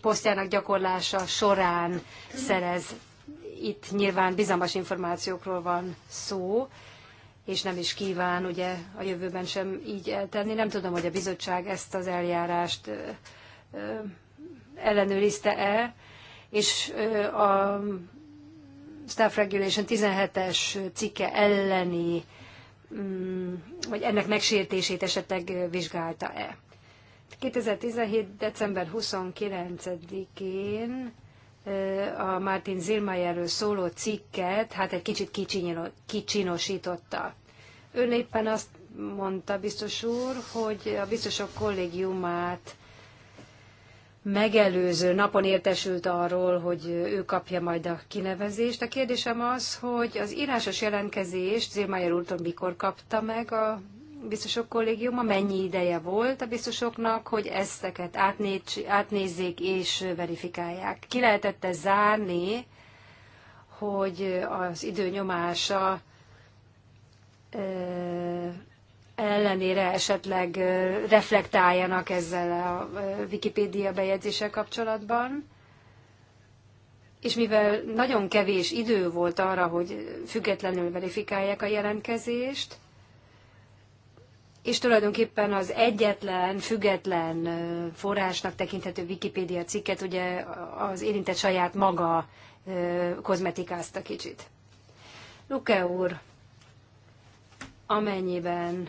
Speaker 3: posztjának gyakorlása során szerez. Itt nyilván bizalmas információkról van szó, és nem is kíván ugye a jövőben sem így eltenni. Nem tudom, hogy a bizottság ezt az eljárást ellenőrizte-e, és a Staff Regulation 17-es cikke elleni, mm, vagy ennek megsértését esetleg vizsgálta-e. 2017. december 29-én a Martin Zillmayerről szóló cikket, hát egy kicsit kicsinosította. Ön éppen azt mondta biztos úr, hogy a biztosok kollégiumát megelőző napon értesült arról, hogy ő kapja majd a kinevezést. A kérdésem az, hogy az írásos jelentkezést Zilmájer úrtól mikor kapta meg a biztosok kollégiuma, mennyi ideje volt a biztosoknak, hogy ezteket átnéz, átnézzék és verifikálják. Ki lehetett -e zárni, hogy az időnyomása ellenére esetleg reflektáljanak ezzel a Wikipédia bejegyzéssel kapcsolatban. És mivel nagyon kevés idő volt arra, hogy függetlenül verifikálják a jelentkezést, és tulajdonképpen az egyetlen, független forrásnak tekinthető Wikipédia cikket ugye az érintett saját maga kozmetikázta kicsit. Luke úr, amennyiben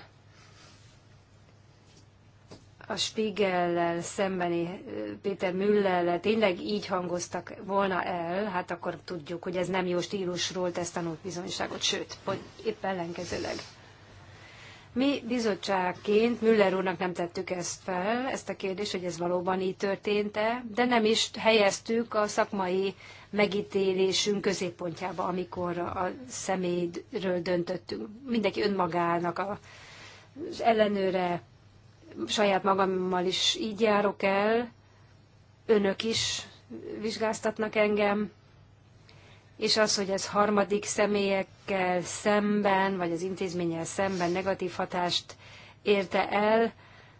Speaker 3: a Spiegellel szembeni Péter Müllellel tényleg így hangoztak volna el, hát akkor tudjuk, hogy ez nem jó stílusról tesz tanult bizonyságot, sőt, épp ellenkezőleg. Mi bizottságként Müller úrnak nem tettük ezt fel, ezt a kérdést, hogy ez valóban így történt-e, de nem is helyeztük a szakmai megítélésünk középpontjába, amikor a személyről döntöttünk. Mindenki önmagának a, az ellenőre, saját magammal is így járok el, önök is vizsgáztatnak engem, és az, hogy ez harmadik személyekkel szemben, vagy az intézménnyel szemben negatív hatást érte el,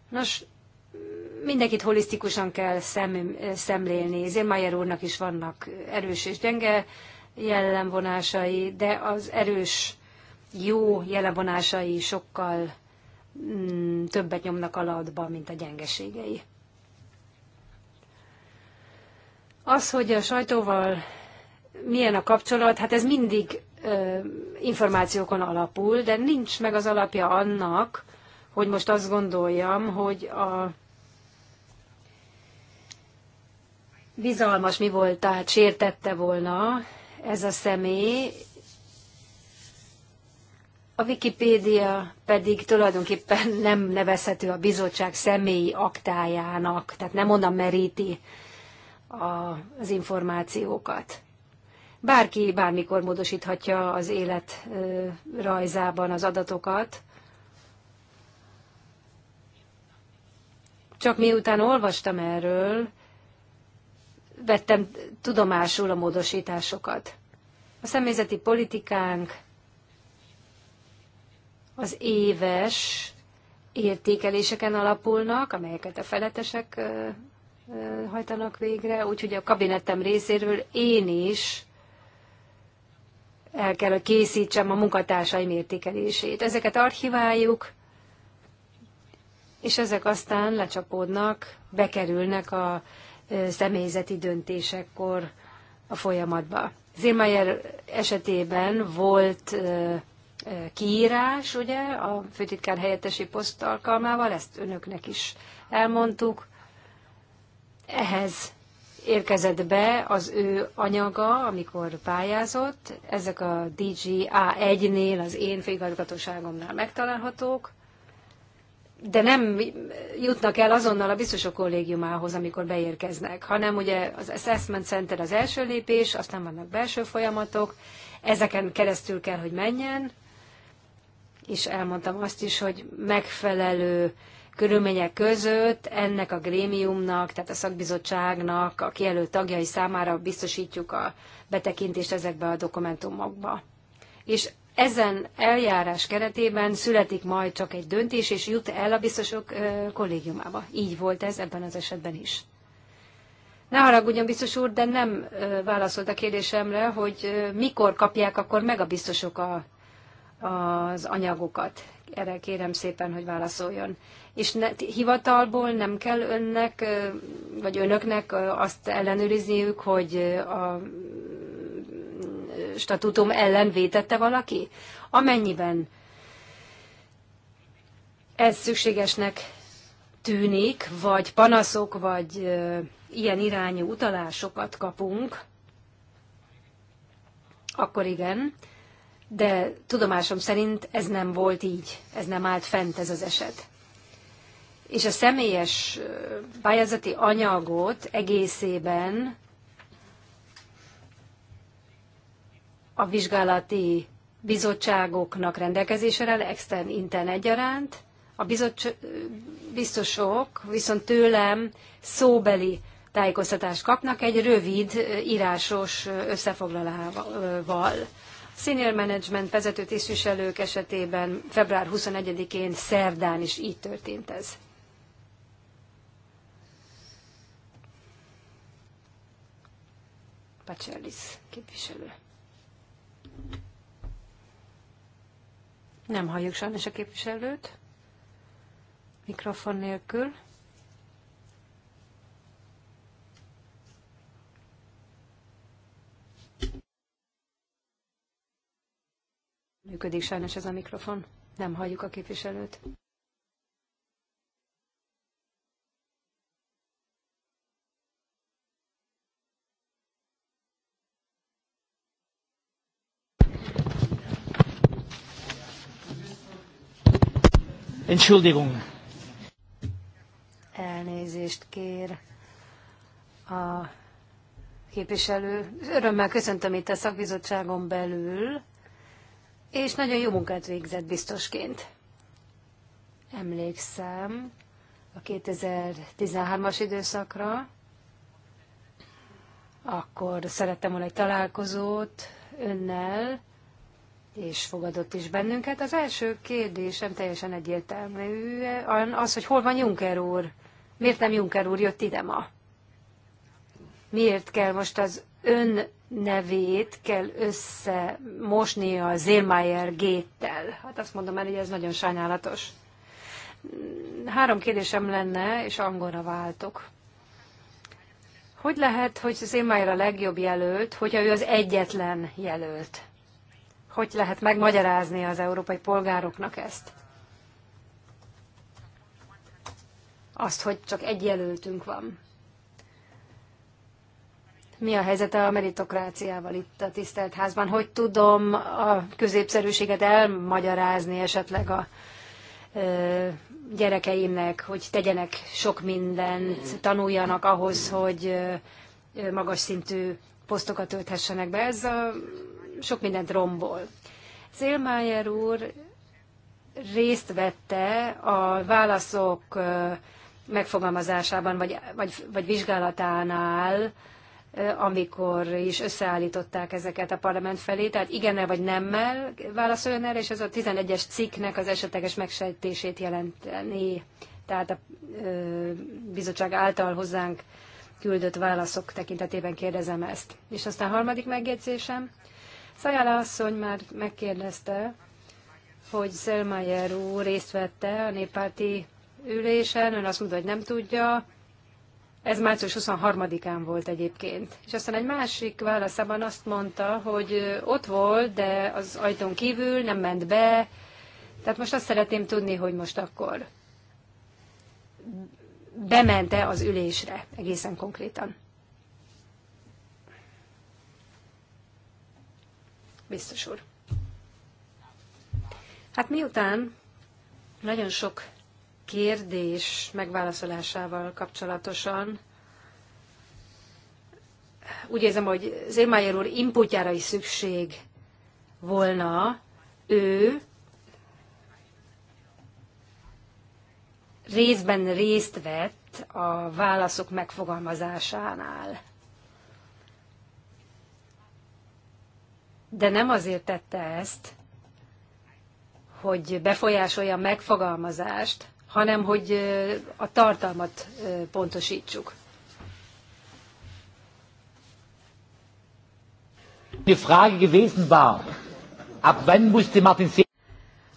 Speaker 3: nos, mindenkit holisztikusan kell szem, szemlélni. Mayer úrnak is vannak erős és gyenge jellemvonásai, de az erős, jó jellemvonásai sokkal mm, többet nyomnak alatba, mint a gyengeségei. Az, hogy a sajtóval milyen a kapcsolat, hát ez mindig ö, információkon alapul, de nincs meg az alapja annak, hogy most azt gondoljam, hogy a bizalmas mi volt, tehát sértette volna ez a személy, a Wikipédia pedig tulajdonképpen nem nevezhető a bizottság személyi aktájának, tehát nem onnan meríti az információkat. Bárki bármikor módosíthatja az élet rajzában az adatokat, Csak miután olvastam erről, vettem tudomásul a módosításokat. A személyzeti politikánk az éves értékeléseken alapulnak, amelyeket a feletesek hajtanak végre, úgyhogy a kabinettem részéről én is el kell, hogy készítsem a munkatársaim értékelését. Ezeket archiváljuk, és ezek aztán lecsapódnak, bekerülnek a személyzeti döntésekkor a folyamatba. Zirmayer esetében volt kiírás, ugye, a főtitkár helyettesi poszt alkalmával, ezt önöknek is elmondtuk. Ehhez érkezett be az ő anyaga, amikor pályázott. Ezek a DGA1-nél, az én főigazgatóságomnál megtalálhatók, de nem jutnak el azonnal a biztosok kollégiumához, amikor beérkeznek, hanem ugye az Assessment Center az első lépés, aztán vannak belső folyamatok, ezeken keresztül kell, hogy menjen, és elmondtam azt is, hogy megfelelő körülmények között ennek a grémiumnak, tehát a szakbizottságnak, a kijelölt tagjai számára biztosítjuk a betekintést ezekbe a dokumentumokba. És ezen eljárás keretében születik majd csak egy döntés, és jut el a biztosok kollégiumába. Így volt ez ebben az esetben is. Ne haragudjon, biztos úr, de nem válaszolt a kérdésemre, hogy mikor kapják akkor meg a biztosok a, az anyagokat erre kérem szépen, hogy válaszoljon. És ne, hivatalból nem kell önnek, vagy önöknek azt ellenőrizniük, hogy a statutum ellen vétette valaki? Amennyiben ez szükségesnek tűnik, vagy panaszok, vagy ilyen irányú utalásokat kapunk, akkor igen, de tudomásom szerint ez nem volt így, ez nem állt fent ez az eset. És a személyes pályázati anyagot egészében a vizsgálati bizottságoknak rendelkezésre áll, extern, intern egyaránt. A bizottság, biztosok viszont tőlem szóbeli tájékoztatást kapnak egy rövid írásos összefoglalával senior management vezető tisztviselők esetében február 21-én szerdán is így történt ez. Pacserlis képviselő. Nem halljuk sajnos a képviselőt. Mikrofon nélkül. Működik sajnos ez a mikrofon. Nem halljuk a képviselőt.
Speaker 1: Entschuldigung.
Speaker 3: Elnézést kér a képviselő. Örömmel köszöntöm itt a szakbizottságon belül és nagyon jó munkát végzett biztosként. Emlékszem a 2013-as időszakra, akkor szerettem volna egy találkozót önnel, és fogadott is bennünket. Az első kérdésem teljesen egyértelmű, az, hogy hol van Juncker úr. Miért nem Juncker úr jött ide ma? Miért kell most az ön nevét kell összemosni a Zélmeier géttel. Hát azt mondom el, hogy ez nagyon sajnálatos. Három kérdésem lenne, és angolra váltok. Hogy lehet, hogy Zélmeier a legjobb jelölt, hogyha ő az egyetlen jelölt? Hogy lehet megmagyarázni az európai polgároknak ezt? Azt, hogy csak egy jelöltünk van mi a helyzet a meritokráciával itt a tisztelt házban? Hogy tudom a középszerűséget elmagyarázni esetleg a ö, gyerekeimnek, hogy tegyenek sok mindent, tanuljanak ahhoz, hogy ö, magas szintű posztokat tölthessenek be. Ez a, sok mindent rombol. Szélmájer úr részt vette a válaszok megfogalmazásában, vagy, vagy, vagy vizsgálatánál, amikor is összeállították ezeket a parlament felé, tehát igennel vagy nemmel válaszoljon erre, és ez a 11-es cikknek az esetleges megsejtését jelenteni, tehát a bizottság által hozzánk küldött válaszok tekintetében kérdezem ezt. És aztán harmadik megjegyzésem. Szajála asszony már megkérdezte, hogy Selmayer úr részt vette a néppárti ülésen, ön azt mondta, hogy nem tudja, ez március 23-án volt egyébként. És aztán egy másik válaszában azt mondta, hogy ott volt, de az ajtón kívül nem ment be. Tehát most azt szeretném tudni, hogy most akkor bemente az ülésre egészen konkrétan. Biztos úr. Hát miután nagyon sok kérdés megválaszolásával kapcsolatosan úgy érzem, hogy Zémájer úr inputjára is szükség volna. Ő részben részt vett a válaszok megfogalmazásánál. De nem azért tette ezt, hogy befolyásolja a megfogalmazást, hanem hogy a tartalmat pontosítsuk.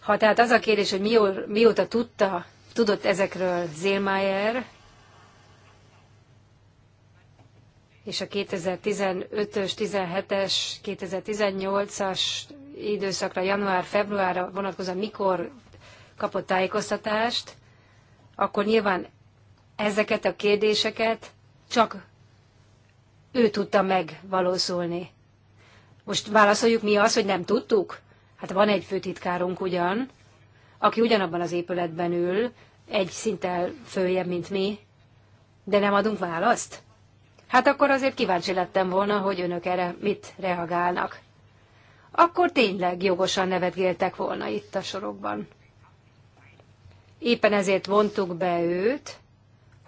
Speaker 3: Ha tehát az a kérdés, hogy mióta, tudta, tudott ezekről Zélmayer, és a 2015-ös, 17-es, 2018-as időszakra, január-februárra vonatkozóan mikor kapott tájékoztatást, akkor nyilván ezeket a kérdéseket csak ő tudta megvalósulni. Most válaszoljuk mi az, hogy nem tudtuk? Hát van egy főtitkárunk ugyan, aki ugyanabban az épületben ül, egy szinttel följebb, mint mi, de nem adunk választ? Hát akkor azért kíváncsi lettem volna, hogy önök erre mit reagálnak. Akkor tényleg jogosan nevetgéltek volna itt a sorokban. Éppen ezért vontuk be őt,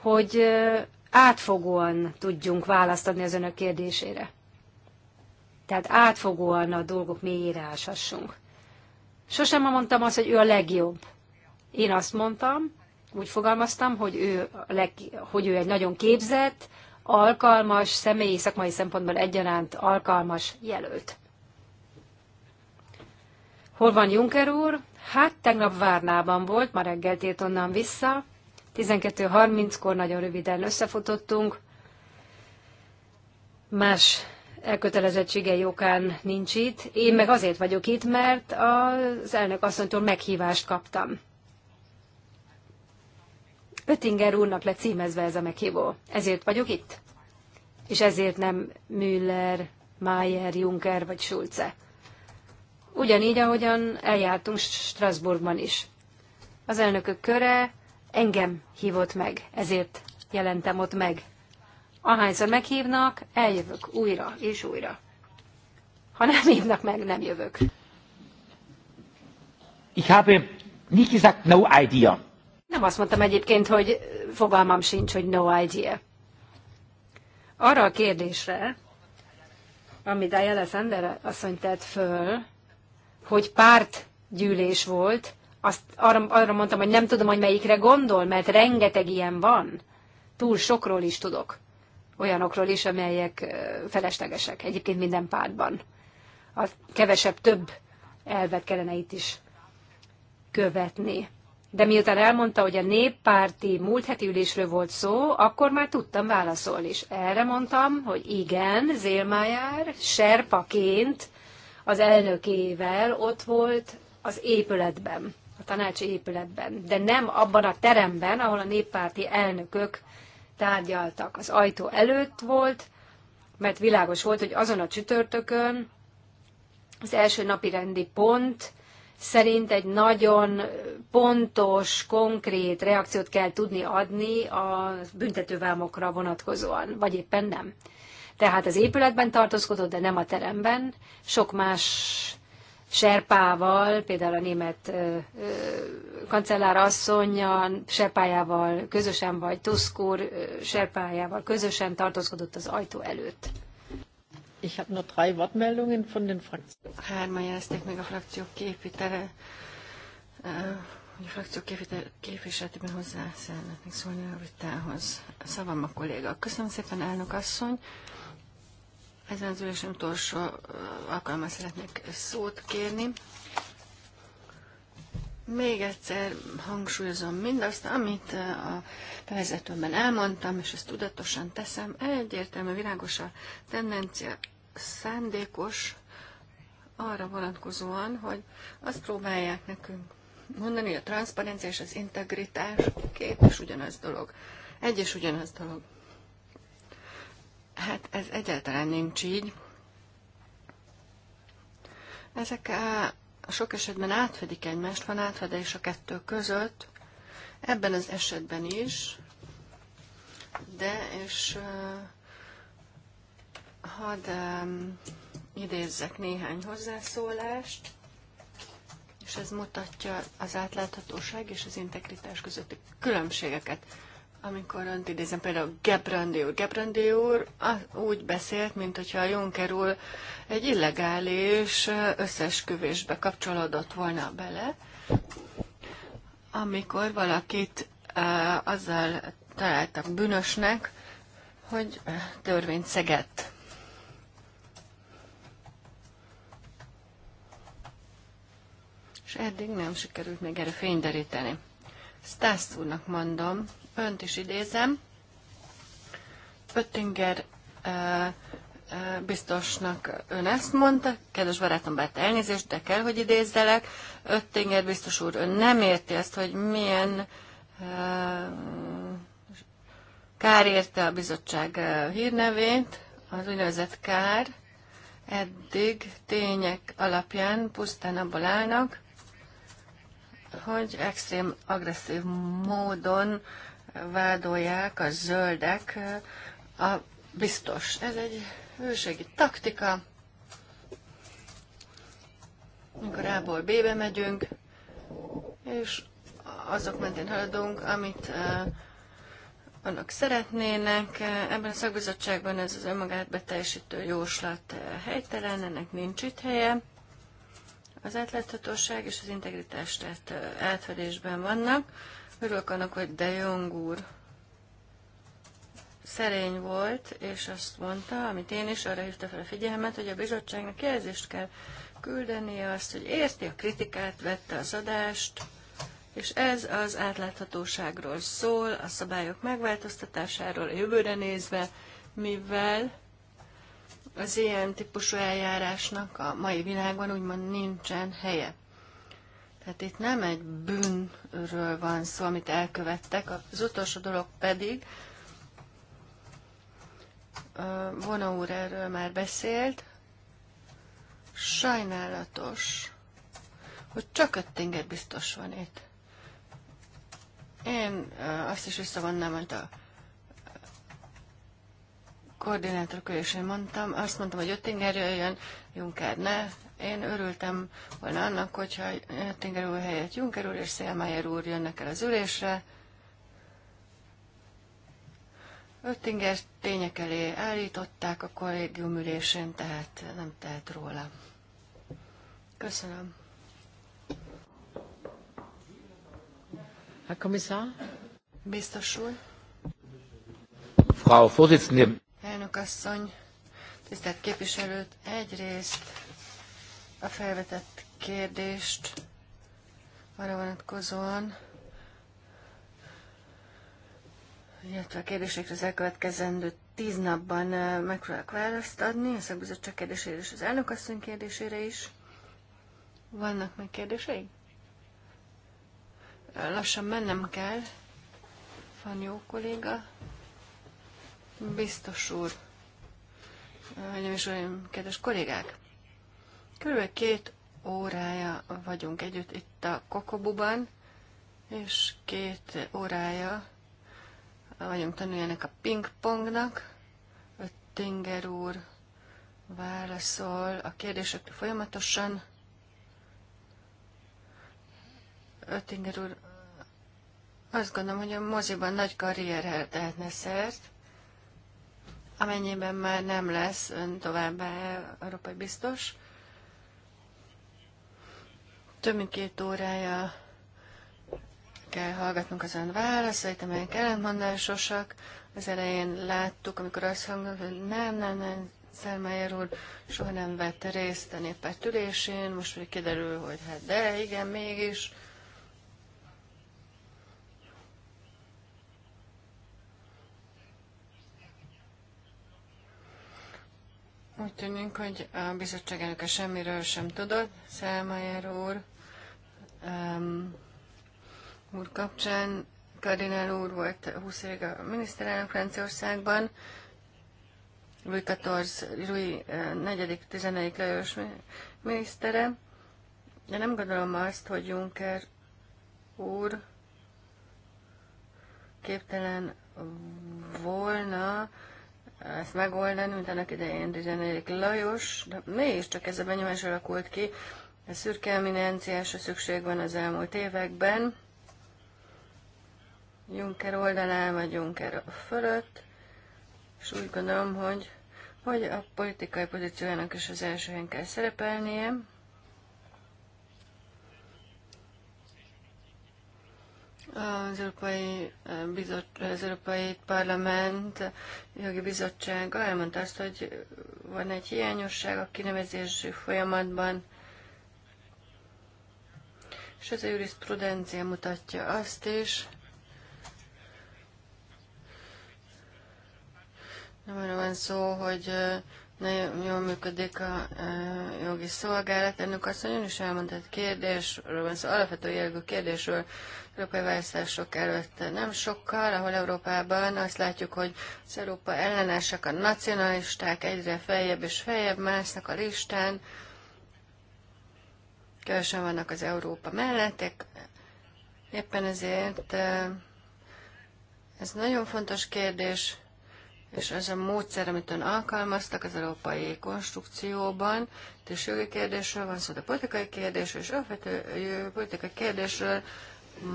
Speaker 3: hogy átfogóan tudjunk választ adni az önök kérdésére. Tehát átfogóan a dolgok mélyére áshassunk. Sosem mondtam azt, hogy ő a legjobb. Én azt mondtam, úgy fogalmaztam, hogy ő, leg, hogy ő egy nagyon képzett, alkalmas, személyi szakmai szempontból egyaránt alkalmas jelölt. Hol van Juncker úr? Hát, tegnap Várnában volt, ma reggel tért onnan vissza. 12.30-kor nagyon röviden összefutottunk. Más elkötelezettsége jókán nincs itt. Én meg azért vagyok itt, mert az elnök asszonytól meghívást kaptam. Öttinger úrnak lett címezve ez a meghívó. Ezért vagyok itt. És ezért nem Müller, Mayer, Juncker vagy Schulze. Ugyanígy, ahogyan eljártunk Strasbourgban is. Az elnökök köre engem hívott meg, ezért jelentem ott meg. Ahányszor meghívnak, eljövök újra és újra. Ha nem hívnak meg, nem jövök.
Speaker 2: Ich habe nicht gesagt no idea.
Speaker 3: Nem azt mondtam egyébként, hogy fogalmam sincs, hogy no idea. Arra a kérdésre, amit Ayala Sander asszony tett föl, hogy pártgyűlés volt, azt arra, arra mondtam, hogy nem tudom, hogy melyikre gondol, mert rengeteg ilyen van. Túl sokról is tudok. Olyanokról is, amelyek feleslegesek. Egyébként minden pártban. A kevesebb több elvet kellene itt is követni. De miután elmondta, hogy a néppárti múlt heti ülésről volt szó, akkor már tudtam válaszolni is. Erre mondtam, hogy igen, Zélmájár, serpaként az elnökével ott volt az épületben, a tanácsi épületben, de nem abban a teremben, ahol a néppárti elnökök tárgyaltak. Az ajtó előtt volt, mert világos volt, hogy azon a csütörtökön az első napi rendi pont szerint egy nagyon pontos, konkrét reakciót kell tudni adni a büntetővámokra vonatkozóan, vagy éppen nem. Tehát az épületben tartózkodott, de nem a teremben. Sok más serpával, például a német kancellár asszonya serpájával közösen, vagy Tuskur úr serpájával közösen
Speaker 1: tartózkodott az ajtó előtt. Ich habe nur drei Wortmeldungen von den Fraktionen. Hárman jelezték meg a frakciók képvitele, hogy a frakciók képviseletében hozzá szeretnék szólni a vitához. Szavam a kolléga. Köszönöm szépen, elnök asszony. Ezen az ülésen utolsó alkalommal szeretnék szót kérni. Még egyszer hangsúlyozom mindazt, amit a bevezetőben elmondtam, és ezt tudatosan teszem. Egyértelmű, világos a tendencia, szándékos arra vonatkozóan, hogy azt próbálják nekünk mondani, hogy a transzparencia és az integritás két és ugyanaz dolog. Egy és ugyanaz dolog. Hát ez egyáltalán nincs így. Ezek a sok esetben átfedik egymást, van átfedés a kettő között, ebben az esetben is, de és hadd idézzek néhány hozzászólást, és ez mutatja az átláthatóság és az integritás közötti különbségeket. Amikor önt idézem, például Gebrandi úr. Gebrandi úr úgy beszélt, mint hogyha a Juncker úr egy illegális összesküvésbe kapcsolódott volna bele, amikor valakit azzal találtak bűnösnek, hogy törvényt szegett. És eddig nem sikerült még erre fényderíteni. Stász úrnak mondom, önt is idézem, Öttinger biztosnak ön ezt mondta, kedves barátom, bár elnézést, de kell, hogy idézzelek. Öttinger biztos úr, ön nem érti ezt, hogy milyen kár érte a bizottság hírnevét, az úgynevezett kár eddig tények alapján pusztán abból állnak, hogy extrém agresszív módon vádolják a zöldek a biztos. Ez egy hőségi taktika. Amikor A-ból B-be megyünk, és azok mentén haladunk, amit uh, annak szeretnének. Ebben a szakbizottságban ez az önmagát beteljesítő jóslat helytelen, ennek nincs itt helye. Az átláthatóság és az integritás tehát átfedésben vannak. Örülök annak, hogy De Jong úr szerény volt, és azt mondta, amit én is, arra hívta fel a figyelmet, hogy a bizottságnak jelzést kell küldenie azt, hogy érti a kritikát, vette az adást, és ez az átláthatóságról szól, a szabályok megváltoztatásáról, a jövőre nézve, mivel az ilyen típusú eljárásnak a mai világban úgymond nincsen helye. Tehát itt nem egy bűnről van szó, amit elkövettek. Az utolsó dolog pedig, Vona úr erről már beszélt, sajnálatos, hogy csak Öttinger biztos van itt. Én azt is visszavonnám, hogy a koordinátor ülésén mondtam, azt mondtam, hogy Öttinger jöjjön, Junker ne, én örültem volna annak, hogyha Tinger úr helyett Juncker úr és Szélmájer úr jönnek el az ülésre. Öttinger tények elé állították a kollégium ülésén, tehát nem tehet róla. Köszönöm. Herr Kommissar? Biztos úr.
Speaker 2: Frau Vorsitzende.
Speaker 1: Elnök asszony, tisztelt képviselőt, egyrészt a felvetett kérdést arra vonatkozóan, illetve a kérdésekre az elkövetkezendő tíz napban megpróbálok választ adni, a szakbizottság kérdésére és az elnökasszony kérdésére is. Vannak még kérdéseik? Lassan mennem kell. Van jó kolléga. Biztos úr. Hölgyeim és olyan kedves kollégák! Körülbelül két órája vagyunk együtt itt a Kokobuban, és két órája vagyunk tanuljának a pingpongnak. Tinger úr válaszol a kérdésekre folyamatosan. Öttinger úr, azt gondolom, hogy a moziban nagy karrierre tehetne szert, amennyiben már nem lesz ön továbbá európai biztos. Több mint két órája kell hallgatnunk az ön válaszait, amelyek ellentmondásosak. Az elején láttuk, amikor azt hangzott, hogy nem, nem, nem, Szelmeyer úr soha nem vette részt a néppárt ülésén, most pedig kiderül, hogy hát de, igen, mégis. Úgy tűnik, hogy a bizottság elnöke semmiről sem tudott. Szelmajer úr, um, úr kapcsán, kardinál úr volt 20 évig a miniszterelnök Franciaországban, Louis XIV, Louis eh, IV. 14. Lajos minisztere, de nem gondolom azt, hogy Juncker úr képtelen volna ezt megoldani, mint annak idején 14. Lajos, de mégiscsak ez a benyomás alakult ki, a szürke eminenciásra szükség van az elmúlt években, Junker oldalán vagy Junker fölött, és úgy gondolom, hogy, hogy a politikai pozíciójának is az első helyen kell szerepelnie, Az Európai, eh, Bizot, az Európai Parlament jogi bizottsága elmondta azt, hogy van egy hiányosság a kinevezési folyamatban, és ez a jurisprudencia mutatja azt is, nem arra van szó, hogy eh, nagyon jól működik a e, jogi szolgálat. Ennek azt mondja, is elmondott kérdésről, az alapvető jellegű kérdésről, európai választások előtt nem sokkal, ahol Európában azt látjuk, hogy az Európa ellenesek, a nacionalisták egyre feljebb és feljebb másznak a listán, kevesen vannak az Európa mellettek, éppen ezért e, ez nagyon fontos kérdés, és az a módszer, amit ön alkalmaztak az európai konstrukcióban, és jogi kérdésről van szó, a politikai kérdésről, és alapvető politikai kérdésről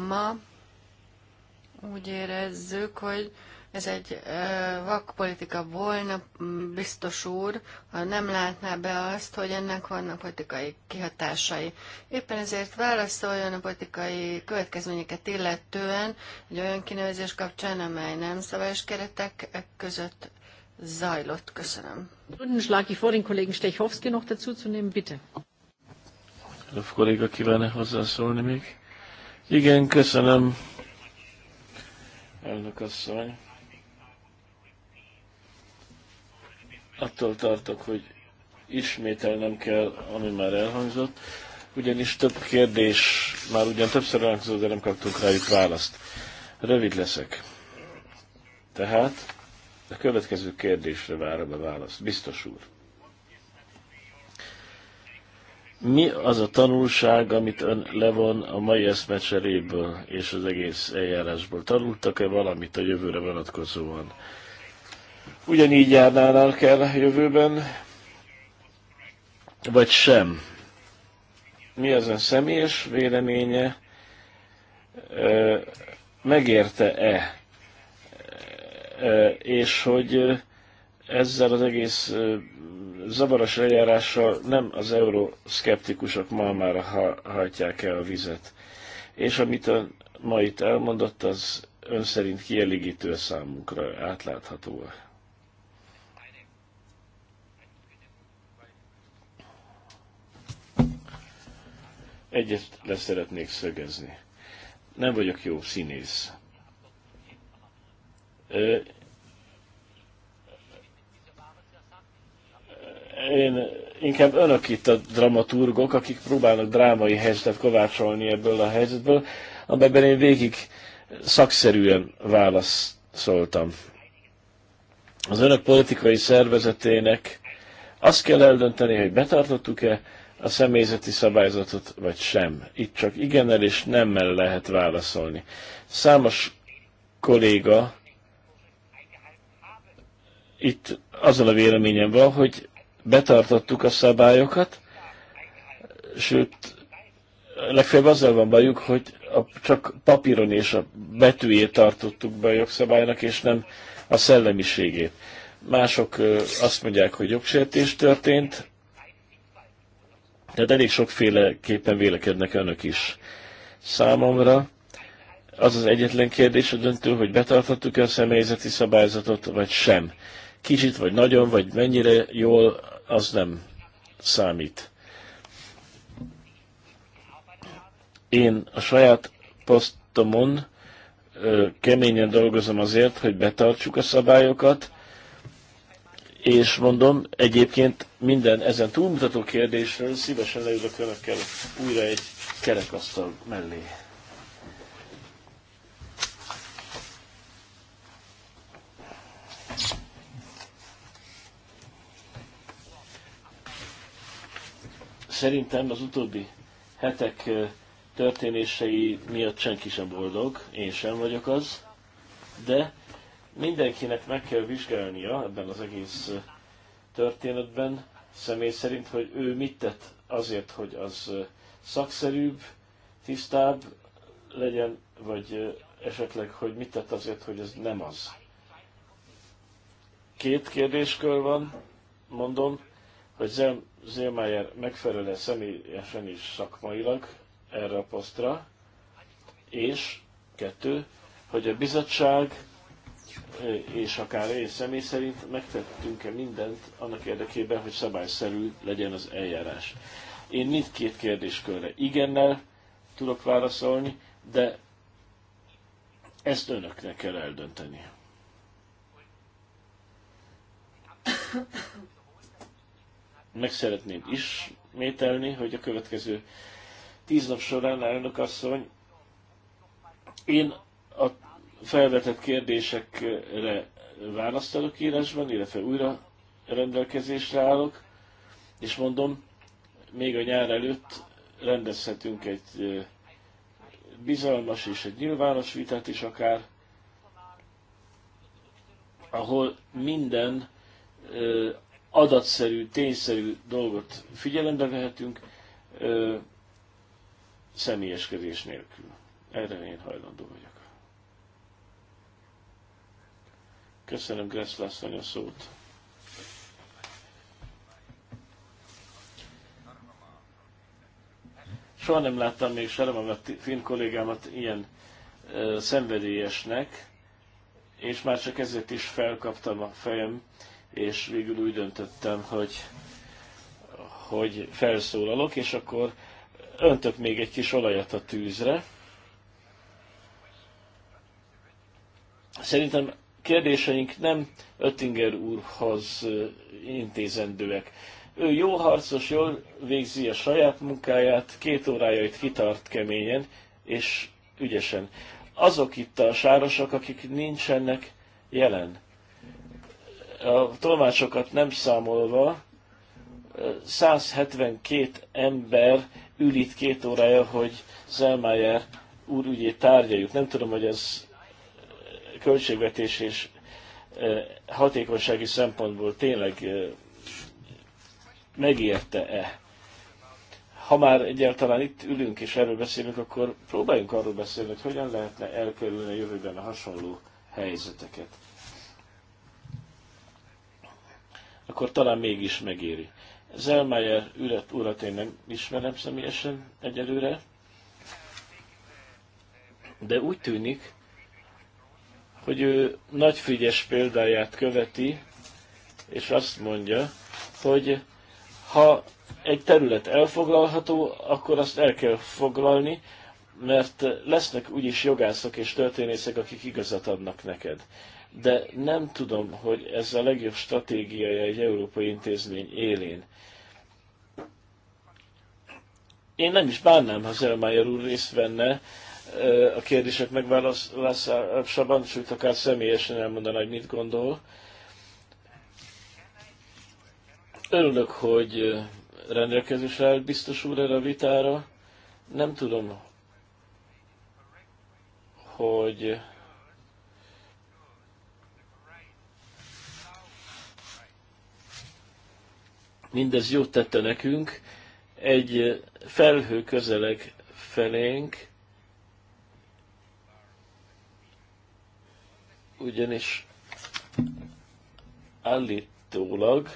Speaker 1: ma úgy érezzük, hogy ez egy vakpolitika volna, biztos úr, ha nem látná be azt, hogy ennek vannak politikai kihatásai. Éppen ezért válaszoljon a politikai következményeket illetően egy olyan kinevezés kapcsán, amely nem szabályos keretek között zajlott. Köszönöm. Nun schlage ich vor, den Kollegen Stechowski noch dazu zu nehmen, bitte.
Speaker 2: Löv kolléga kívánna hozzászólni még? Igen, köszönöm, elnök asszony. attól tartok, hogy ismételnem kell, ami már elhangzott, ugyanis több kérdés már ugyan többször elhangzott, de nem kaptunk rájuk választ. Rövid leszek. Tehát a következő kérdésre várom a választ, biztos úr. Mi az a tanulság, amit ön levon a mai eszmecseréből és az egész eljárásból? Tanultak-e valamit a jövőre vonatkozóan? ugyanígy járnának el a jövőben, vagy sem. Mi az ön személyes véleménye? Megérte-e? És hogy ezzel az egész zavaros eljárással nem az euroszkeptikusok már hajtják el a vizet. És amit ön ma itt elmondott, az ön szerint kielégítő számunkra, átlátható. -e. Egyet leszeretnék szögezni. Nem vagyok jó színész. Én inkább önök itt a dramaturgok, akik próbálnak drámai helyzetet kovácsolni ebből a helyzetből, amiben én végig szakszerűen válaszoltam. Az önök politikai szervezetének azt kell eldönteni, hogy betartottuk-e a személyzeti szabályzatot, vagy sem. Itt csak igennel és nemmel lehet válaszolni. Számos kolléga itt azon a véleményem van, hogy betartottuk a szabályokat, sőt, legfeljebb azzal van bajuk, hogy a, csak papíron és a betűjét tartottuk be a jogszabálynak, és nem a szellemiségét. Mások azt mondják, hogy jogsértés történt, tehát elég sokféleképpen vélekednek önök is. Számomra az az egyetlen kérdés a döntő, hogy betartottuk-e a személyzeti szabályzatot, vagy sem. Kicsit, vagy nagyon, vagy mennyire jól, az nem számít. Én a saját posztomon ö, keményen dolgozom azért, hogy betartsuk a szabályokat, és mondom, egyébként minden ezen túlmutató kérdésről szívesen leülök önökkel újra egy kerekasztal mellé. Szerintem az utóbbi hetek történései miatt senki sem boldog, én sem vagyok az, de Mindenkinek meg kell vizsgálnia ebben az egész történetben személy szerint, hogy ő mit tett azért, hogy az szakszerűbb, tisztább legyen, vagy esetleg, hogy mit tett azért, hogy ez nem az. Két kérdéskör van, mondom, hogy Zélmájer megfelel-e személyesen is szakmailag erre a posztra, és kettő, hogy a bizottság és akár én személy szerint megtettünk-e mindent annak érdekében, hogy szabályszerű legyen az eljárás. Én mindkét kérdéskörre igennel tudok válaszolni, de ezt önöknek kell eldönteni. Meg szeretném ismételni, hogy a következő tíz nap során elnök asszony, én a felvetett kérdésekre választ adok írásban, illetve újra rendelkezésre állok, és mondom, még a nyár előtt rendezhetünk egy bizalmas és egy nyilvános vitát is akár, ahol minden adatszerű, tényszerű dolgot figyelembe vehetünk, személyeskedés nélkül. Erre én hajlandó vagyok. Köszönöm Greszlászony a szót. Soha nem láttam még Sármam a finn kollégámat ilyen ö, szenvedélyesnek, és már csak ezért is felkaptam a fejem, és végül úgy döntöttem, hogy, hogy felszólalok, és akkor öntök még egy kis olajat a tűzre. Szerintem kérdéseink nem Öttinger úrhoz intézendőek. Ő jó harcos, jól végzi a saját munkáját, két órája itt kitart keményen, és ügyesen. Azok itt a sárosak, akik nincsenek jelen. A tolmácsokat nem számolva, 172 ember ül itt két órája, hogy Zelmájer úr ügyét tárgyaljuk. Nem tudom, hogy ez költségvetés és hatékonysági szempontból tényleg megérte-e. Ha már egyáltalán itt ülünk és erről beszélünk, akkor próbáljunk arról beszélni, hogy hogyan lehetne elkerülni a jövőben a hasonló helyzeteket. Akkor talán mégis megéri. Zelmeyer üret urat én nem ismerem személyesen egyelőre, de úgy tűnik, hogy ő nagy Frigyes példáját követi, és azt mondja, hogy ha egy terület elfoglalható, akkor azt el kell foglalni, mert lesznek úgyis jogászok és történészek, akik igazat adnak neked. De nem tudom, hogy ez a legjobb stratégiája egy európai intézmény élén. Én nem is bánnám, ha Zelmayer úr részt venne Eh, a kérdések megválaszolásában, sőt akár személyesen elmondaná, hogy mit gondol. Örülök, hogy eh, rendelkezésre áll biztos úr erre a vitára. Nem tudom, hogy mindez jót tette nekünk, egy eh, felhő közeleg felénk, ugyanis állítólag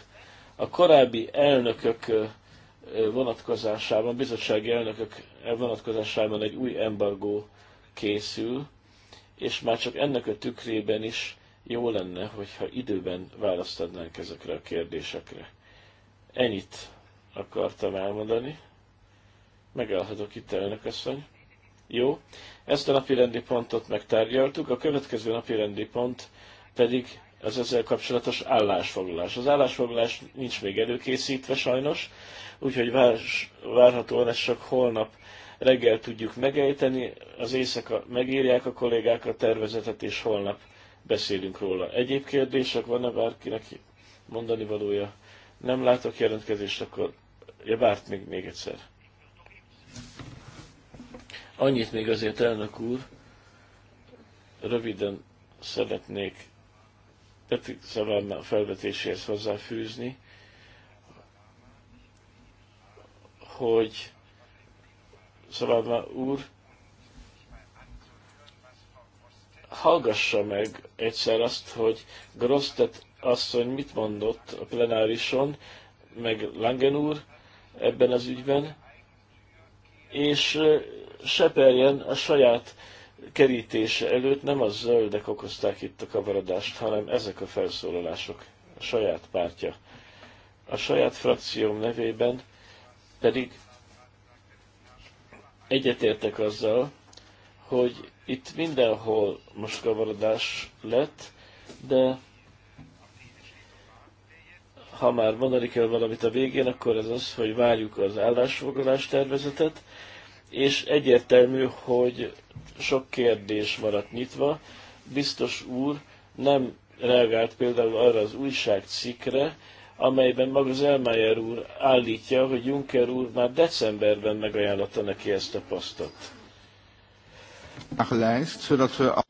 Speaker 2: a korábbi elnökök vonatkozásában, bizottsági elnökök vonatkozásában egy új embargó készül, és már csak ennek a tükrében is jó lenne, hogyha időben választadnánk ezekre a kérdésekre. Ennyit akartam elmondani. Megállhatok itt, elnök asszony. Jó. Ezt a napi rendi pontot megtárgyaltuk, a következő napi rendi pont pedig az ezzel kapcsolatos állásfoglalás. Az állásfoglalás nincs még előkészítve sajnos, úgyhogy vár, várhatóan ezt csak holnap reggel tudjuk megejteni, az éjszaka megírják a kollégák a tervezetet, és holnap beszélünk róla. Egyéb kérdések van-e bárkinek mondani valója? Nem látok jelentkezést, akkor ja, várt még, még egyszer. Annyit még azért, elnök úr, röviden szeretnék Peti Szalám felvetéséhez hozzáfűzni, hogy Szalám úr hallgassa meg egyszer azt, hogy Grosztet asszony mit mondott a plenárison, meg Langen úr ebben az ügyben, és seperjen a saját kerítése előtt, nem a zöldek okozták itt a kavaradást, hanem ezek a felszólalások, a saját pártja. A saját frakcióm nevében pedig egyetértek azzal, hogy itt mindenhol most kavaradás lett, de ha már mondani kell valamit a végén, akkor ez az, hogy várjuk az állásfoglalás tervezetet, és egyértelmű, hogy sok kérdés maradt nyitva. Biztos úr nem reagált például arra az újságcikkre, amelyben maga az elmayer úr állítja, hogy Juncker úr már decemberben megajánlotta neki ezt a posztot.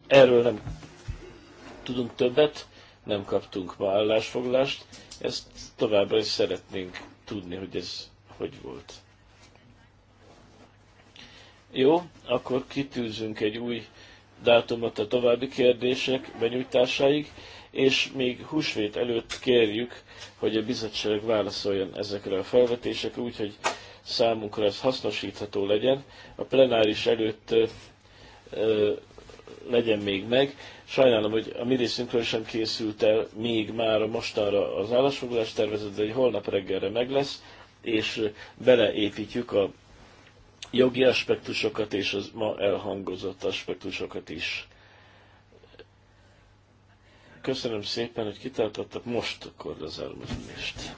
Speaker 2: Erről nem tudunk többet, nem kaptunk ma állásfoglást, ezt továbbra is szeretnénk tudni, hogy ez hogy volt. Jó, akkor kitűzünk egy új dátumot a további kérdések benyújtásáig, és még húsvét előtt kérjük, hogy a bizottság válaszoljon ezekre a felvetésekre, úgyhogy számunkra ez hasznosítható legyen. A plenáris előtt ö, ö, legyen még meg. Sajnálom, hogy a mi részünkről sem készült el még már a mostanra az állásfoglalás tervezet, de holnap reggelre meg lesz, és beleépítjük a jogi aspektusokat és az ma elhangozott aspektusokat is. Köszönöm szépen, hogy kitartottak, most akkor lezárom az ülést.